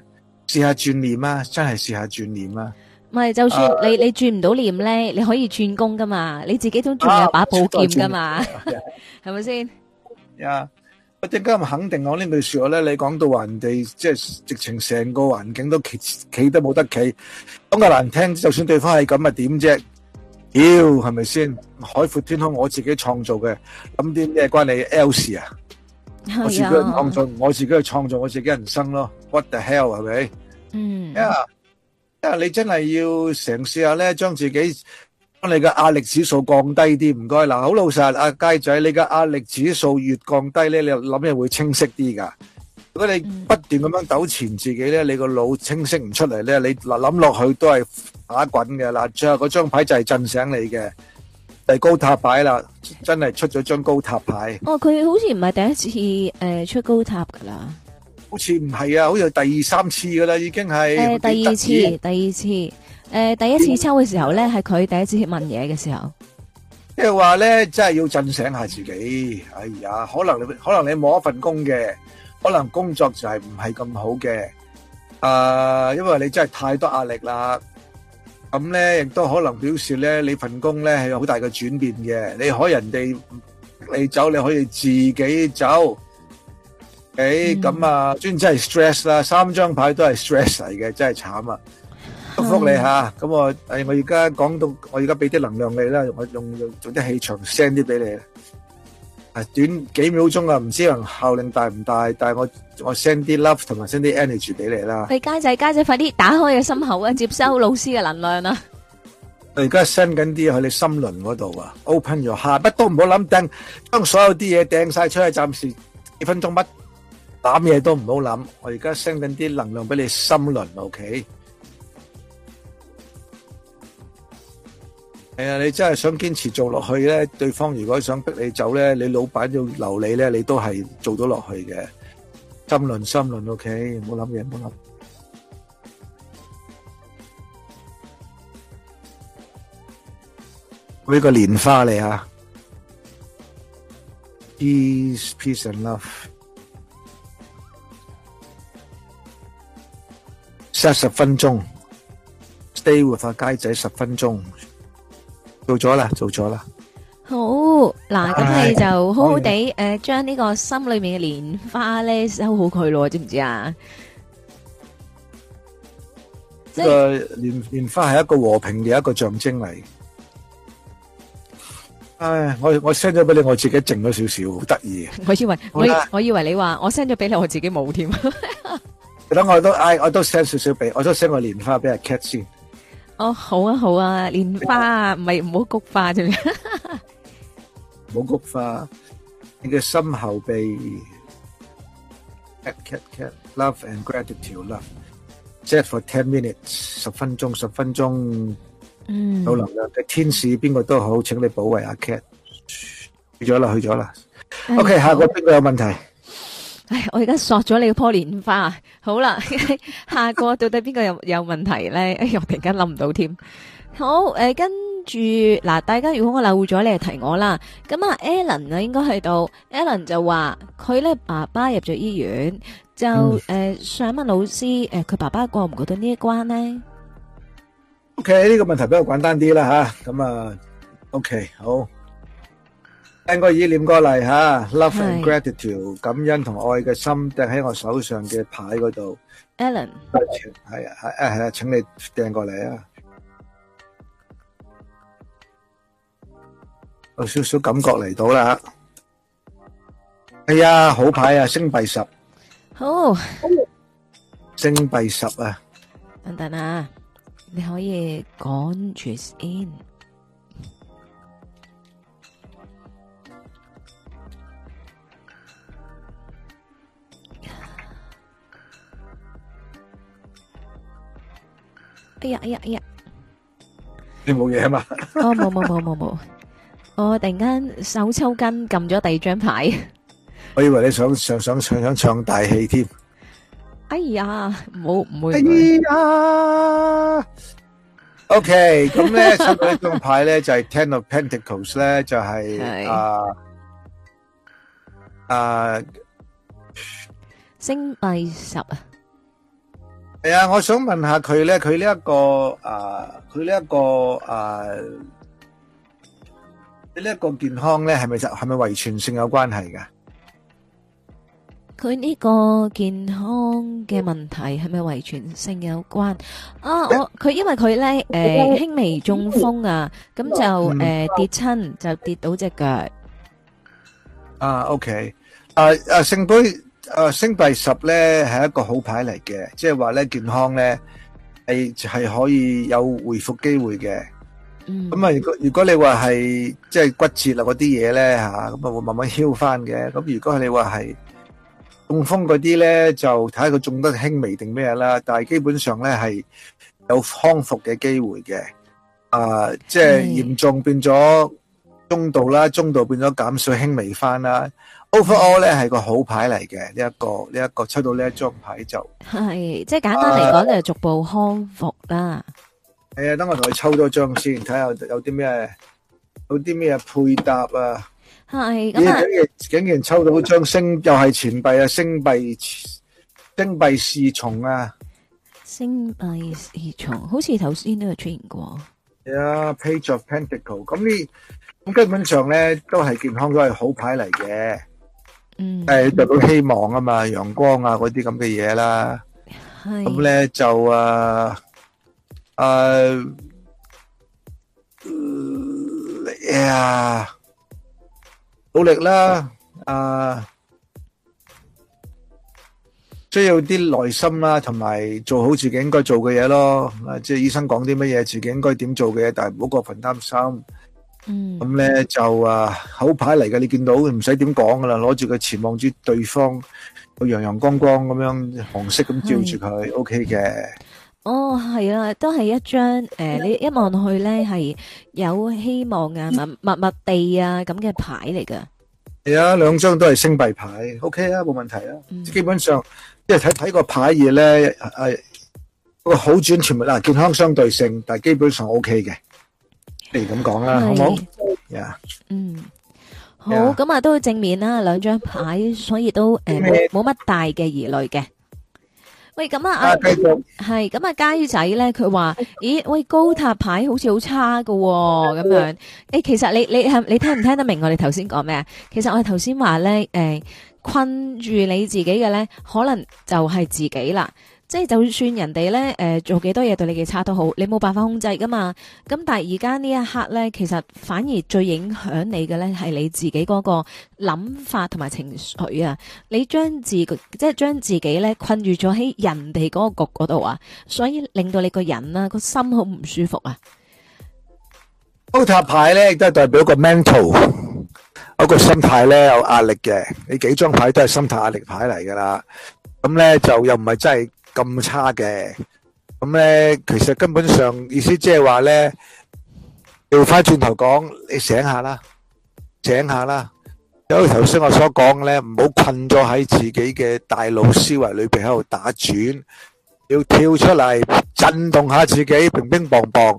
試下轉念啦、啊，真係試下轉念啦、啊。唔係，就算你你轉唔到念咧，你可以轉工噶嘛，你自己都仲有把寶劍噶嘛，係咪先？啊！我點解咁肯定講呢句說話咧？你講到話人哋即係直情成個環境都企企得冇得企，講得難聽，就算對方係咁，咪點啫？妖係咪先？海闊天空，我自己創造嘅，諗啲咩關你 else 啊？我自己創造，我自己去創造我自己人生咯。What the hell 係咪？嗯。啊！你真係要嘗試,試下咧，將自己將你嘅壓力指數降低啲。唔該，嗱，好老實，阿佳仔，你嘅壓力指數越降低咧，你諗嘢會清晰啲噶。如果你不斷咁樣糾纏自己咧，你個腦清晰唔出嚟咧，你諗落去都係打滾嘅。嗱，最後嗰張牌就係震醒你嘅，係、就係、高塔牌啦，真係出咗張高塔牌。哦，佢好似唔係第一次誒、呃、出高塔噶啦。好似唔係啊好似第三次噶啦，已經係。誒，第二次，第二次，誒，第一次抽嘅時候咧，係佢第一次問嘢嘅時候。即係話咧，真係要震醒下自己。哎呀，可能你可能你冇一份工嘅，可能工作就係唔係咁好嘅。啊，因為你真係太多壓力啦。咁咧亦都可能表示咧，你份工咧係有好大嘅轉變嘅。你可以人哋你走，你可以自己走。誒，咁啊，專真係 stress 啦，三張牌都係 stress 嚟嘅，真係慘啊！祝福你吓，咁我誒，我而家講到我而家俾啲能量你啦，用我用用做啲氣場 send 啲俾你啊，短幾秒鐘啊，唔知能效令大唔大，但係我我 send 啲 love 同埋 send 啲 energy 俾你啦。喂，家仔家仔，快啲打開嘅心口啊，接收老師嘅能量啦。我而家 send 緊啲去你心輪嗰度啊，open your heart，乜都唔好諗掟，將所有啲嘢掟晒出去，暫時幾分鐘乜？諗嘢都唔好諗，我而家升緊啲能量俾你心輪，OK？係啊，你真係想堅持做落去咧，對方如果想逼你走咧，你老闆要留你咧，你都係做到落去嘅。心輪，心輪，OK？唔好諗嘢，唔好諗。呢個蓮花嚟啊！Peace, peace and love。三十分鐘，stay with 個佳仔十分鐘，做咗啦，做咗啦。好嗱，咁你就好好地誒，將呢個心裏面嘅蓮花咧收好佢咯，知唔知啊？呢個蓮蓮花係一個和平嘅一個象徵嚟。唉，我我 send 咗俾你，我自己淨咗少少，好得意。我以為我我以為你話我 send 咗俾你，我自己冇添。等我都，哎，我都 send 少少俾，我都 send 個蓮花俾阿 Cat 先。哦，好啊，好啊，蓮花啊，唔係唔好菊花，啫，唔好菊花，你嘅心後臂。cat cat cat，love and gratitude，love，chat for ten minutes，十分鐘，十分鐘，嗯，好能量嘅天使邊個都好，請你保衛阿 Cat。去咗啦，去咗啦。OK，下個邊個有問題？唉，我而家索咗你個棵蓮花好啦。 (laughs) 下個到底邊個有有問題咧？哎呀，我突然間諗唔到添。好，誒、呃，跟住嗱，大家如果我漏咗，你就提我啦。咁啊，Alan 啊，應該喺度。Alan 就話佢咧爸爸入咗醫院，就誒、嗯呃、想問老師，誒、呃、佢爸爸過唔過到呢一關咧？OK，呢個問題比較簡單啲啦吓。咁啊、嗯、，OK，好。掟個意念過嚟吓，love and gratitude 感恩同愛嘅心掟喺我手上嘅牌嗰度。Alan 係啊係，係係啊，請你掟過嚟啊！有少少感覺嚟到啦，係啊，好牌啊，星幣十，好星幣十啊！等等啊，你可以講 choose in。哎呀，哎呀，哎呀，你冇嘢啊嘛？哦，冇冇冇冇冇，我突然間手抽筋，撳咗第二張牌。我以為你想想想想唱大戲添。哎呀，唔好唔會。哎呀。OK，咁咧出到呢張牌咧就係 Ten of Pentacles 咧就係啊啊星幣十啊。係啊，我想問下佢咧，佢呢一個誒，佢呢一個誒，佢呢一個健康咧，係咪就係咪遺傳性有關係噶？佢呢個健康嘅問題係咪遺傳性有關？啊，我佢因為佢咧誒，輕微中風啊，咁就誒跌親就跌到隻腳。啊，OK，誒誒，聖杯。誒、啊，星幣十咧係一個好牌嚟嘅，即係話咧健康咧係係可以有回復機會嘅。咁、嗯、啊，如果、啊、慢慢如果你話係即係骨折啊嗰啲嘢咧吓，咁啊會慢慢消翻嘅。咁如果你話係中風嗰啲咧，就睇佢中得輕微定咩啦。但係基本上咧係有康復嘅機會嘅。啊，即係嚴重變咗中度啦，嗯、中度變咗減水輕微翻啦。Overall 咧係個好牌嚟嘅，呢一個呢一個抽到呢一張牌就係，即係簡單嚟講就逐步康復啦。係啊，等我同佢抽多張先，睇下有啲咩有啲咩配搭啊。係，咦？竟然竟然抽到張星又係錢幣啊，星幣星幣侍從啊，星幣侍從好似頭先都有出現過。係啊，Page of Pentacles。咁呢咁基本上咧都係健康都係好牌嚟嘅。誒，代表希望啊嘛，陽光啊，嗰啲咁嘅嘢啦，咁咧就誒，誒，力啊，努力啦，啊，需要啲耐心啦，同埋做好自己應該做嘅嘢咯，啊，即係醫生講啲乜嘢，自己應該點做嘅嘢，但係唔好過份擔心。嗯，咁咧就啊，好牌嚟嘅，你見到佢唔使點講噶啦，攞住佢錢望住對方，個陽陽光光咁樣，紅色咁照住佢，OK 嘅。哦，係啊，都係一張誒，你一望去咧係有希望啊，密密密地啊咁嘅牌嚟嘅。係啊，兩張都係星幣牌，OK 啊，冇問題啊。即基本上，即係睇睇個牌嘢咧，係個好轉全部啊，健康相對性，但係基本上 OK 嘅。咁講啦，好，好，嗯，yeah. 好，咁啊，都會正面啦，兩張牌，所以都誒冇乜大嘅疑慮嘅。喂，咁啊，係、啊、咁啊，啊，佳仔咧，佢話、哎，咦，喂，高塔牌好似好差㗎、哦，咁樣。誒、啊哎，其實你你係你，你聽唔聽得明我哋頭先講咩啊？其實我哋頭先話咧，誒、呃，困住你自己嘅咧，可能就係自己啦。即係就算人哋咧，誒、呃、做幾多嘢對你幾差都好，你冇辦法控制噶嘛。咁但係而家呢一刻咧，其實反而最影響你嘅咧，係你自己嗰個諗法同埋情緒啊。你將自即係將自己咧困住咗喺人哋嗰個局嗰度啊，所以令到你個人啊、個心好唔舒服啊。高塔牌咧亦都係代表一個 mental，一個心態咧有壓力嘅。你幾張牌都係心態壓力牌嚟噶啦，咁咧就又唔係真係。咁差嘅，咁咧其實根本上意思即係話咧調翻轉頭講，你醒下啦，醒下啦。有頭先我所講呢，咧，唔好困咗喺自己嘅大腦思維裏邊喺度打轉，要跳出嚟震動下自己，乒乒乓乓，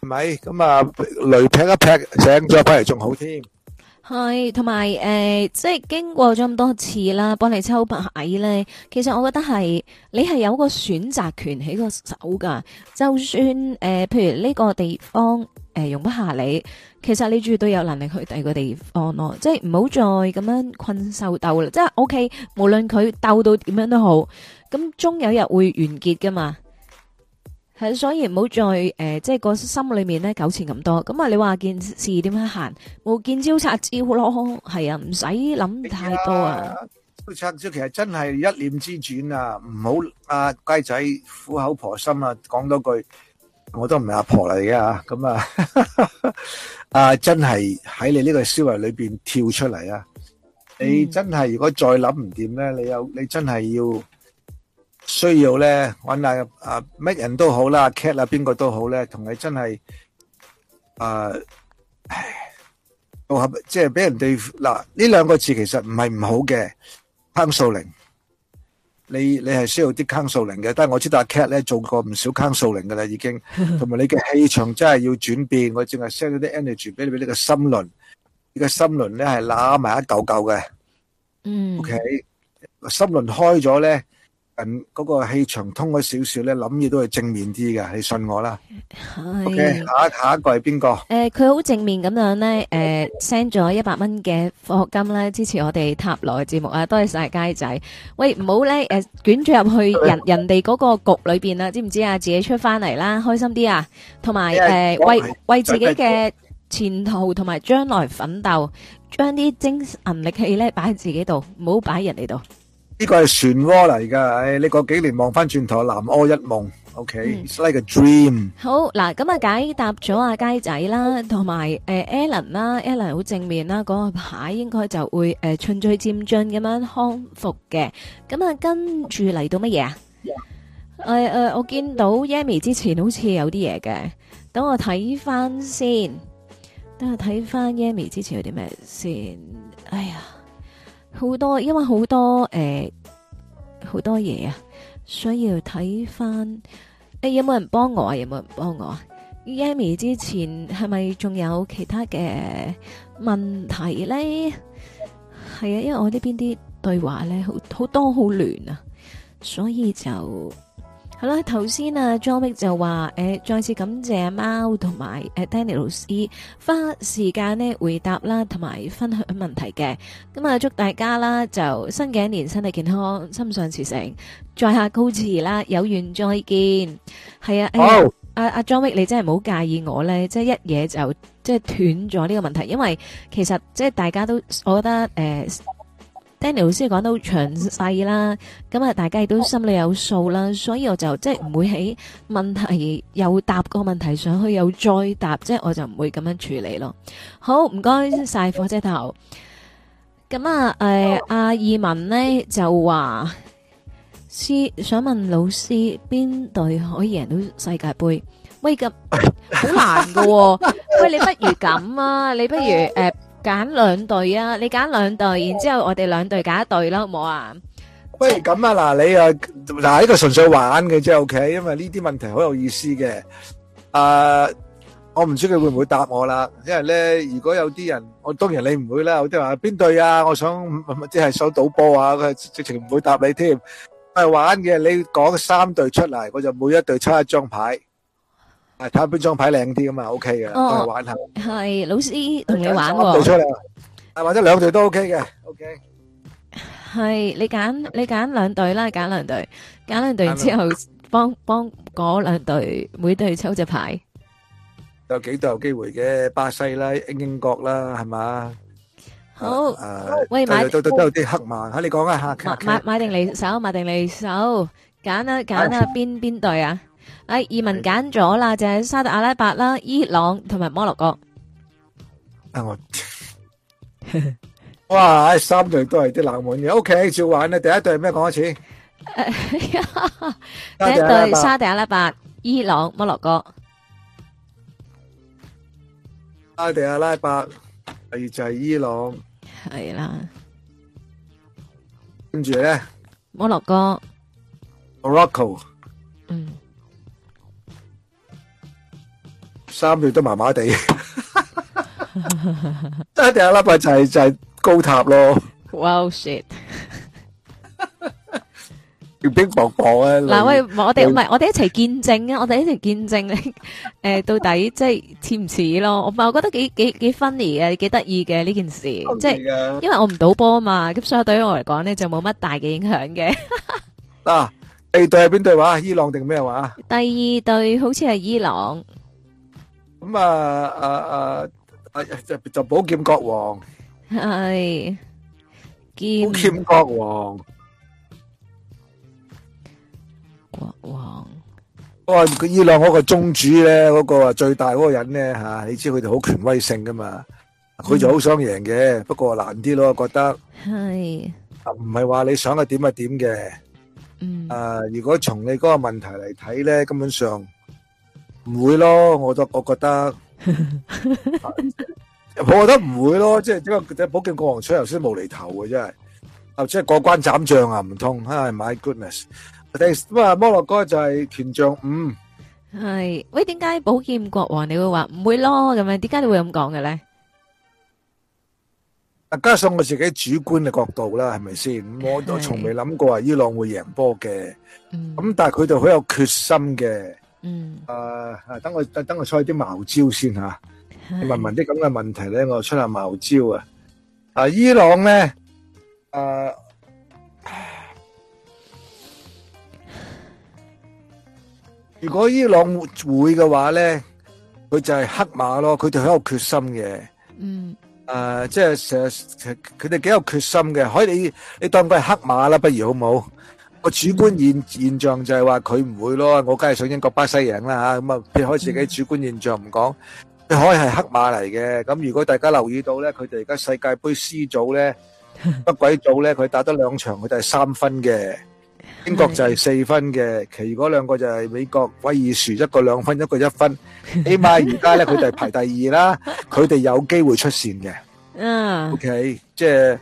係咪咁啊？雷劈一劈，醒咗翻嚟仲好添。係，同埋誒，即係經過咗咁多次啦，幫你抽白矮咧。其實我覺得係你係有個選擇權喺個手㗎。就算誒、呃，譬如呢個地方誒、呃、容不下你，其實你住都有能力去第二個地方咯。即係唔好再咁樣困獸鬥啦。即係 OK，無論佢鬥到點樣都好，咁終有一日會完結㗎嘛。係，所以唔好再誒，即係個心裏面咧糾纏咁多。咁啊，你話件事點樣行？冇見招拆招咯，係啊，唔使諗太多啊。拆招其實真係一念之轉啊！唔好啊雞仔苦口婆心啊，講多句，我都唔係阿婆嚟嘅嚇。咁啊，啊真係喺你呢個思維裏邊跳出嚟啊！你真係如果再諗唔掂咧，你又你真係要。需要咧揾下啊，乜人都好啦，cat 啦邊個都好咧，同你真係啊，唉，我合即係俾人哋嗱呢兩個字其實唔係唔好嘅，counseling，你你係需要啲 counseling 嘅，但係我知道 cat 咧做過唔少 counseling 噶啦已經，同埋你嘅氣場真係要轉變，我淨係 send 咗啲 energy 俾你，俾你個心輪，呢個心輪咧係攬埋一嚿嚿嘅，嗯，ok 心輪開咗咧。嗰、那個氣場通咗少少咧，諗嘢都係正面啲嘅，你信我啦。O、okay, K，下，下一個係邊個？誒、呃，佢好正面咁樣咧，誒，send 咗一百蚊嘅課金啦，支持我哋塔羅嘅節目啊！多謝晒街仔。喂，唔好咧，誒、呃，捲咗入去人人哋嗰個局裏邊啊，知唔知啊？自己出翻嚟啦，開心啲啊！同埋誒，為為自己嘅前途同埋將來奮鬥，將啲精神力氣咧擺喺自己度，唔好擺喺人哋度。呢個係漩渦嚟噶，誒，你過幾年望翻轉頭南柯一夢，OK，like、okay, 嗯、a dream。好嗱，咁啊解答咗阿佳仔啦，同埋誒、呃、Allen 啦，Allen 好正面啦，嗰、那個牌應該就會誒、呃、循序漸進咁樣康復嘅。咁啊跟住嚟到乜嘢啊？誒誒、啊呃，我見到 Yami 之前好似有啲嘢嘅，等我睇翻先，等我睇翻 Yami 之前有啲咩先。哎呀！好多，因為好多誒，呃、好多嘢啊，所以要睇翻。誒、欸，有冇人幫我啊？有冇人幫我啊？Yamy 之前係咪仲有其他嘅問題咧？係啊，因為我呢邊啲對話咧，好好多好亂啊，所以就。好啦，頭先啊，Joey 就話誒，再次感謝貓同埋誒 Danny 老師花時間咧回答啦，同埋分享問題嘅。咁啊，祝大家啦就新嘅一年身體健康，心想事成。在下告辭啦，有緣再見。係啊，阿阿 Joey，你真係唔好介意我咧，即係一嘢就即係斷咗呢個問題，因為其實即係大家都，我覺得誒。呃 d a n e l 老師講到詳細啦，咁啊大家亦都心裏有數啦，所以我就即係唔會喺問題又答個問題上去又再答，即、就、係、是、我就唔會咁樣處理咯。好，唔該晒火姐頭。咁啊，誒、啊，阿二文呢就話，師想問老師邊隊可以贏到世界杯？喂，咁好難噶、哦， (laughs) 喂，你不如咁啊，你不如誒。呃揀兩對啊！你揀兩對，然之後我哋兩對揀一對啦，好唔好啊？喂，咁啊嗱，你啊嗱，呢個純粹玩嘅啫，O K，因為呢啲問題好有意思嘅。啊，我唔知佢會唔會答我啦，因為咧如果有啲人，我當然你唔會啦。有啲人話邊對啊，我想即係想賭波啊，佢直情唔會答你添。係玩嘅，你講三對出嚟，我就每一對抽一張牌。睇下邊張牌靚啲咁嘛，OK 嘅，玩下。係老師同你玩喎。對出嚟，啊或者兩隊都 OK 嘅，OK。係你揀，你揀兩隊啦，揀兩隊，揀兩隊，然之後幫幫嗰兩隊每隊抽隻牌。有幾隊有機會嘅，巴西啦，英英國啦，係嘛？好。誒，喂，買都都都有啲黑馬，吓你講啊吓。買買定離手，買定離手，揀啊揀啊，邊邊隊啊？係、哎、移民揀咗啦，就係、是、沙特阿拉伯啦、伊朗同埋摩洛哥。啊我，哇，三隊都係啲冷門嘅，OK，照玩啦。第一隊係咩？講多次第一隊沙特阿拉伯、伊朗、摩洛哥。沙特阿拉伯，第二就係伊朗，係啦。跟住咧，摩洛哥。Morocco。嗯。三對都麻麻地，第一粒咪就係就係高塔咯。Well shit！冰雹雹咧，嗱喂，我哋唔係我哋一齊見證啊！我哋一齊見證你誒，到底即係似唔似咯？我唔係，我覺得幾幾幾 funny 嘅，幾得意嘅呢件事，即係因為我唔賭波嘛，咁所以對於我嚟講咧就冇乜大嘅影響嘅。嗱，第二對係邊對話？伊朗定咩話？第二對好似係伊朗。咁啊啊啊！就就寶劍國王係，寶劍國王國王。哇！佢依兩嗰個宗主咧，嗰個啊最大嗰個人咧吓，你知佢哋好權威性噶嘛？佢就好想贏嘅，不過難啲咯，我覺得係啊，唔係話你想啊點啊點嘅。嗯啊，如果從你嗰個問題嚟睇咧，根本上。唔會咯，我都我覺得， (laughs) 啊、我覺得唔會咯，即係點解？寶劍國王出嚟先無厘頭嘅，真係，即係過關斬將啊，唔通？ (laughs) 哎，My goodness，咁啊摩洛哥就係權杖五，係喂，點解寶劍國王你會話唔會咯？咁樣，點解你會咁講嘅咧？啊，加上我自己主觀嘅角度啦，係咪先？我都從未諗過伊朗會贏波嘅，咁、嗯、但係佢哋好有決心嘅。嗯，誒，等我等我出啲茅招先吓，你問問啲咁嘅問題咧，我出下茅招啊。啊，伊朗咧，誒，如果伊朗會嘅話咧，佢就係黑馬咯，佢哋好有決心嘅。嗯，誒，即係成日，佢佢哋幾有決心嘅，可以，你當佢係黑馬啦，不如好冇？個主觀現現象就係話佢唔會咯，我梗係想英國巴西贏啦吓，咁啊撇開自己主觀現象唔講，你可以係黑馬嚟嘅。咁如果大家留意到咧，佢哋而家世界杯 C 組咧，乜鬼組咧，佢打得兩場，佢哋係三分嘅，英國就係四分嘅，其餘兩個就係美國威爾士一個兩分，一個一分，起碼而家咧佢哋係排第二啦，佢哋有機會出線嘅。嗯，OK，即係。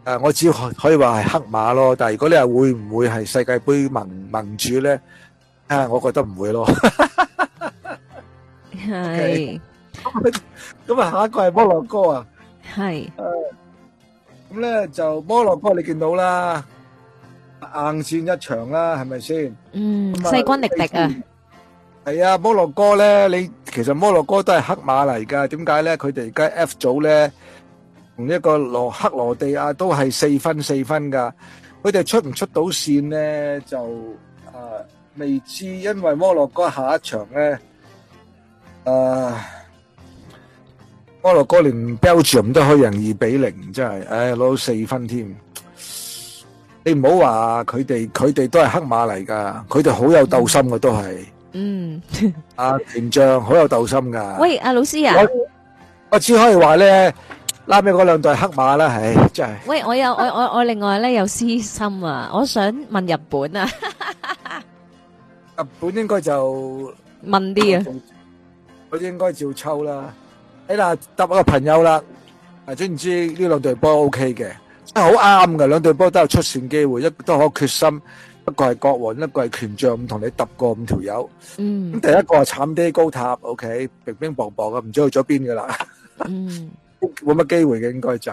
誒、呃，我只可以話係黑馬咯，但係如果你話會唔會係世界杯盟盟主咧？啊、呃，我覺得唔會咯。係。 (laughs) 咁、okay。啊，下一個係摩洛哥啊。係。咁、呃、咧就摩洛哥你見到啦，硬戰一場啦，係咪先？嗯，勢均力敵啊。係啊，摩洛哥咧，你其實摩洛哥都係黑馬嚟㗎，點解咧？佢哋而家 F 組咧？同一個羅克羅地亞都係四分四分噶，佢哋出唔出到線咧就誒未知，因為摩洛哥下一場咧誒摩洛哥連 Belgium 都可以贏二比零，真係誒攞到四分添。你唔好話佢哋，佢哋都係黑馬嚟噶，佢哋好有鬥心嘅都係。嗯，阿團長好有鬥心噶。喂，阿老師啊，我只可以話咧。拉尾嗰兩隊黑馬啦，唉，真係。喂，我有我我我另外呢有私心啊，我想問日本啊。日本應該就問啲啊，佢應該照抽啦。哎嗱，答一個朋友啦。啊，知唔知呢兩隊波 OK 嘅？好啱噶，兩隊波都有出線機會，一都好決心，一個係國王，一個係權杖，唔同你揼過五條友。嗯。咁第一個係慘啲高塔，OK，平平薄薄嘅，唔知去咗邊噶啦。嗯。冇乜機會嘅，應該就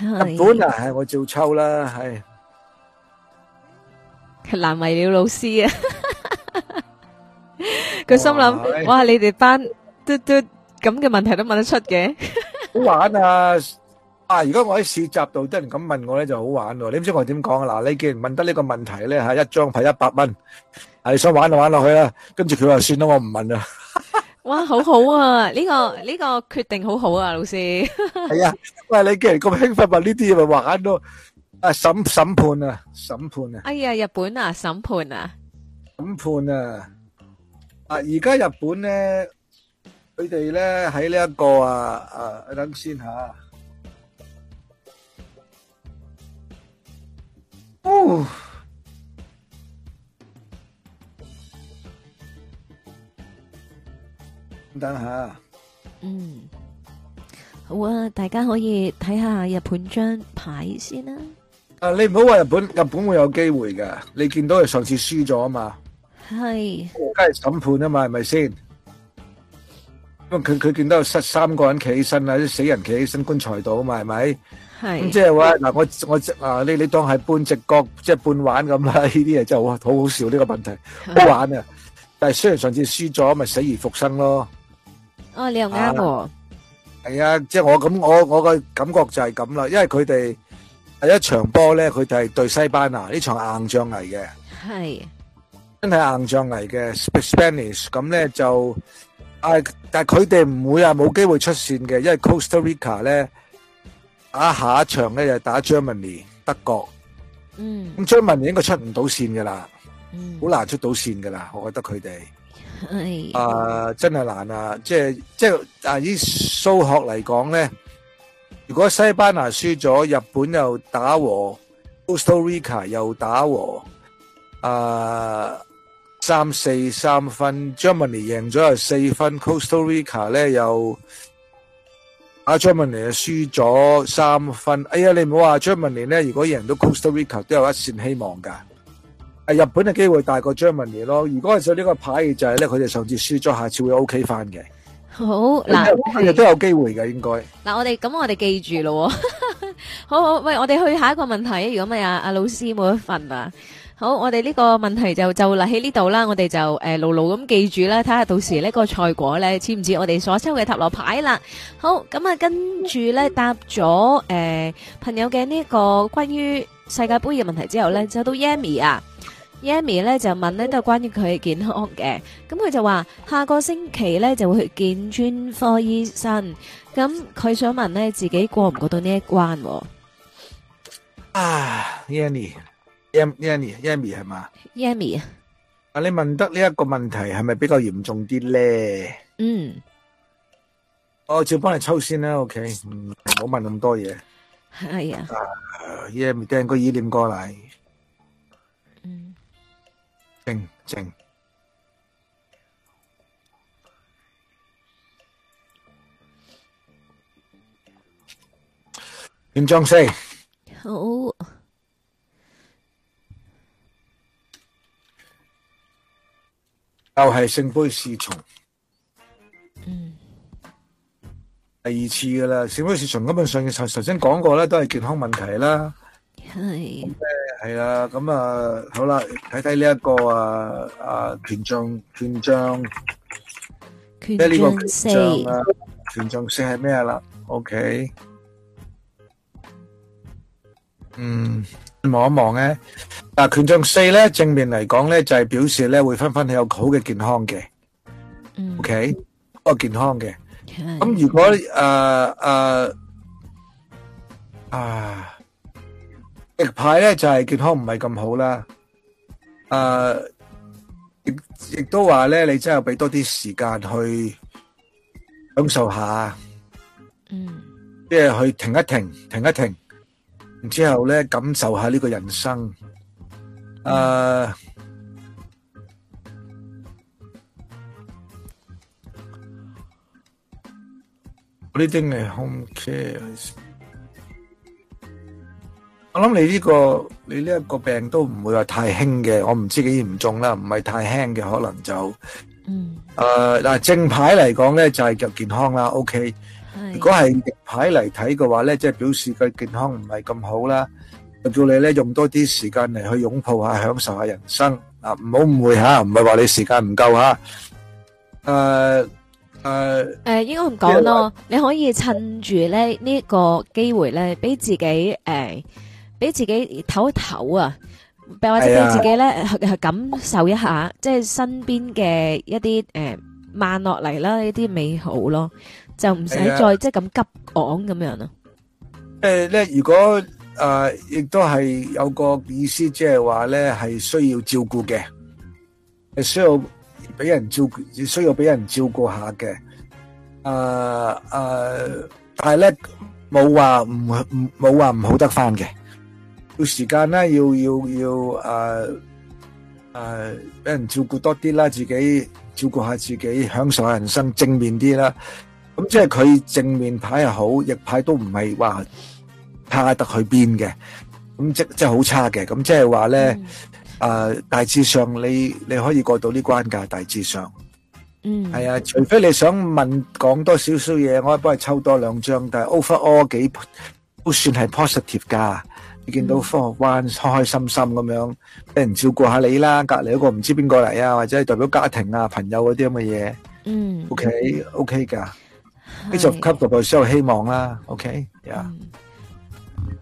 本啊，係、哎、我照抽啦，係難為了老師啊！佢 (laughs) 心諗，哇，你哋班都都咁嘅問題都問得出嘅， (laughs) 好玩啊！啊，如果我喺市集度突然咁問我咧就好玩喎，啊！你唔知我點講啊？嗱，你既然問得呢個問題咧，吓一張牌一百蚊，係想玩就，啊、玩落去啦，啊。跟住佢話算啦，我唔問啦。 (laughs) 哇，好好啊！呢、 (laughs) 呢個呢、呢個決定好好啊，老師。係 (laughs) 啊、哎，喂，你既然咁興奮，話呢啲嘢咪玩咯。啊，審審判啊，審判啊。哎呀，日本啊，審判啊。審判啊！啊，而家日本咧，佢哋咧喺呢一個啊啊，等先吓、啊。哦、呃。等下，嗯，好啊，大家可以睇下日本張牌先啦、啊。啊，你唔好話日本日本會有機會噶，你見到佢上次輸咗啊嘛。係。梗係審判啊嘛，係咪先？因為佢佢見到有三三個人企起身啊，啲死人企起身棺材度啊嘛，係咪？係。即係話嗱，我我啊，你你當係半直角即係、就是、半玩咁啦。呢啲嘢真係哇，好好笑呢、呢個問題，好玩啊！但係雖然上次輸咗，咪死而復生咯。哦，你又啱喎。係啊，即係我咁，我我個感覺就係咁啦，因為佢哋第一場波咧，佢哋係對西班牙呢場硬仗嚟嘅。係，真係硬仗嚟嘅。Spanish 咁咧就，但係但係佢哋唔會啊冇機會出線嘅，因為 Costa Rica 咧啊下一場咧就打 Germany 德國。嗯。咁 Germany 應該出唔到線噶啦，好難出到線噶啦，我覺得佢哋。誒， (music) uh, 真係難啊！即係即係啊！以數學嚟講咧，如果西班牙輸咗，日本又打和 (music) ，Costa Rica 又打和，啊、uh,，三四三分，Germany 贏咗又四分，Costa Rica 咧又，阿 Germany 又輸咗三分。哎呀，你唔好話 Germany 咧，如果贏到 Costa Rica，都有一線希望噶。日本嘅機會大過 Germany 咯。如果係上呢個牌就係、是、咧，佢哋上次輸咗，下次會 OK 翻嘅。好嗱，都都有機會嘅應該。嗱，我哋咁我哋記住咯、哦。 (laughs) 好好，喂，我哋去下一個問題。如果咪啊，阿老師冇一份啊。好，我哋呢個問題就就立喺呢度啦。我哋就誒、呃，牢牢咁記住啦。睇下到時個菜呢個賽果咧，似唔似我哋所收嘅塔羅牌啦？好，咁啊，跟住咧答咗誒、呃、朋友嘅呢個關於世界杯嘅問題之後咧，就到 Yami 啊。Yami 咧就問咧都係關於佢健康嘅，咁佢就話下個星期咧就會去見專科醫生，咁佢想問咧自己過唔過到呢一關？啊，Yami，Y Yami，Yami 係嘛？Yami 啊，啊你問得呢一個問題係咪比較嚴重啲咧？嗯，我照幫你抽先啦，OK，唔好問咁多嘢。係啊，Yami，掟個意念過嚟。正正，林江生，好，又係聖杯侍從，嗯，第二次噶啦，聖杯侍從根本上嘅，頭頭先講過咧，都係健康問題啦。係，係啦，咁啊，好啦，睇睇呢一個啊啊權杖，權杖，即係呢一個權杖啊，權杖四係咩啦？OK，嗯，望一望咧，嗱，權杖四咧正面嚟講咧，就係表示咧會分分有好嘅健康嘅，OK，哦，健康嘅，咁如果誒誒啊。牌咧就係健康唔係咁好啦，誒，亦亦都話咧，你真係俾多啲時間去享受下，嗯，即係去停一停，停一停，然之後咧感受下呢個人生，誒，呢啲咪 home care。我諗你呢個你呢一個病都唔會話太輕嘅，我唔知幾嚴重啦，唔係太輕嘅可能就，嗯，誒嗱正牌嚟講咧就係較健康啦，OK，如果係逆牌嚟睇嘅話咧，即係表示佢健康唔係咁好啦，就叫你咧用多啲時間嚟去擁抱下，享受下人生啊，唔好誤會吓，唔係話你時間唔夠吓，誒誒誒，應該咁講咯，你可以趁住咧呢個機會咧，俾自己誒。俾自己唞一唞啊，又或者俾自己咧，感受一下，即係身邊嘅一啲誒慢落嚟啦，呢啲美好咯，就唔使再即係咁急趕咁樣咯。誒咧，如果誒亦都係有個意思，即係話咧係需要照顧嘅，係需要俾人照顧，需要俾人照顧下嘅。誒誒，但係咧冇話唔唔冇話唔好得翻嘅。要時間啦，要要要誒誒俾人照顧多啲啦，自己照顧下自己，享受下人生，正面啲啦。咁即係佢正面牌又好，逆牌都唔係話差得去邊嘅。咁即即係好差嘅。咁即係話咧，誒、嗯呃、大致上你你可以過到呢關㗎。大致上，嗯，係啊，除非你想問講多少少嘢，我可以幫你抽多兩張，但係 overall 幾都算係 positive 㗎。你見到科學灣開開心心咁樣俾人照顧下你啦，隔籬嗰個唔知邊個嚟啊？或者係代表家庭啊、朋友嗰啲咁嘅嘢，嗯，OK，OK 噶，繼續給代表收希望啦，OK，呀，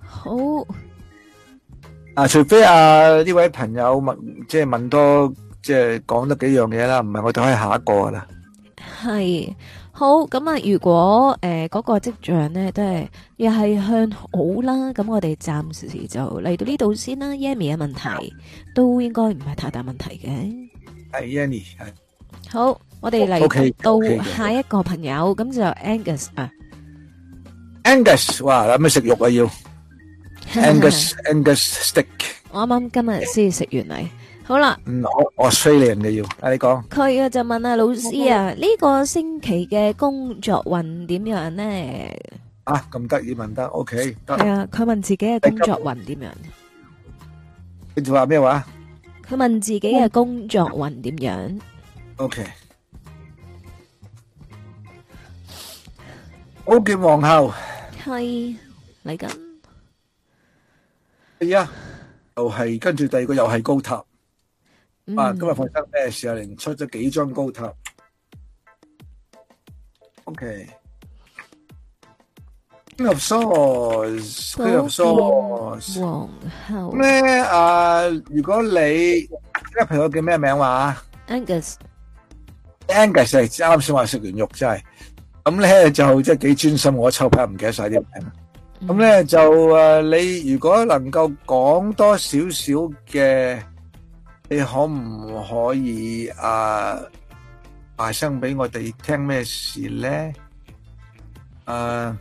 好啊，除非啊呢位朋友問，即係問多，即係講得幾樣嘢啦，唔係我哋可以下一個啦，係。好咁啊，如果誒嗰個跡象咧都係又係向好啦，咁我哋暫時就嚟到呢度先啦。Yanny 嘅問題都應該唔係太大問題嘅。係 Yanny，係好，我哋嚟到下一個朋友，咁就 Angus 啊。Angus，哇！有咩食肉啊要？Angus，Angus steak。我啱啱今日先食完嚟。好啦，嗯，我我 Australian 嘅要，阿你講佢啊就問阿老師啊，呢個星期嘅工作運點樣呢？啊，咁得意問得，OK，係啊，佢問自己嘅工作運點樣？跟住話咩話？佢問自己嘅工作運點樣？OK，OK，皇后係嚟緊，係啊，又係跟住第二個又係高塔。啊！今日發生咩事啊？連出咗幾張高塔。O.K. Queen of Swords，Queen of Swords。咩啊？如果你呢個朋友叫咩名話？Angus。Angus 啱先話食完肉，真係咁咧就即係幾專心。我抽牌唔記得晒啲名。咁咧就誒，你如果能夠講多少少嘅。你可唔可以啊大聲俾我哋聽咩事咧？誒、啊，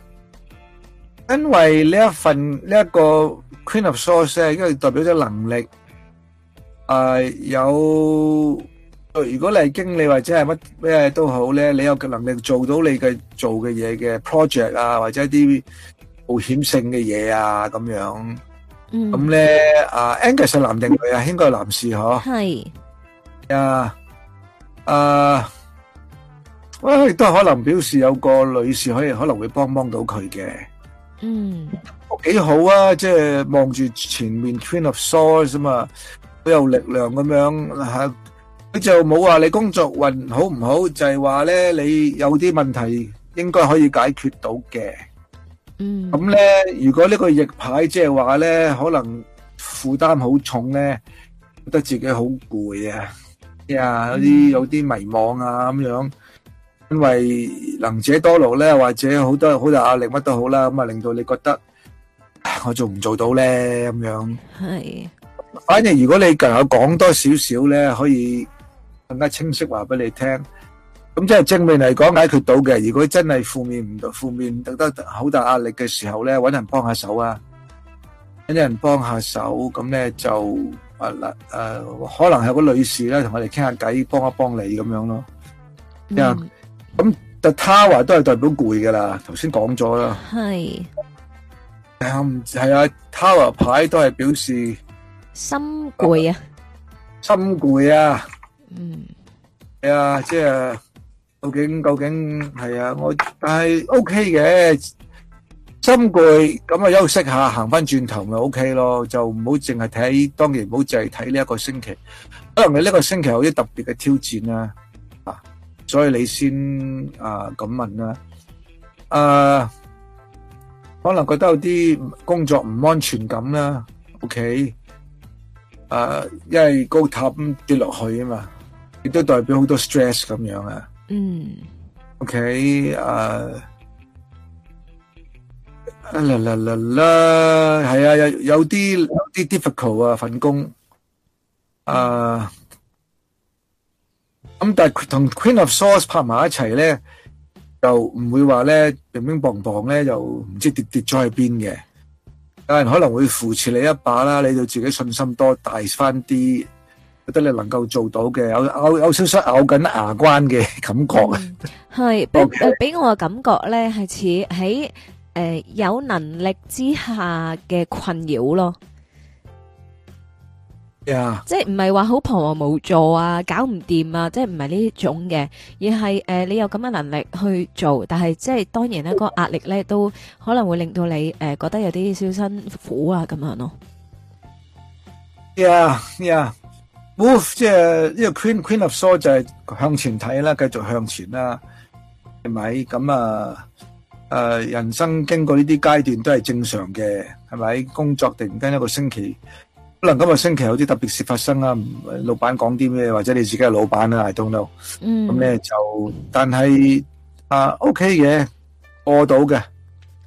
因為呢一份呢一、這個 Queen of Source，因為代表咗能力誒、啊、有，如果你係經理或者係乜咩都好咧，你有嘅能力做到你嘅做嘅嘢嘅 project 啊，或者一啲冒險性嘅嘢啊咁樣。咁咧，啊 Angus 男定女啊？應該係男士嗬。係。啊啊，我諗亦都可能表示有個女士可以可能會幫幫到佢嘅。嗯，幾好啊！即係望住前面 Queen of Swords 吖嘛，好有力量咁樣吓。佢就冇話你工作運好唔好，就係話咧你有啲問題應該可以解決到嘅。嗯，咁咧，如果呢個逆牌，即係話咧，可能負擔好重咧，覺得自己好攰啊，呀，有啲有啲迷惘啊咁樣，因為能者多勞咧，或者好多好大壓力乜都好啦，咁啊令到你覺得我做唔做到咧咁樣。係，反而如果你能夠講多少少咧，可以更加清晰話俾你聽。咁即係正面嚟講解決到嘅。如果真係負面唔負面唔得得好大壓力嘅時候咧，揾人幫下手啊，揾人幫下手，咁咧就啊啦誒，可能係個女士咧同我哋傾下偈，幫一幫你咁樣咯。嗯。咁但係 Tower 都係代表攰噶啦，頭先講咗啦。係。係啊，係啊，Tower 牌都係表示心攰啊，心攰啊。嗯。係啊，即係。究竟究竟係啊？我但係 OK 嘅，心攰咁啊，休息下，行翻轉頭咪 OK 咯，就唔好淨係睇，當然唔好淨係睇呢一個星期。可能你呢個星期有啲特別嘅挑戰啦，啊，所以你先啊咁問啦，啊，可能覺得有啲工作唔安全感啦，OK，啊，因為高塔跌落去啊嘛，亦都代表好多 stress 咁樣啊。嗯，OK，誒、uh, uh,，啦啦啦啦，係啊，有有啲有啲 difficult 啊份工，啊，咁但係同 Queen of Swords 拍埋一齊咧，就唔會話咧乒乒乓乓咧，又唔知跌跌咗去邊嘅，有人可能會扶持你一把啦，你就自己信心多大翻啲。覺得你能夠做到嘅，有有有少少咬緊牙關嘅感覺。係俾俾我嘅感覺咧，係似喺誒有能力之下嘅困擾咯。呀！即係唔係話好彷徨無助啊，搞唔掂啊，即係唔係呢種嘅，而係誒你有咁嘅能力去做，但係即係當然咧，個壓力咧都可能會令到你誒覺得有啲少辛苦啊咁樣咯。呀呀！冇即係呢個 Queen Queen of Swords 就係向前睇啦，繼續向前啦，係咪？咁啊，誒，人生經過呢啲階段都係正常嘅，係咪？工作突然間一個星期，可能今個星期有啲特別事發生啊，老闆講啲咩，或者你自己係老闆啊，I don't know。嗯。咁咧就，但係啊，OK 嘅，過到嘅，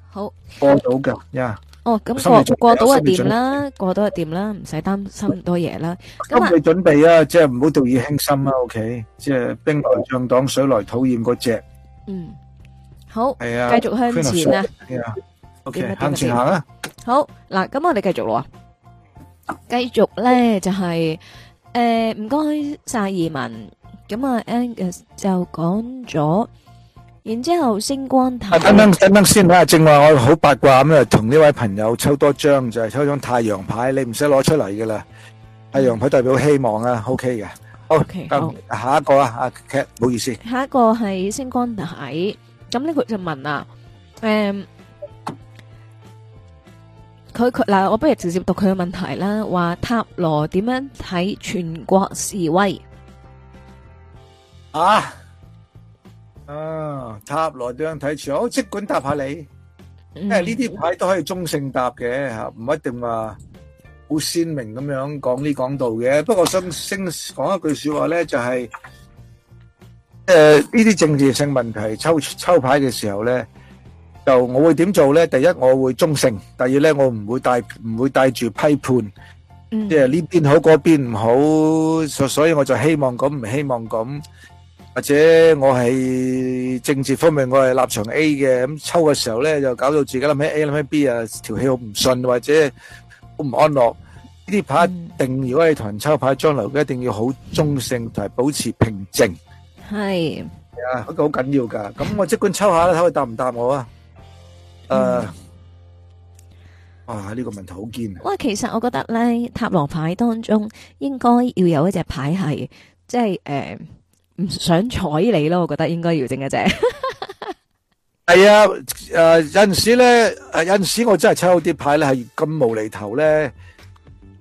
好，過到嘅，呀。哦，咁我就過到就掂啦，過到就掂啦，唔使擔心咁多嘢啦。咁去準備啊，即係唔好掉以輕心啊，OK，即係兵來將擋，水來土掩嗰隻。嗯，好，係啊，繼續向前啊，OK，向前行啊。好，嗱，咁我哋繼續囉，繼續咧就係誒唔該曬移民，咁啊 Angus 就講咗。然之後，星光塔。等等等等，先睇下正話我好八卦咁啊，同呢位朋友抽多張，就係抽張太陽牌，你唔使攞出嚟噶啦。太陽牌代表希望啊，OK 嘅，OK。好，下一個啦，阿 Cat，唔好意思。下一個係星光塔，咁呢個就問啦，誒，佢佢嗱，我不如直接讀佢嘅問題啦，話塔羅點樣睇全國示威啊？啊，塔羅對樣睇住，我即管答下你，因為呢啲牌都可以中性答嘅吓，唔一定話好鮮明咁樣講呢講道嘅。不過想先講一句說話咧，就係誒呢啲政治性問題抽抽牌嘅時候咧，就我會點做咧？第一我會中性，第二咧我唔會帶唔會帶住批判，即係呢邊好嗰邊唔好，所所以我就希望咁，唔希望咁。或者我係政治方面，我係立場 A 嘅，咁抽嘅時候咧，就搞到自己諗起 A 諗起 B 啊，條氣好唔順，或者好唔安樂。呢啲牌定如果你同人抽牌將來嘅，一定要好中性同埋保持平靜。係啊，嗰個好緊要噶。咁我即管抽下啦，睇佢答唔答我啊？誒，哇，呢個問題好堅啊！喂，其實我覺得咧，塔羅牌當中應該要有一隻牌係，即係誒。唔想睬你咯，我覺得應該要整一隻。係啊，誒、呃，有陣時咧，有陣時我真係抽到啲牌咧，係咁無厘頭咧，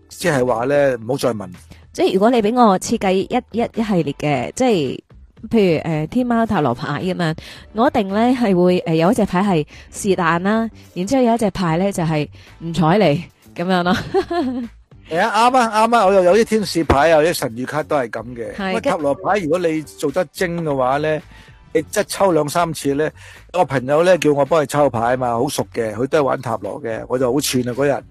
即係話咧，唔好再問。即係如果你俾我設計一一一系列嘅，即係譬如誒、呃、天喵塔羅牌咁樣，我一定咧係會誒、呃、有一隻牌係是但啦，然之後有一隻牌咧就係唔睬你咁樣咯。 (laughs) 係啊，啱啊，啱我又有啲天使牌啊，有啲神諭卡都係咁嘅。塔羅牌如果你做得精嘅話咧，你即係抽兩三次咧，我朋友咧叫我幫佢抽牌啊嘛，好熟嘅，佢都係玩塔羅嘅，我就好串啊。嗰日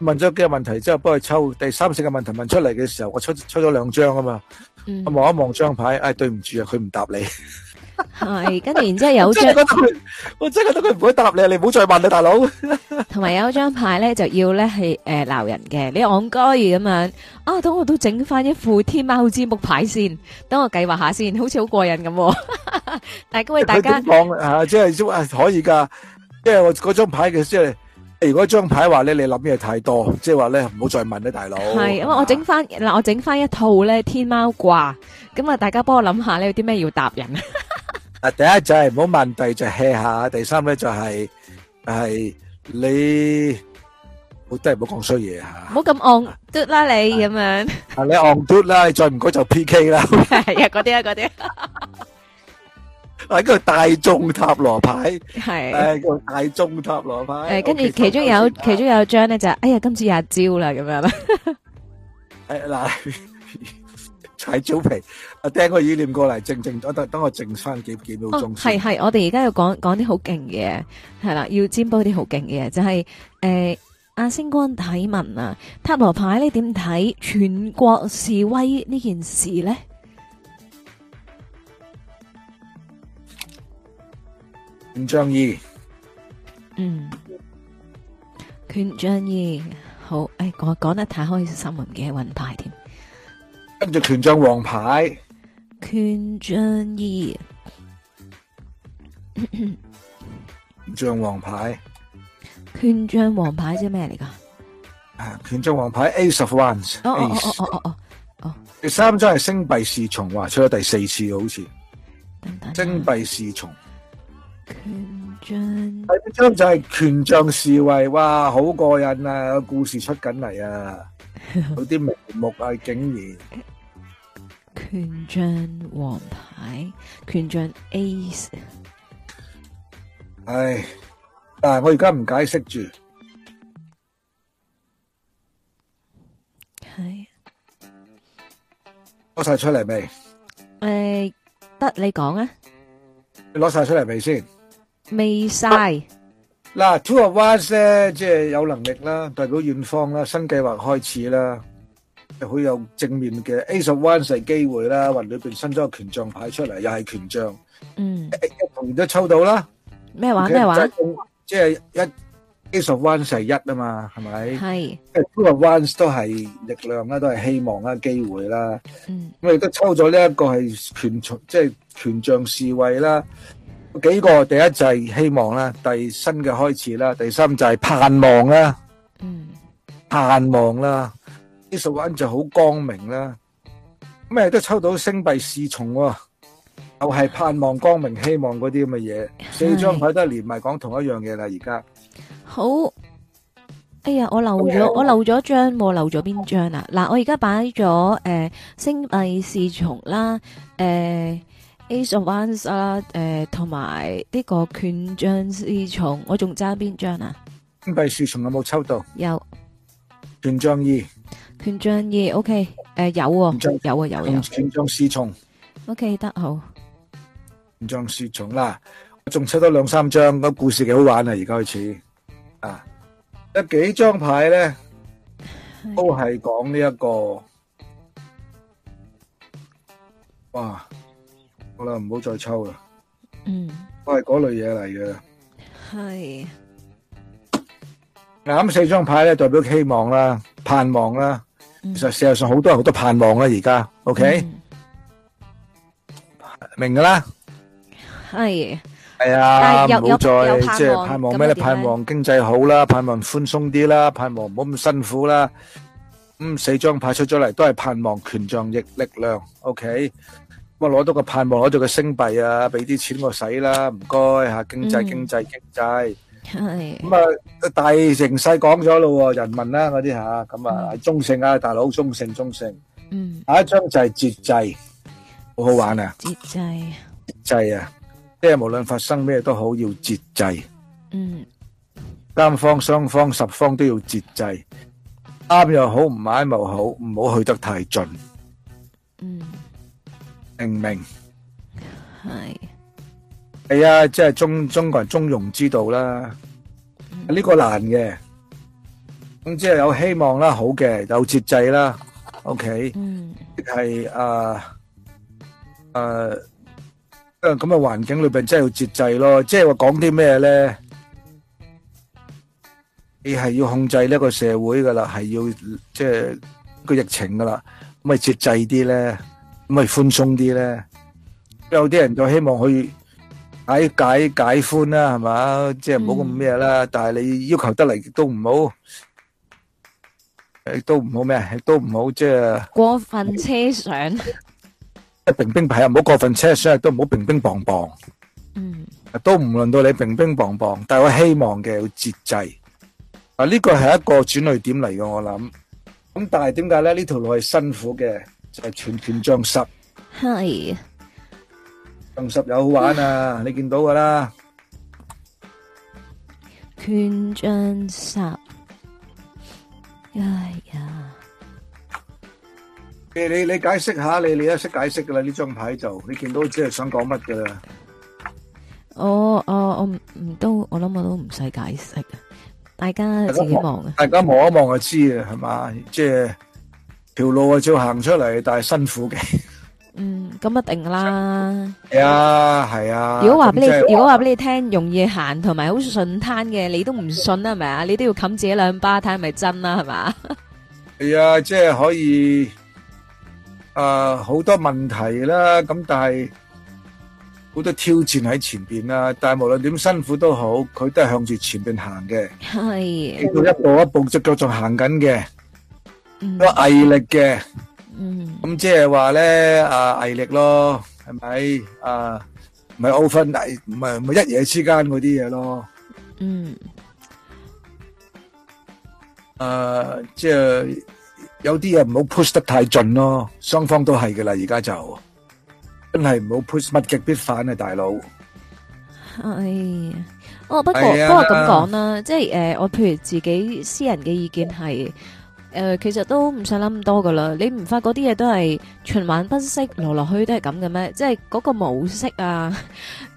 問咗幾個問題之後，幫佢抽第三、四個問題問出嚟嘅時候，我抽抽咗兩張啊嘛，嗯、我望一望張牌，唉、哎，對唔住啊，佢唔答你。係，跟住然之後有張， (laughs) 我真係覺得佢唔 (laughs) 會答你，你唔好再問你大佬。同埋有一張牌咧， (laughs) 就要咧係誒鬧人嘅，你戇居咁樣。啊，等我都整翻一副天貓之木牌先，等我計劃下先，好似好過癮咁、哦。 (laughs) 但係各位大家，佢都講吓，即 (laughs) 係、啊就是、可以噶，因係嗰張牌嘅，即、就、係、是、如果張牌話咧，你諗嘢太多，即係話咧唔好再問你大佬。係，因為我整翻嗱，我整翻一套咧天貓卦，咁啊，大家幫我諗下咧，有啲咩要答人。 (laughs) 啊！第一就係唔好慢遞，就 hea 下。第三咧就係係你好得，唔好講衰嘢吓。唔好咁 on do 啦，你咁樣。啊，你 on do 啦，你再唔講就 PK 啦。係啊，嗰啲啊，嗰啲。啊，嗰個大眾塔羅牌。係。誒，個大眾塔羅牌。誒，跟住其中有其中有一張咧，就係哎呀，今次吔蕉啦，咁樣啦。誒，嗱。踩蕉皮，啊，掟個意念過嚟，靜靜等等，等我靜翻幾幾秒鐘。係係、哦，我哋而家要講講啲好勁嘅，係啦，要占卜啲好勁嘅，就係、是、誒，阿、呃、星光體文啊，塔羅牌你點睇全國示威呢件事呢？權杖二，嗯，權杖二，好，誒、哎，我講得太開心，我唔記得揾牌添。跟住權杖王牌，權杖二，權 (coughs) 杖王牌，權杖王牌即係咩嚟㗎？權杖王牌 Ace of Wands、oh, Ace。哦哦哦哦哦哦。第三張係星幣侍從，哇，出咗第四次好似。等等。星幣侍從。權杖。第三張就係權杖侍衛，哇，好過癮啊！個故事出緊嚟啊！有啲眉目啊，竟然！權杖王牌，權杖 A。唉，但係我而家唔解釋住。係。攞晒出嚟未？誒，得你講啊！你攞晒出嚟未先？未晒。嗱，two of Wands 咧，即係有能力啦，代表遠方啦，新計劃開始啦，好有正面嘅。Ace of Wands 係機會啦，雲裏邊新咗個權杖牌出嚟，又係權杖。嗯，一同都抽到啦。咩話咩話？即係一 Ace of Wands 係一啊嘛，係咪？係。two of Wands 都係力量啦，都係希望啦，機會啦。嗯。咁我哋都抽咗呢一個係權杖，即係權杖侍衛啦。幾個第一就係希望啦，第二，新嘅開始啦，第三就係盼望啦，嗯，盼望啦，啲數品就好光明啦，咩都抽到星幣侍從，又、就、係、是、盼望光明希望嗰啲咁嘅嘢，四張牌都連埋講同一樣嘢啦，而家好，哎呀，我漏咗、okay. 我漏咗張，冇漏咗邊張啊？嗱，我而家擺咗誒星幣侍從啦，誒、呃。Ace of ones 啦，誒，同埋呢個權杖侍從，我仲揸邊張啊？金幣侍從有冇抽到？有。權杖二。權杖二，OK，誒，有喎。有，有，有。權杖侍從。OK，得好。權杖侍從啦，我仲抽多兩三張，個故事幾好玩啊！而家開始啊，有幾張牌咧，都係講呢一個，哇！好啦，唔好再抽啦。嗯，都係嗰類嘢嚟嘅。係嗱，咁四張牌咧，代表希望啦、盼望啦。嗯、其實世界上好多，好多人好多盼望、啊 OK? 嗯、啦，而家，OK，明噶啦。係係啊，唔好再即係盼望咩咧？盼望經濟好啦，盼望寬鬆啲啦，盼望唔好咁辛苦啦。咁、嗯、四張牌出咗嚟，都係盼望權杖逆力,力量。OK。我攞到個盼望，攞到個星幣啊！俾啲錢我使啦，唔該吓。經濟經濟經濟，咁啊大盛世講咗咯。人民啦嗰啲吓，咁啊中性啊大佬，中性中性。嗯，下一張就係節制，好好玩啊！節制，節制啊！即係無論發生咩都好，要節制。嗯。單方、雙方、十方都要節制，啱又好，唔啱又好，唔好去得太盡。嗯。明明係係啊，即係中中國人中庸之道啦。呢個難嘅，咁即係有希望啦，好嘅，有節制啦。OK，係啊誒誒咁嘅環境裏邊，真係要節制咯。即係話講啲咩咧？你係要控制呢個社會噶啦，係要即係個疫情噶啦，咁咪節制啲咧。咁咪寬鬆啲咧？有啲人就希望去解解解寬啦，係嘛？即係唔好咁咩啦。但係你要求得嚟都唔好，誒，都唔好咩？都唔好即係過分奢想，一平平平又唔好過分奢想，都唔好平平棒棒。嗯，都唔論到你平平棒棒，但係我希望嘅要節制。啊，呢個係一個轉捩點嚟嘅，我諗。咁但係點解咧？呢條路係辛苦嘅。係權權杖十，係杖十有好玩啊！你見到噶啦，權杖十，哎呀！你你解釋下，你你都識解釋噶啦？呢張牌就你見到，即係想講乜噶啦？我我我唔唔都，我諗我都唔使解釋，大家自己望啊！大家望一望就知啊，係嘛？即係。條路啊，就要行出嚟，但係辛苦嘅。嗯，咁一定啦。係啊，係啊。如果話俾你，如果話俾你聽，容易行同埋好順攤嘅，你都唔信啦，係咪啊？你都要冚自己兩巴，睇係咪真啦，係嘛？係啊，即係可以。誒，好多問題啦，咁但係好多挑戰喺前邊啦。但係無論點辛苦都好，佢都係向住前邊行嘅。係。見到一步一步隻腳仲行緊嘅。個毅力嘅，咁即係話咧，啊毅力咯，係咪啊？唔係 open，唔係唔係一夜之間嗰啲嘢咯。嗯。誒、啊，即、就、係、是、有啲嘢唔好 push 得太盡咯，雙方都係嘅啦。而家就真係唔好 push，物極必反啊，大佬。係，哦，不過、啊、不過咁講啦，即係誒，我譬如自己私人嘅意見係。誒，其實都唔想諗咁多噶啦，你唔發覺啲嘢，都係循環不息，來來去去都係咁嘅咩？即係嗰個模式啊，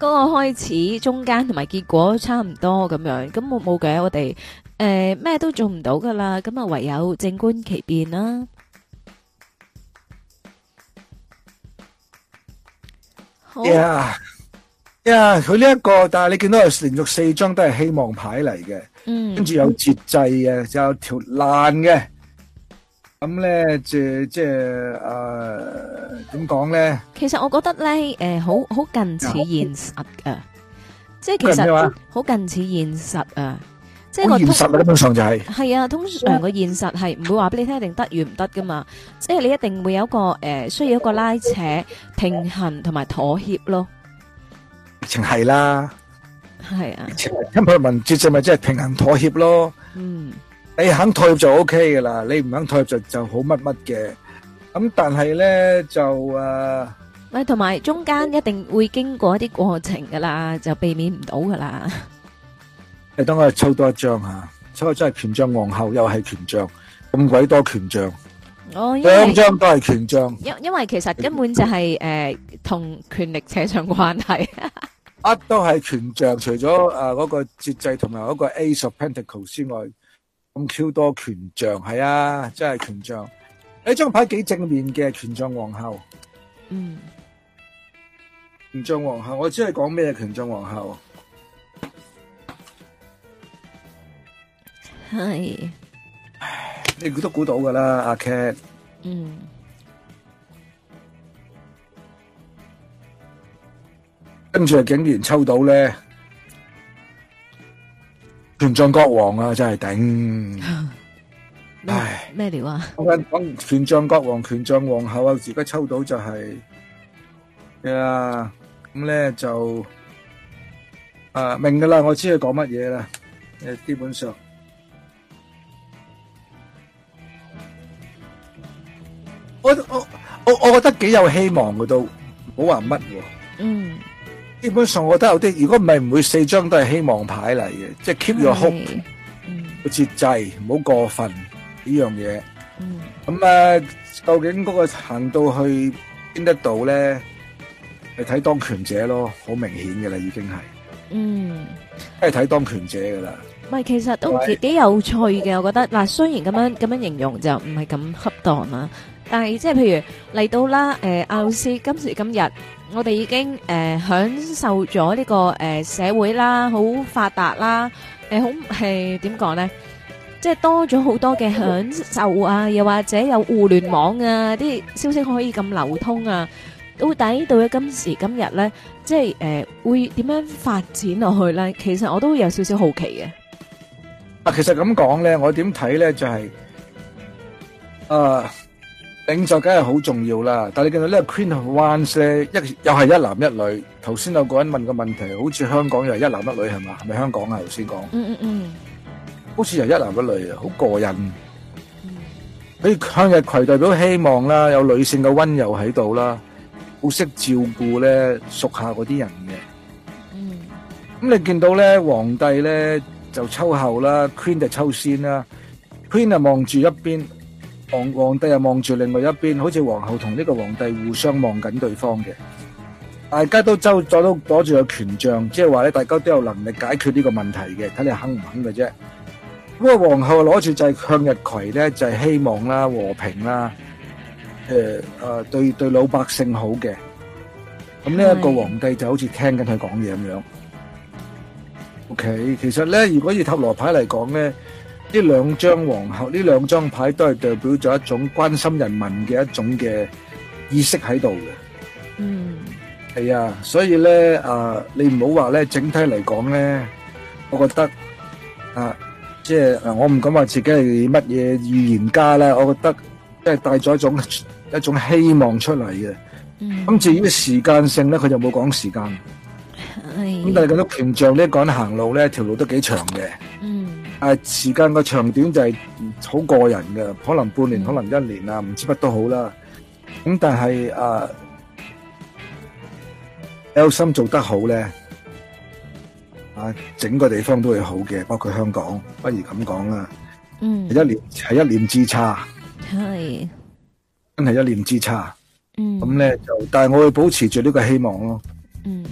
嗰個開始、中間同埋結果差唔多咁樣，咁冇冇計，我哋誒咩都做唔到噶啦，咁啊唯有靜觀其變啦。好。呀呀，佢呢一個，但係你見到係連續四張都係希望牌嚟嘅，嗯，跟住有節制嘅，就有條爛嘅。咁咧，即係即係，誒，點講咧？其實我覺得咧，誒，好好近似現實噶，即係其實好近似現實啊！即係現實嘅，通常就係係啊，通常個現實係唔會話俾你聽，一定得與唔得噶嘛？即係你一定會有個誒，需要一個拉扯、平衡同埋妥協咯。情係啦，係啊，因為民主政治咪即係平衡妥協咯？嗯。你肯退就 O K 噶啦，你唔肯退就就好乜乜嘅。咁但係咧就，誒，咪同埋中間一定會經過一啲過程噶啦，就避免唔到噶啦。你等我抽多一張吓，抽一張係權杖皇后，又係權杖，咁鬼多權杖，兩張都係權杖。因因為其實根本就係誒同權力扯上關係，乜都係權杖，除咗誒嗰個節制同埋嗰個 Ace of Pentacles 之外。咁 Q 多權杖，係啊，真係權杖。呢、欸、張牌幾正面嘅，權杖皇后。嗯，權杖皇后，我知你講咩權杖皇后。係，你估都估到噶啦，阿、啊、Cat。嗯。跟住竟然抽到咧。權杖國王啊，真係頂！唉，咩料啊？我講權杖國王、權杖皇后啊，而家抽到就係啊，咁咧就啊明噶啦，我知佢講乜嘢啦，誒，基本上，我我我我覺得幾有希望嘅都，唔好話乜喎。嗯。基本上我覺得有啲，如果唔係唔會四張都係希望牌嚟嘅，即係 keep your hope，要節制，唔好過分呢樣嘢。咁啊，究竟嗰個行到去邊一度咧？你睇當權者咯，好明顯嘅啦，已經係。嗯，都係睇當權者噶啦。唔係，其實都幾有趣嘅，我覺得。嗱，雖然咁樣咁樣形容就唔係咁恰當啦，但係即係譬如嚟到啦，誒，阿老師今時今日。我哋已經誒享受咗呢個誒社會啦，好發達啦，誒好係點講咧？即係多咗好多嘅享受啊，又或者有互聯網啊，啲消息可以咁流通啊，到底到咗今時今日咧，即係誒會點樣發展落去咧？其實我都有少少好奇嘅。啊，其實咁講咧，我點睇咧就係啊。領袖梗係好重要啦，但係你見到呢個 Queen of Wands，一又係一男一女。頭先有個人問個問題，好似香港又係一男一女，係嘛？係咪香港啊？頭先講，嗯嗯嗯，好似又一男一女啊，好過癮。佢、嗯、如向日葵代表希望啦，有女性嘅溫柔喺度啦，好識照顧咧屬下嗰啲人嘅。嗯，咁你見到咧皇帝咧就抽後啦，Queen 就抽先啦，Queen 啊望住一邊。皇皇帝又望住另外一邊，好似皇后同呢個皇帝互相望緊對方嘅，大家都周再都攞住個權杖，即係話咧，大家都有能力解決呢個問題嘅，睇你肯唔肯嘅啫。咁啊，皇后攞住就係向日葵咧，就係、是、希望啦、和平啦，誒、呃呃、對對老百姓好嘅。咁呢一個皇帝就好似聽緊佢講嘢咁樣。OK，其實咧，如果以塔羅牌嚟講咧。呢兩張皇后，呢兩張牌都係代表咗一種關心人民嘅一種嘅意識喺度嘅。嗯，係啊，所以咧啊，你唔好話咧，整體嚟講咧，我覺得啊，即係啊，我唔敢話自己係乜嘢預言家咧，我覺得即係帶咗一種一種希望出嚟嘅。嗯，咁至於時間性咧，佢就冇講時間。咁但係嗰啲權杖咧，趕行路咧，條路都幾長嘅。嗯。誒，時間個長短就係好過人嘅，可能半年，可能一年啊，唔知乜都好啦。咁但係誒，L 心做得好咧，啊，整個地方都會好嘅，包括香港，不如咁講啦。嗯。一念係一念之差。係。真係一念之差。嗯。咁咧就，但係我會保持住呢個希望咯。嗯，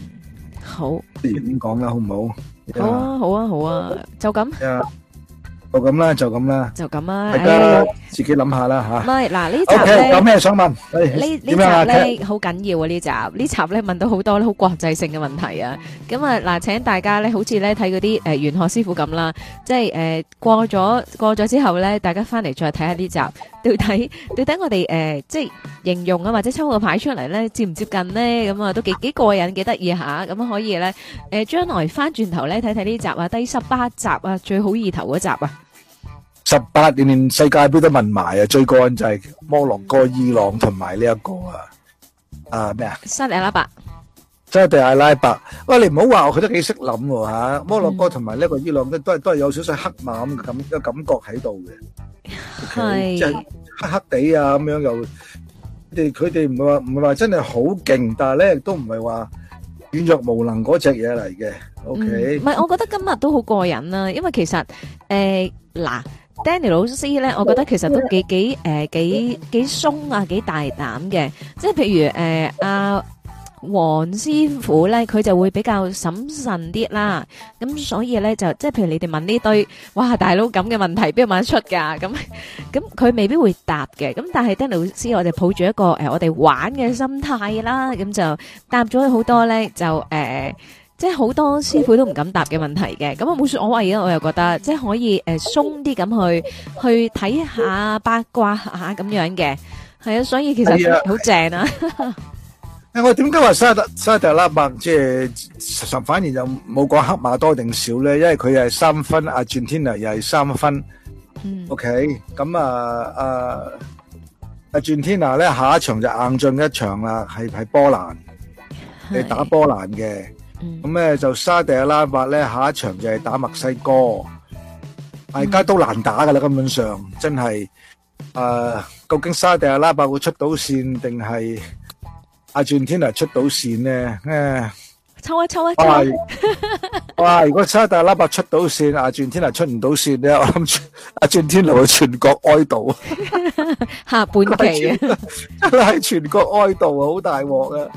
好。不如你點講啦？好唔好？好啊，好啊，好啊，就咁。係啊。就咁啦，就咁啦，就咁啦，啊，係。哎自己諗下啦吓。唔係嗱，呢集有咩想問？集呢，呢集咧好緊要啊！呢集，集呢集咧問到好多好國際性嘅問題啊！咁啊嗱，請大家咧好似咧睇嗰啲誒玄學師傅咁啦，即係誒、呃、過咗過咗之後咧，大家翻嚟再睇下呢集，到底到底我哋誒、呃、即係形容啊，或者抽個牌出嚟咧，接唔接近呢？咁啊都幾幾過癮，幾得意下，咁啊可以咧誒、呃、將來翻轉頭咧睇睇呢看看集啊，第十八集啊，最好意頭嗰集啊！十八年世界杯都問埋啊，最過癮就係摩洛哥、伊朗同埋呢一個啊啊咩啊？沙特阿拉伯，沙特阿拉伯。喂，你唔好話，我覺得幾識諗吓。摩洛哥同埋呢個伊朗都係、嗯、都係有少少黑馬咁嘅感,感覺喺度嘅，係即係黑黑地啊咁樣又，佢哋佢哋唔係話唔係話真係好勁，但係咧都唔係話軟弱無能嗰隻嘢嚟嘅。O K，唔係，我覺得今日都好過癮啦、啊，因為其實誒嗱。呃 Danny 老師咧，我覺得其實都幾幾誒、呃、幾，幾鬆啊，幾大膽嘅。即係譬如誒阿黃師傅咧，佢就會比較審慎啲啦。咁所以咧就即係譬如你哋問呢堆，哇大佬咁嘅問題邊有問得出㗎？啊？咁咁佢未必會答嘅。咁但係 Danny 老師我，呃，我哋抱住一個我哋玩嘅心態啦，咁就答咗好多咧，就誒。呃即係好多師傅都唔敢答嘅問題嘅，咁啊冇說，我話而家我又覺得，即係可以誒鬆啲咁去去睇下八卦下咁樣嘅係啊，所以其實好正啊。誒，我點解話沙特沙特阿拉伯即係反反而就冇講黑馬多定少咧？因為佢又係三分啊，阿根廷又係三分。嗯。O K，咁啊啊啊阿根廷咧，下一場就硬進一場啦，係係波蘭，你打波蘭嘅。咁咧就沙地阿拉伯咧，下一場就係打墨西哥，大家都難打噶啦，根本上真係，誒，究竟沙地阿拉伯會出到線定係阿轉天牛出到線咧？誒，抽一抽一，哇！如果沙地阿拉伯出到線，阿轉天牛出唔到線咧，我諗住阿轉天牛去全國哀悼，下半期啊，喺全國哀悼啊，好大鑊啊，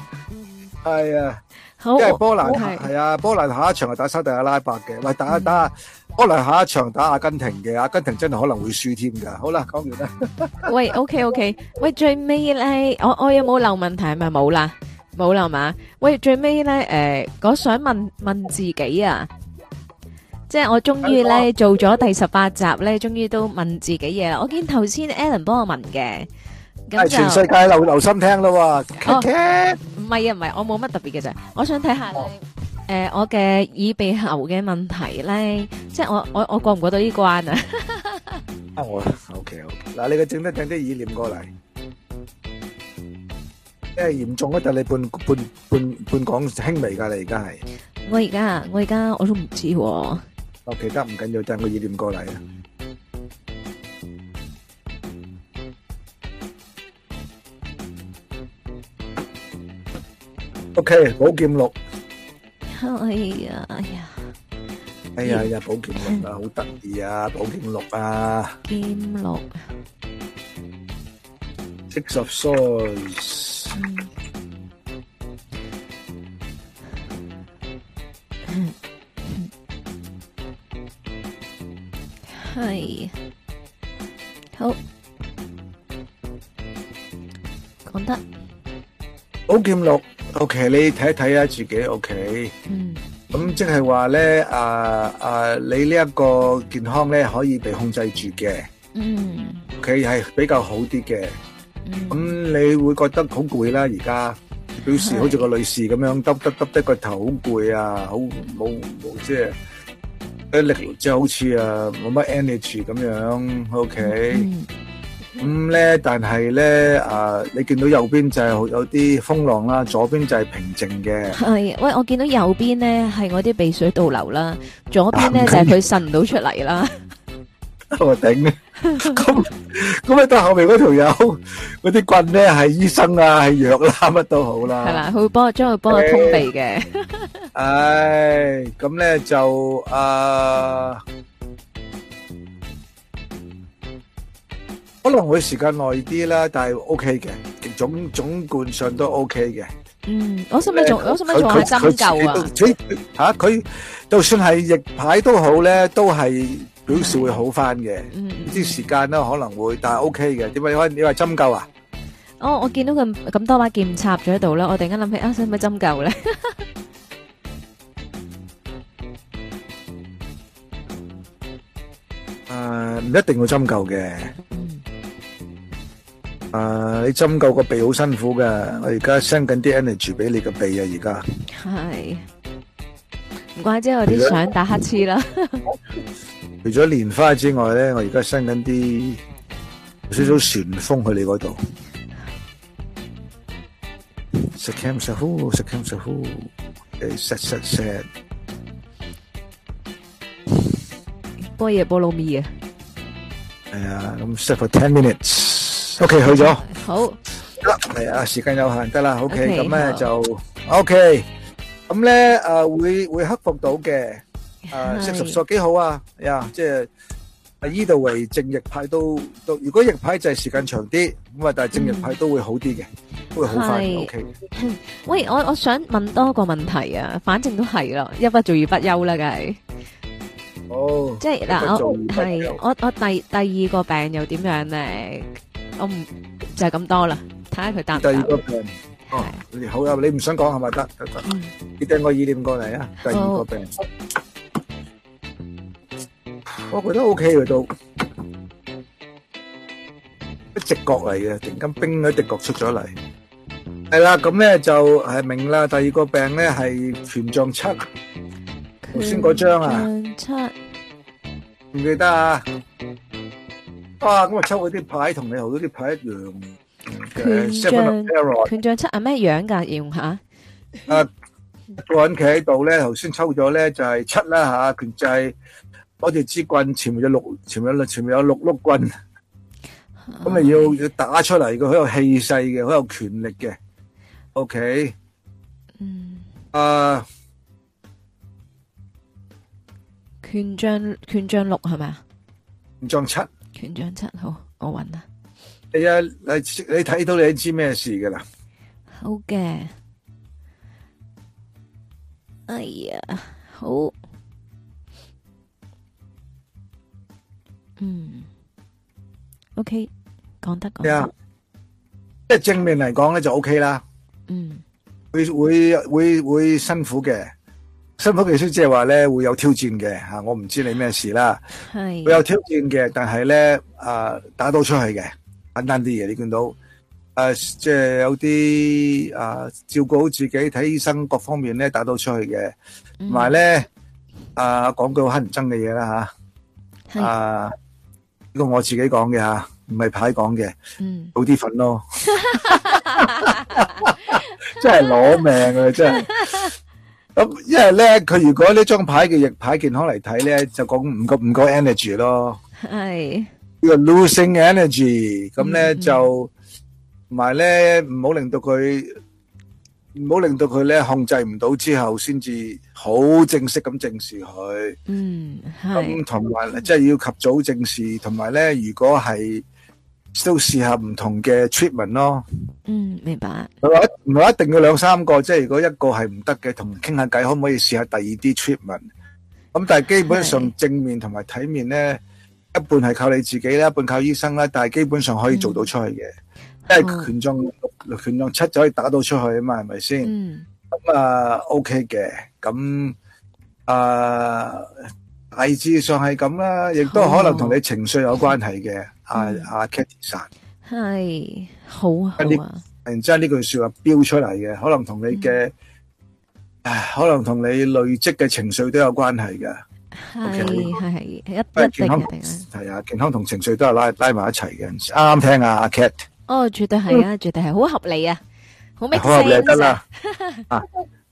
係啊！即係波蘭，係、okay、啊，波蘭下一場係打沙特阿拉伯嘅，喂、嗯，打下打波蘭下一場打阿根廷嘅，阿根廷真係可能會輸添噶，好啦，講完啦。 (laughs) 喂，OK OK，喂，最尾咧，我我有冇漏問題係咪冇啦，冇啦嘛？喂，最尾咧，誒、呃，我想問問自己啊，即係我終於咧做咗第十八集咧，終於都問自己嘢啦，我見頭先 Alan 幫我問嘅。係全世界留留心聽咯喎！唔係啊唔係，我冇乜特別嘅啫。我想睇下誒，我嘅耳鼻喉嘅問題咧，即係我我我過唔過到呢關啊？啊我 OK OK，嗱你嘅正得聽啲意念過嚟，即係嚴重嘅就你半半半半講輕微噶啦，而家係我而家啊，我而家我都唔知喎。OK，得唔緊要，震個意念過嚟啊！O K，寶劍六。哎呀哎呀，哎呀呀，寶劍六啊，好得意啊，寶劍六啊。劍六。Six of Swords。係。好。講得。寶劍六。O.K. 你睇一睇下自己，O.K.，咁即係話咧，啊、嗯、啊、嗯嗯就是呃呃，你呢一個健康咧可以被控制住嘅，佢、嗯、係、okay，比較好啲嘅。咁、嗯嗯、你會覺得好攰啦，而家表示好似個女士咁樣耷耷耷低個頭，好攰啊，好冇冇即係啲力，即係好似啊冇乜 energy 咁樣，O.K.、嗯嗯咁咧，但係咧，誒，你見到右邊就係有啲風浪啦，左邊就係平靜嘅。係，喂，我見到右邊咧係我啲鼻水倒流啦，左邊咧就係佢滲唔到出嚟啦。我頂啊！咁咁啊，咪到後面嗰條友嗰啲棍咧係醫生啊，係藥啦，乜都好啦。係啦，佢會幫我將佢幫我通鼻嘅。唉，咁咧就誒。可能會時間耐啲啦，但係 O K 嘅，總總冠上都 O K 嘅。嗯，我使唔使仲我使唔使仲有針灸啊？吓，佢就算係逆牌都好咧，都係表示會好翻嘅。嗯，啲時間咧可能會，但係 O K 嘅。點解可能你話針灸啊？哦，我見到佢咁多把劍插咗喺度啦，我突然間諗起啊，使唔使針灸咧？誒，唔一定要針灸嘅。啊！你針灸個鼻好辛苦嘅，我而家 send 緊啲 energy 俾你個鼻啊！而家係唔怪之我啲想打乞嗤啦。除咗蓮花之外咧，我而家 send 緊啲少少旋風去你嗰度。set up set up set up set set set。菠葉菠蘿米啊！哎呀，咁 set for ten minutes。O K 去咗，好得嚟啊！時間有限得啦。O K 咁咧就 O K，咁咧誒會會克服到嘅誒，實實說幾好啊！呀，即係依度為正逆派都都，如果逆派就係時間長啲，咁啊但係正逆派都會好啲嘅，都會好快 O K。喂，我我想問多個問題啊，反正都係咯，一不做二不休啦，梗係。哦，即係嗱，我係我我第第二個病又點樣咧？我唔，就係咁多啦，睇下佢答。第二個病，哦，好啊，你唔想講，係咪得？得得，你掟個意念過嚟啊。第二個病，我覺得 OK 嘅都，一直覺嚟嘅，定金兵喺直覺出咗嚟。係啦，咁咧就係明啦。第二個病咧係權杖七，頭先嗰張啊。七，唔記得啊。哇！咁啊，抽嗰啲牌同你頭嗰啲牌一樣。權杖，權杖七係咩樣噶？用吓？啊，個人企喺度咧，頭先抽咗咧就係七啦吓，就係攞條支棍前面有六，前面有前面有六碌棍。咁啊要要打出嚟，佢好有氣勢嘅，好有權力嘅。OK。嗯。啊，權杖，權杖六係咪啊？權杖七。權杖七號，我揾啦。係啊，你你睇到你知咩事㗎喇？好嘅，哎呀，好，嗯，OK，講得講。咩啊？即係正面嚟講咧，就 OK 啦。嗯，會會會會辛苦嘅。新科技先即係話咧，會有挑戰嘅吓，我唔知你咩事啦，會有挑戰嘅，但係咧啊打到出去嘅，簡單啲嘢，你見到，誒即係有啲啊照顧好自己，睇醫生各方面咧打到出去嘅，同埋咧啊講句好乞人憎嘅嘢啦吓，啊呢個我自己講嘅吓，唔係牌講嘅，嗯，早啲瞓咯，真係攞命啊真係。咁，因為咧，佢如果呢張牌嘅逆牌健康嚟睇咧，就講五個五個 energy 咯。係呢個 losing energy，咁咧就，同埋咧唔好令到佢，唔好令到佢咧控制唔到之後，先至好正式咁正視佢。嗯，係。咁同埋即係要及早正視，同埋咧，如果係。都試下唔同嘅 treatment 咯。嗯，明白。唔係一定要兩三個，即係如果一個係唔得嘅，同傾下偈，可唔可以試下第二啲 treatment？咁但係基本上正面同埋體面咧，一半係靠你自己啦，一半靠醫生啦。但係基本上可以做到出去嘅，因為權杖六、權杖七就可以打到出去啊嘛，係咪先？咁啊，OK 嘅。咁啊，大致上係咁啦，亦都可能同你情緒有關係嘅。係阿 Cat 係，係好啊，跟住，然之後呢句說話標出嚟嘅，可能同你嘅，唉，可能同你累積嘅情緒都有關係嘅，係係一一定係啊，健康同情緒都係拉拉埋一齊嘅。啱聽啊，阿 Cat，哦，絕對係啊，絕對係，好合理啊，好咩，好合理，得啦。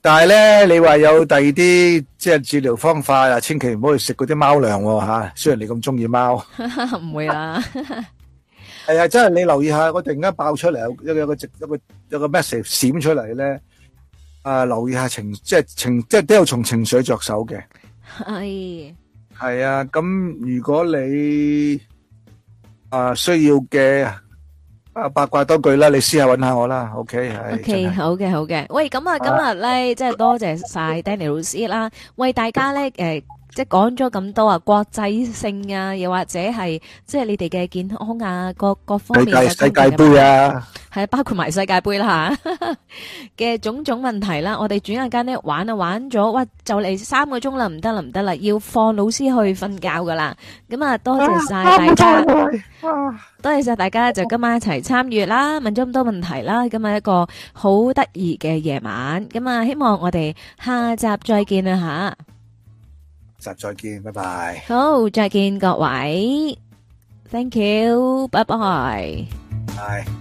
但係咧，你話有第二啲即係治療方法啊，千祈唔好去食嗰啲貓糧喎吓，雖然你咁中意貓，唔會啦。係啊，真係你留意下，我突然間爆出嚟有一個有一個直有一個有個 message 閃出嚟咧，啊、呃，留意下情，即係情，即係都有從情緒着手嘅。係係啊，咁如果你啊、呃、需要嘅。啊，八卦多句啦，你試下搵下我啦，OK 係。OK，好、okay, 嘅、哎，好嘅。喂，咁啊，今日咧，即係多謝晒 Danny 老師啦，為大家咧，誒、呃。即係講咗咁多啊，國際性啊，又或者係即係你哋嘅健康啊，各各方面嘅問題啊，係啊，包括埋世界杯啦吓嘅種種問題啦。我哋轉眼間呢玩啊玩咗，哇！就嚟三個鐘啦，唔得啦，唔得啦，要放老師去瞓覺噶啦。咁啊，多謝晒大家，多謝晒大家，就今晚一齊參與啦，問咗咁多問題啦，今晚一個好得意嘅夜晚。咁啊，希望我哋下集再見啊吓。再見，拜拜。好，再見各位，Thank you，拜拜。Bye。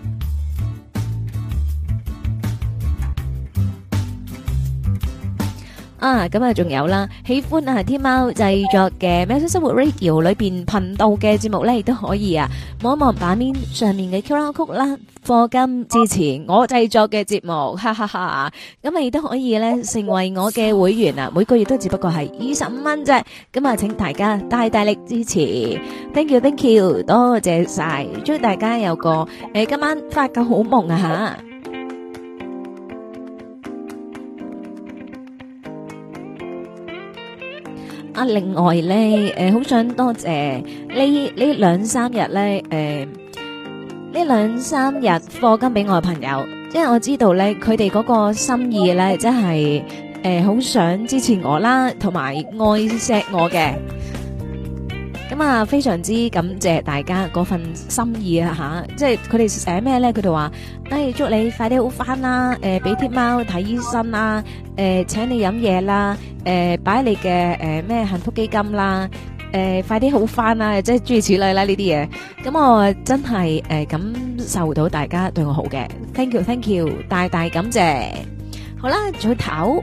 啊，咁、嗯、啊，仲有啦，喜歡啊天喵製作嘅《喵式生活 Radio》裏邊頻道嘅節目咧，亦都可以啊，望一望版面上面嘅 QR code 啦，課金支持我製作嘅節目，哈哈哈，哈，咁啊亦都可以咧成為我嘅會員啊，每個月都只不過係二十五蚊啫，咁、嗯、啊請大家大大力支持，thank you thank you，多謝晒，祝大家有個誒、欸、今晚發個好夢啊吓！另外咧，誒、呃，好想多謝兩呢呢兩、呃、三日咧，誒，呢兩三日課金俾我嘅朋友，因為我知道咧，佢哋嗰個心意咧，即係誒，好、呃、想支持我啦，同埋愛錫我嘅。咁啊，非常之感謝大家嗰份心意啊嚇！即係佢哋寫咩咧？佢哋話：哎，祝你快啲好返啦！誒，俾貼貓睇醫生啦！誒，請你飲嘢啦！誒，擺你嘅誒咩幸福基金啦！誒，快啲好返啊！即係諸如此類啦，呢啲嘢。咁我真係誒感受到大家對我好嘅，thank you，thank you，大大感謝。好啦，再唞。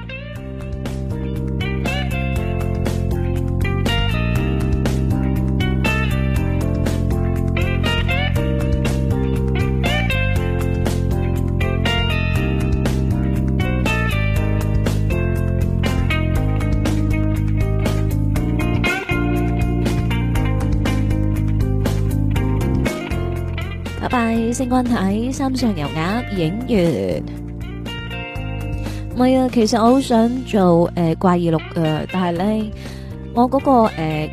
星光體三上油鴨演員，唔係啊，其實我好想做誒怪異錄嘅，但係咧我嗰個誒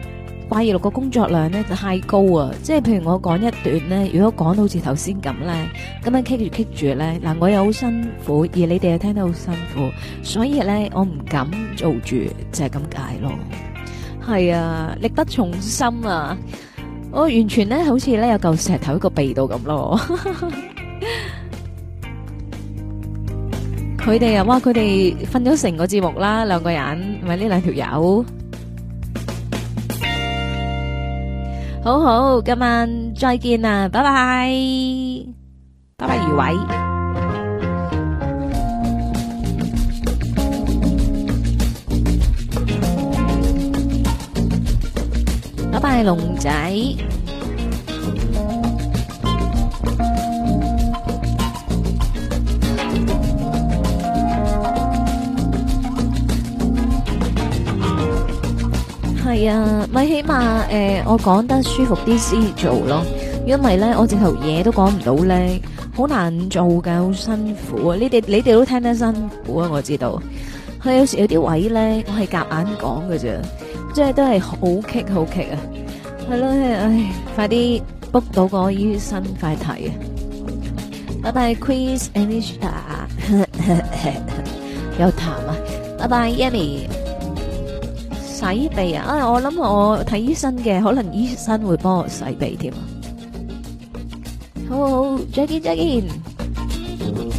怪異錄個工作量咧就太高啊，即係譬如我講一段咧，如果講到好似頭先咁咧，咁樣 keep 住 keep 住咧，嗱我又好辛苦，而你哋又聽得好辛苦，所以咧我唔敢做住，就係咁解咯。係啊，力不從心啊。我完全咧，好似咧有嚿石頭一個鼻度咁咯。佢哋啊，哇！佢哋分咗成個節目啦，兩個人咪呢兩條友。好好，今晚再見啦，拜拜，拜拜，余偉。拜龍仔，係啊，咪起碼誒，我講得舒服啲先做咯，因為咧我直頭嘢都講唔到咧，好難做噶，好辛苦啊！你哋你哋都聽得辛苦啊，我知道，佢有時有啲位咧，我係夾硬講㗎啫。即係都係好棘好棘啊，係咯，唉，快啲 book 到個醫生快睇啊！拜拜，Chris andisha 有痰啊！拜拜，Yanny 洗鼻啊！唉，我諗我睇醫生嘅，可能醫生會幫我洗鼻添。好好好，Jackie，Jackie。